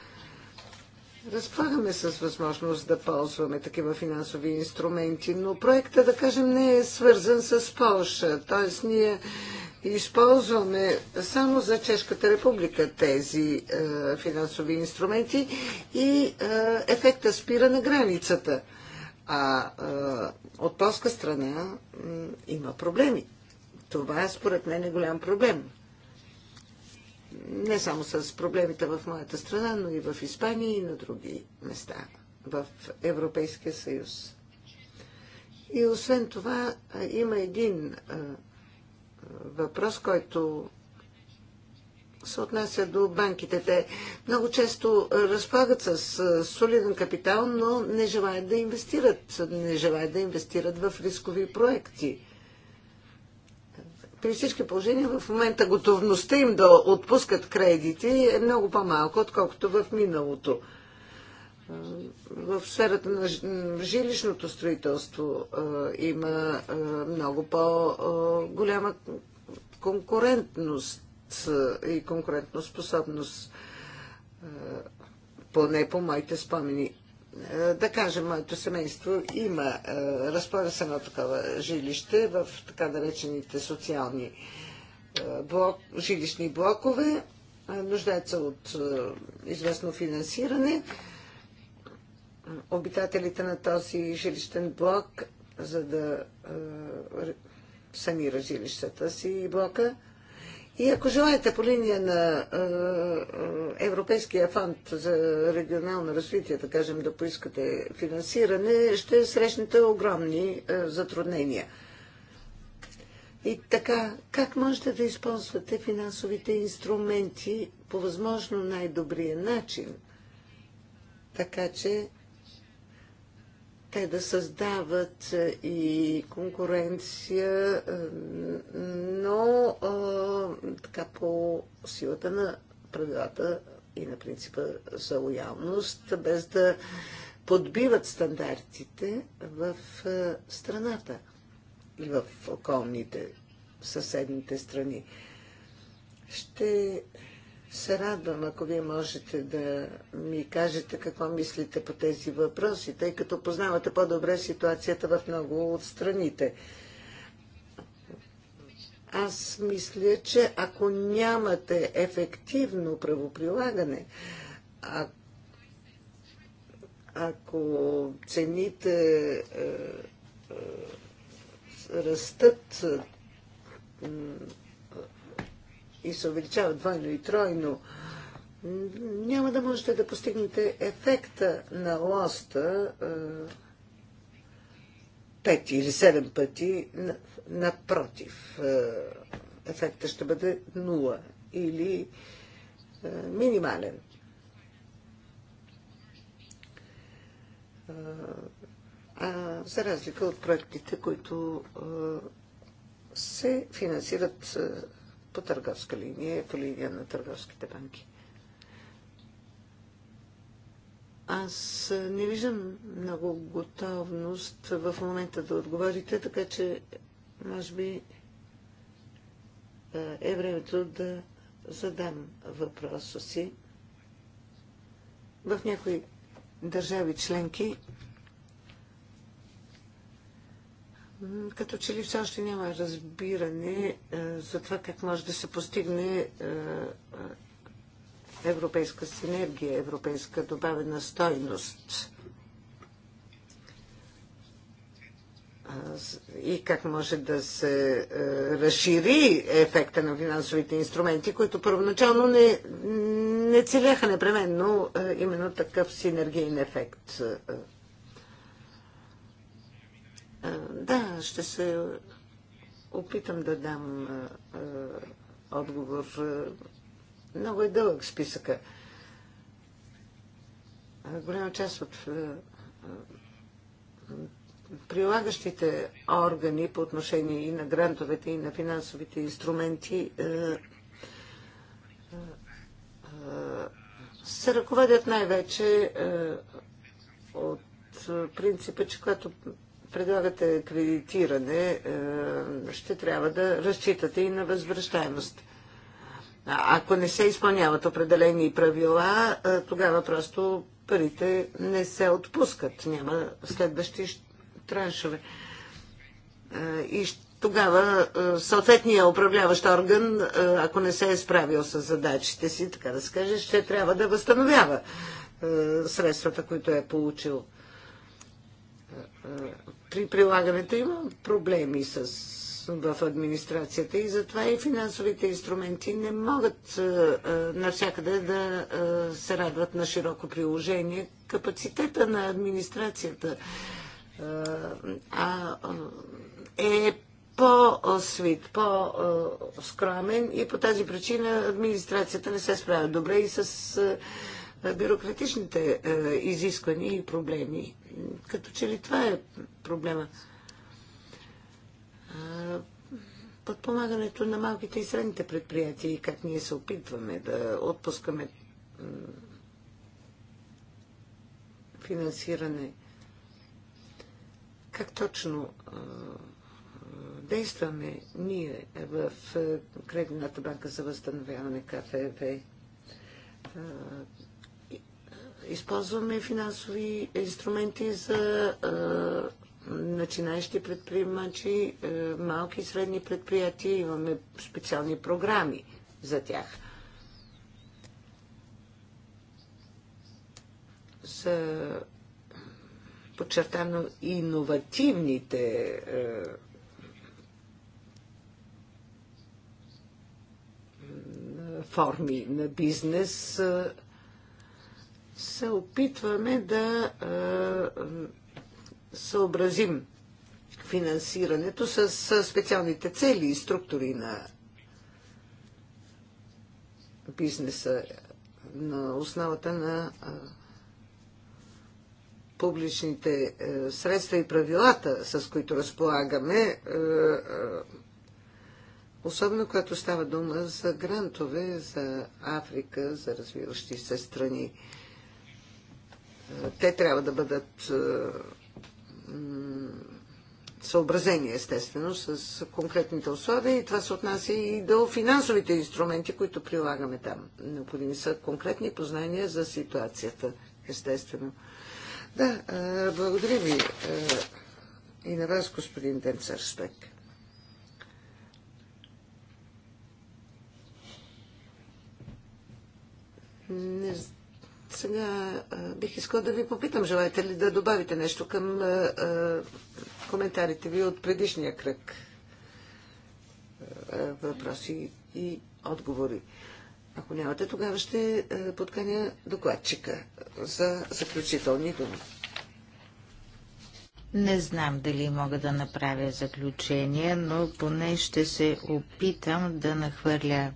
разполагаме с възможност да ползваме такива финансови инструменти, но проектът, да кажем, не е свързан с Польша. Тоест, ние използваме само за Чешката република тези е, финансови инструменти и е, ефекта спира на границата. А е, от полска страна е, има проблеми. Това е според мен е голям проблем. Не само с проблемите в моята страна, но и в Испания и на други места в Европейския съюз. И освен това е, има един е, въпрос, който се отнася до банките. Те много често разполагат с солиден капитал, но не желаят да инвестират. Не желаят да инвестират в рискови проекти. При всички положения в момента готовността им да отпускат кредити е много по-малко, отколкото в миналото. В сферата на жилищното строителство има много по-голяма конкурентност и конкурентоспособност. Поне по моите спомени. Да кажем, моето семейство има разполага се на такова жилище в така наречените социални блок, жилищни блокове. Нуждаят се от известно финансиране. Обитателите на този жилищен блок, за да санира жилищата си и блока. И ако желаете по линия на Европейския фонд за регионално развитие, да кажем, да поискате финансиране, ще срещнете огромни затруднения. И така, как можете да използвате финансовите инструменти по възможно най-добрия начин, така че те да създават е, и конкуренция, е, но е, така по силата на правилата и на принципа за лоялност, без да подбиват стандартите в страната и в околните съседните страни. Ще се радвам, ако вие можете да ми кажете какво мислите по тези въпроси, тъй като познавате по-добре ситуацията в много от страните. Аз мисля, че ако нямате ефективно правоприлагане, а, ако цените е, е, растат, и се увеличават двойно и тройно, няма да можете да постигнете ефекта на лоста пет или седем пъти. Напротив, ефекта ще бъде нула или минимален. А, за разлика от проектите, които се финансират по търговска линия и по линия на търговските банки. Аз не виждам много готовност в момента да отговорите, така че може би е времето да задам въпроса си. В някои държави членки Като че ли все още няма разбиране е, за това как може да се постигне е, е, европейска синергия, европейска добавена стойност. и как може да се е, разшири ефекта на финансовите инструменти, които първоначално не, не целяха непременно е, именно такъв синергиен ефект. Да, ще се опитам да дам отговор. Много е дълъг списъка. Голяма част от прилагащите органи по отношение и на грантовете, и на финансовите инструменти се ръководят най-вече от принципа, че когато предлагате кредитиране, е, ще трябва да разчитате и на възвръщаемост. Ако не се изпълняват определени правила, е, тогава просто парите не се отпускат. Няма следващи траншове. Е, и тогава съответният управляващ орган, ако не се е справил с задачите си, така да се каже, ще трябва да възстановява средствата, които е получил при прилагането има проблеми с, в администрацията и затова и финансовите инструменти не могат а, е, е, навсякъде да а, е, се радват на широко приложение. Капацитета на администрацията а, е по-свит, по-скромен и по тази причина администрацията не се справя добре и с бюрократичните изисквания и проблеми. Като че ли това е проблема? Подпомагането на малките и средните предприятия и как ние се опитваме да отпускаме финансиране. Как точно действаме ние в Кредитната банка за възстановяване КФВ? използваме финансови инструменти за начинаещи предприемачи, малки и средни предприятия, имаме специални програми за тях. За подчертано иновативните форми на бизнес се опитваме да съобразим финансирането с специалните цели и структури на бизнеса на основата на публичните средства и правилата, с които разполагаме, особено когато става дума за грантове за Африка, за развиващи се страни те трябва да бъдат е, съобразени, естествено, с конкретните условия и това се отнася и до финансовите инструменти, които прилагаме там. Необходими са конкретни познания за ситуацията, естествено. Да, е, благодаря ви е, и на вас, господин Денцар Шпек. Не знам сега бих искал да ви попитам, желаете ли да добавите нещо към коментарите ви от предишния кръг въпроси и отговори. Ако нямате, тогава ще подканя докладчика за заключителни думи. Не знам дали мога да направя заключение, но поне ще се опитам да нахвърля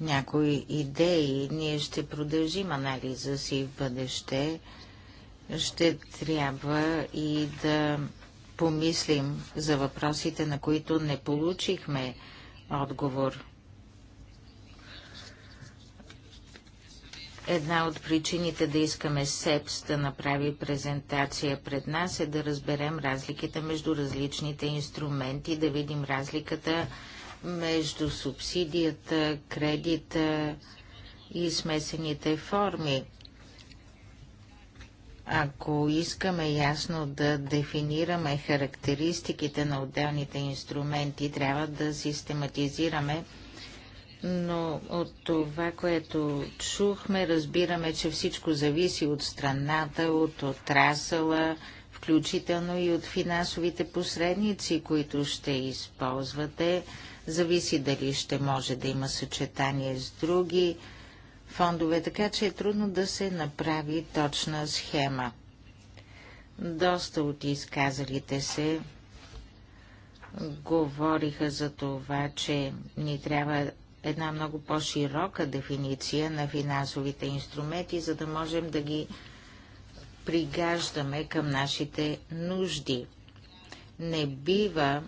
някои идеи. Ние ще продължим анализа си в бъдеще. Ще трябва и да помислим за въпросите, на които не получихме отговор. Една от причините да искаме СЕПС да направи презентация пред нас е да разберем разликите между различните инструменти, да видим разликата между субсидията, кредита и смесените форми. Ако искаме ясно да дефинираме характеристиките на отделните инструменти, трябва да систематизираме но от това, което чухме, разбираме, че всичко зависи от страната, от отрасъла, включително и от финансовите посредници, които ще използвате. Зависи дали ще може да има съчетание с други фондове, така че е трудно да се направи точна схема. Доста от изказалите се говориха за това, че ни трябва една много по-широка дефиниция на финансовите инструменти, за да можем да ги пригаждаме към нашите нужди. Не бива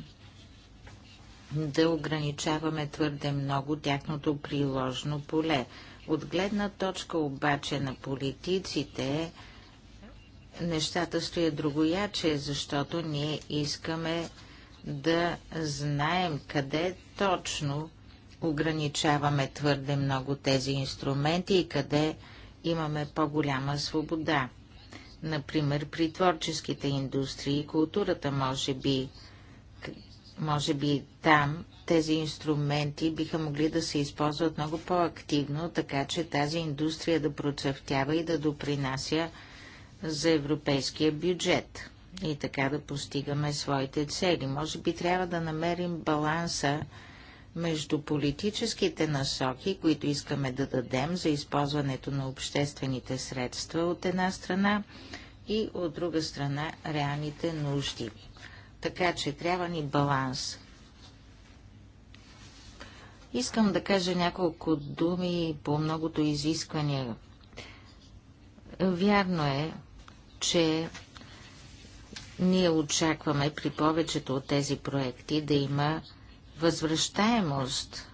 да ограничаваме твърде много тяхното приложно поле. От гледна точка обаче на политиците, нещата стоят другояче, защото ние искаме да знаем къде точно ограничаваме твърде много тези инструменти и къде имаме по-голяма свобода. Например, при творческите индустрии и културата може би може би там тези инструменти биха могли да се използват много по-активно, така че тази индустрия да процъфтява и да допринася за европейския бюджет и така да постигаме своите цели. Може би трябва да намерим баланса между политическите насоки, които искаме да дадем за използването на обществените средства от една страна и от друга страна реалните нужди. Така че трябва ни баланс. Искам да кажа няколко думи по многото изисквания. Вярно е, че ние очакваме при повечето от тези проекти да има възвръщаемост.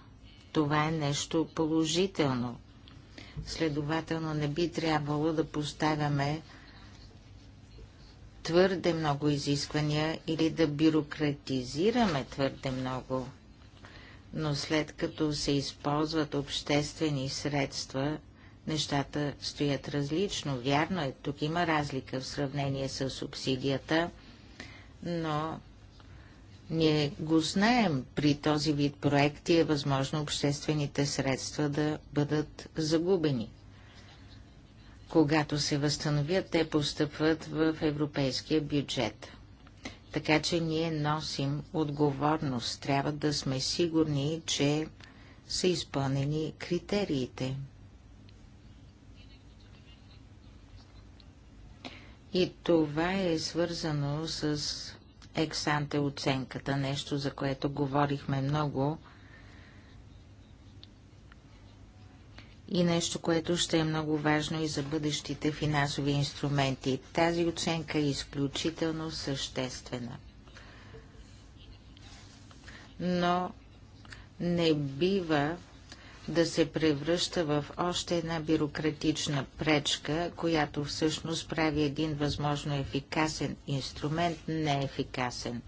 Това е нещо положително. Следователно не би трябвало да поставяме твърде много изисквания или да бюрократизираме твърде много. Но след като се използват обществени средства, нещата стоят различно. Вярно е, тук има разлика в сравнение с субсидията, но ние го знаем. При този вид проекти е възможно обществените средства да бъдат загубени когато се възстановят, те постъпват в европейския бюджет. Така че ние носим отговорност. Трябва да сме сигурни, че са изпълнени критериите. И това е свързано с ексанте оценката, нещо за което говорихме много и нещо, което ще е много важно и за бъдещите финансови инструменти. Тази оценка е изключително съществена. Но не бива да се превръща в още една бюрократична пречка, която всъщност прави един възможно ефикасен инструмент неефикасен. ефикасен.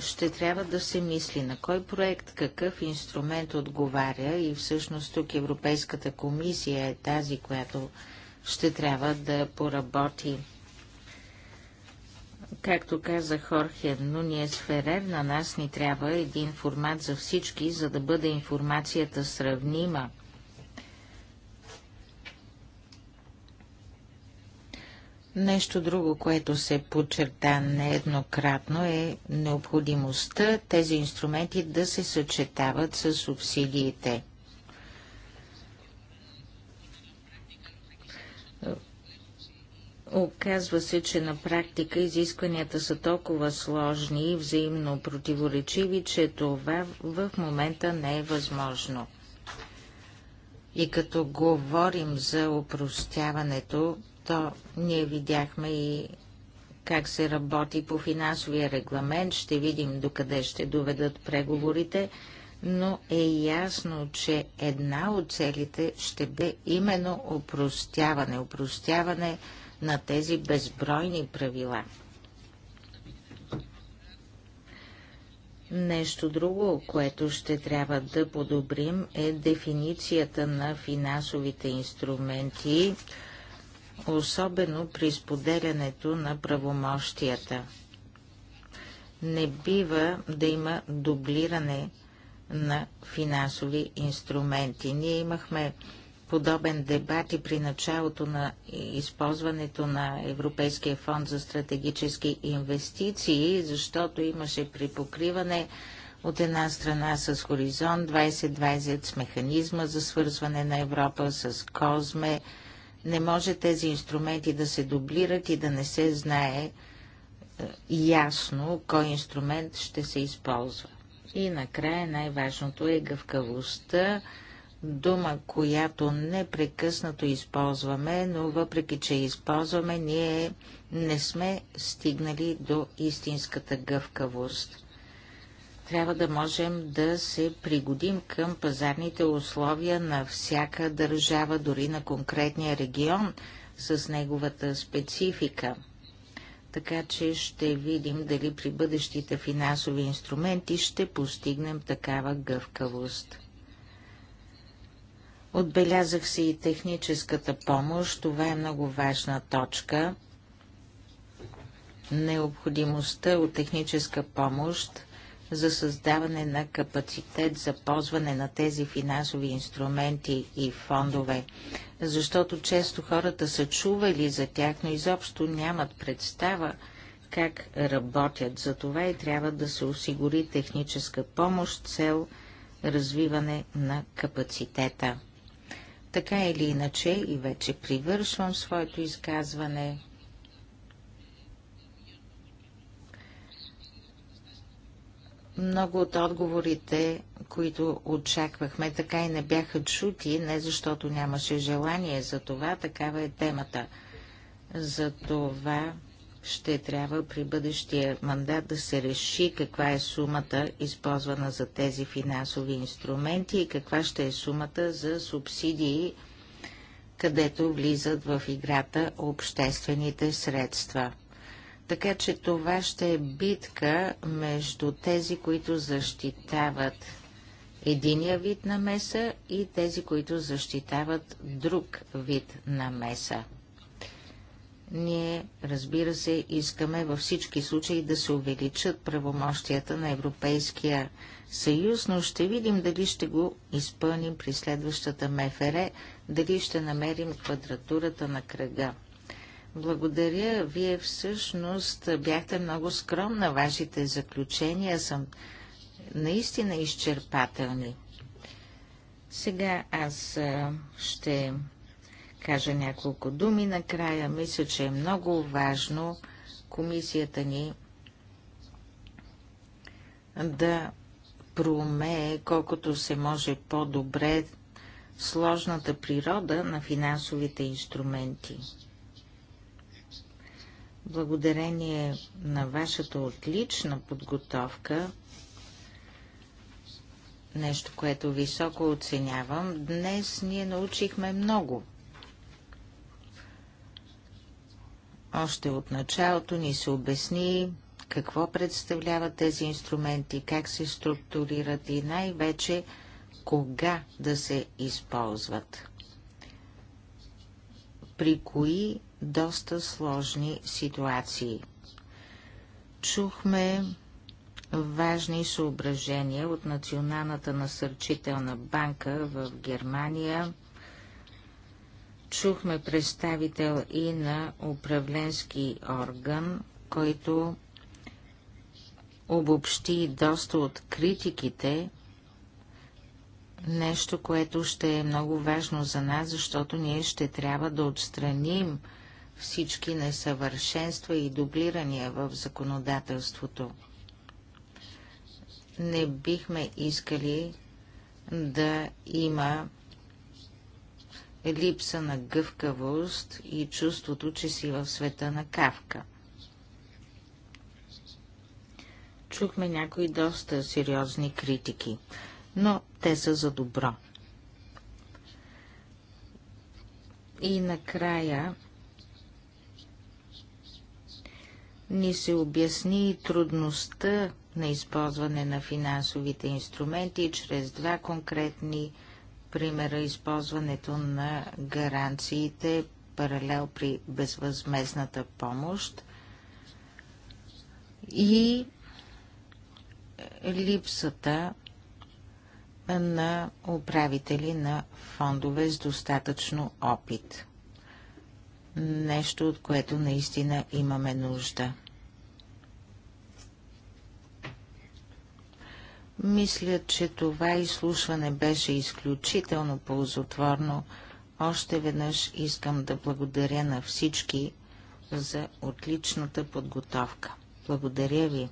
ще трябва да се мисли на кой проект, какъв инструмент отговаря и всъщност тук Европейската комисия е тази, която ще трябва да поработи. Както каза Хорхе Нуниес Ферер, на нас ни трябва един формат за всички, за да бъде информацията сравнима – Нещо друго, което се подчерта нееднократно е необходимостта тези инструменти да се съчетават с субсидиите. Оказва се, че на практика изискванията са толкова сложни и взаимно противоречиви, че това в момента не е възможно. И като говорим за упростяването, защото ние видяхме и как се работи по финансовия регламент. Ще видим докъде ще доведат преговорите, но е ясно, че една от целите ще бе именно опростяване, опростяване на тези безбройни правила. Нещо друго, което ще трябва да подобрим е дефиницията на финансовите инструменти особено при споделянето на правомощията. Не бива да има дублиране на финансови инструменти. Ние имахме подобен дебат и при началото на използването на Европейския фонд за стратегически инвестиции, защото имаше припокриване от една страна с Хоризонт 2020, с механизма за свързване на Европа, с Козме, не може тези инструменти да се дублират и да не се знае е, ясно кой инструмент ще се използва. И накрая най-важното е гъвкавостта, дума, която непрекъснато използваме, но въпреки, че използваме, ние не сме стигнали до истинската гъвкавост трябва да можем да се пригодим към пазарните условия на всяка държава, дори на конкретния регион с неговата специфика. Така че ще видим дали при бъдещите финансови инструменти ще постигнем такава гъвкавост. Отбелязах се и техническата помощ. Това е много важна точка. Необходимостта от техническа помощ за създаване на капацитет за ползване на тези финансови инструменти и фондове, защото често хората са чували за тях, но изобщо нямат представа как работят. За това и трябва да се осигури техническа помощ цел развиване на капацитета. Така или иначе, и вече привършвам своето изказване, Много от отговорите, които очаквахме, така и не бяха чути, не защото нямаше желание за това, такава е темата. За това ще трябва при бъдещия мандат да се реши каква е сумата, използвана за тези финансови инструменти и каква ще е сумата за субсидии, където влизат в играта обществените средства. Така че това ще е битка между тези, които защитават единия вид на меса и тези, които защитават друг вид на меса. Ние, разбира се, искаме във всички случаи да се увеличат правомощията на Европейския съюз, но ще видим дали ще го изпълним при следващата МФР, дали ще намерим квадратурата на кръга. Благодаря. Вие всъщност бяхте много скромна. Вашите заключения са наистина изчерпателни. Сега аз ще кажа няколко думи накрая. Мисля, че е много важно комисията ни да проумее колкото се може по-добре сложната природа на финансовите инструменти благодарение на вашата отлична подготовка, нещо, което високо оценявам, днес ние научихме много. Още от началото ни се обясни какво представляват тези инструменти, как се структурират и най-вече кога да се използват. При кои доста сложни ситуации. Чухме важни съображения от Националната насърчителна банка в Германия. Чухме представител и на управленски орган, който обобщи доста от критиките, нещо, което ще е много важно за нас, защото ние ще трябва да отстраним всички несъвършенства и дублирания в законодателството. Не бихме искали да има липса на гъвкавост и чувството, че си в света на кавка. Чухме някои доста сериозни критики, но те са за добро. И накрая ни се обясни и трудността на използване на финансовите инструменти чрез два конкретни примера използването на гаранциите паралел при безвъзмезната помощ и липсата на управители на фондове с достатъчно опит нещо, от което наистина имаме нужда. Мисля, че това изслушване беше изключително ползотворно. Още веднъж искам да благодаря на всички за отличната подготовка. Благодаря ви!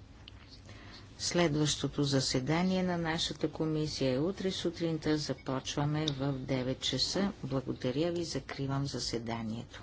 Следващото заседание на нашата комисия е утре сутринта. Започваме в 9 часа. Благодаря ви, закривам заседанието.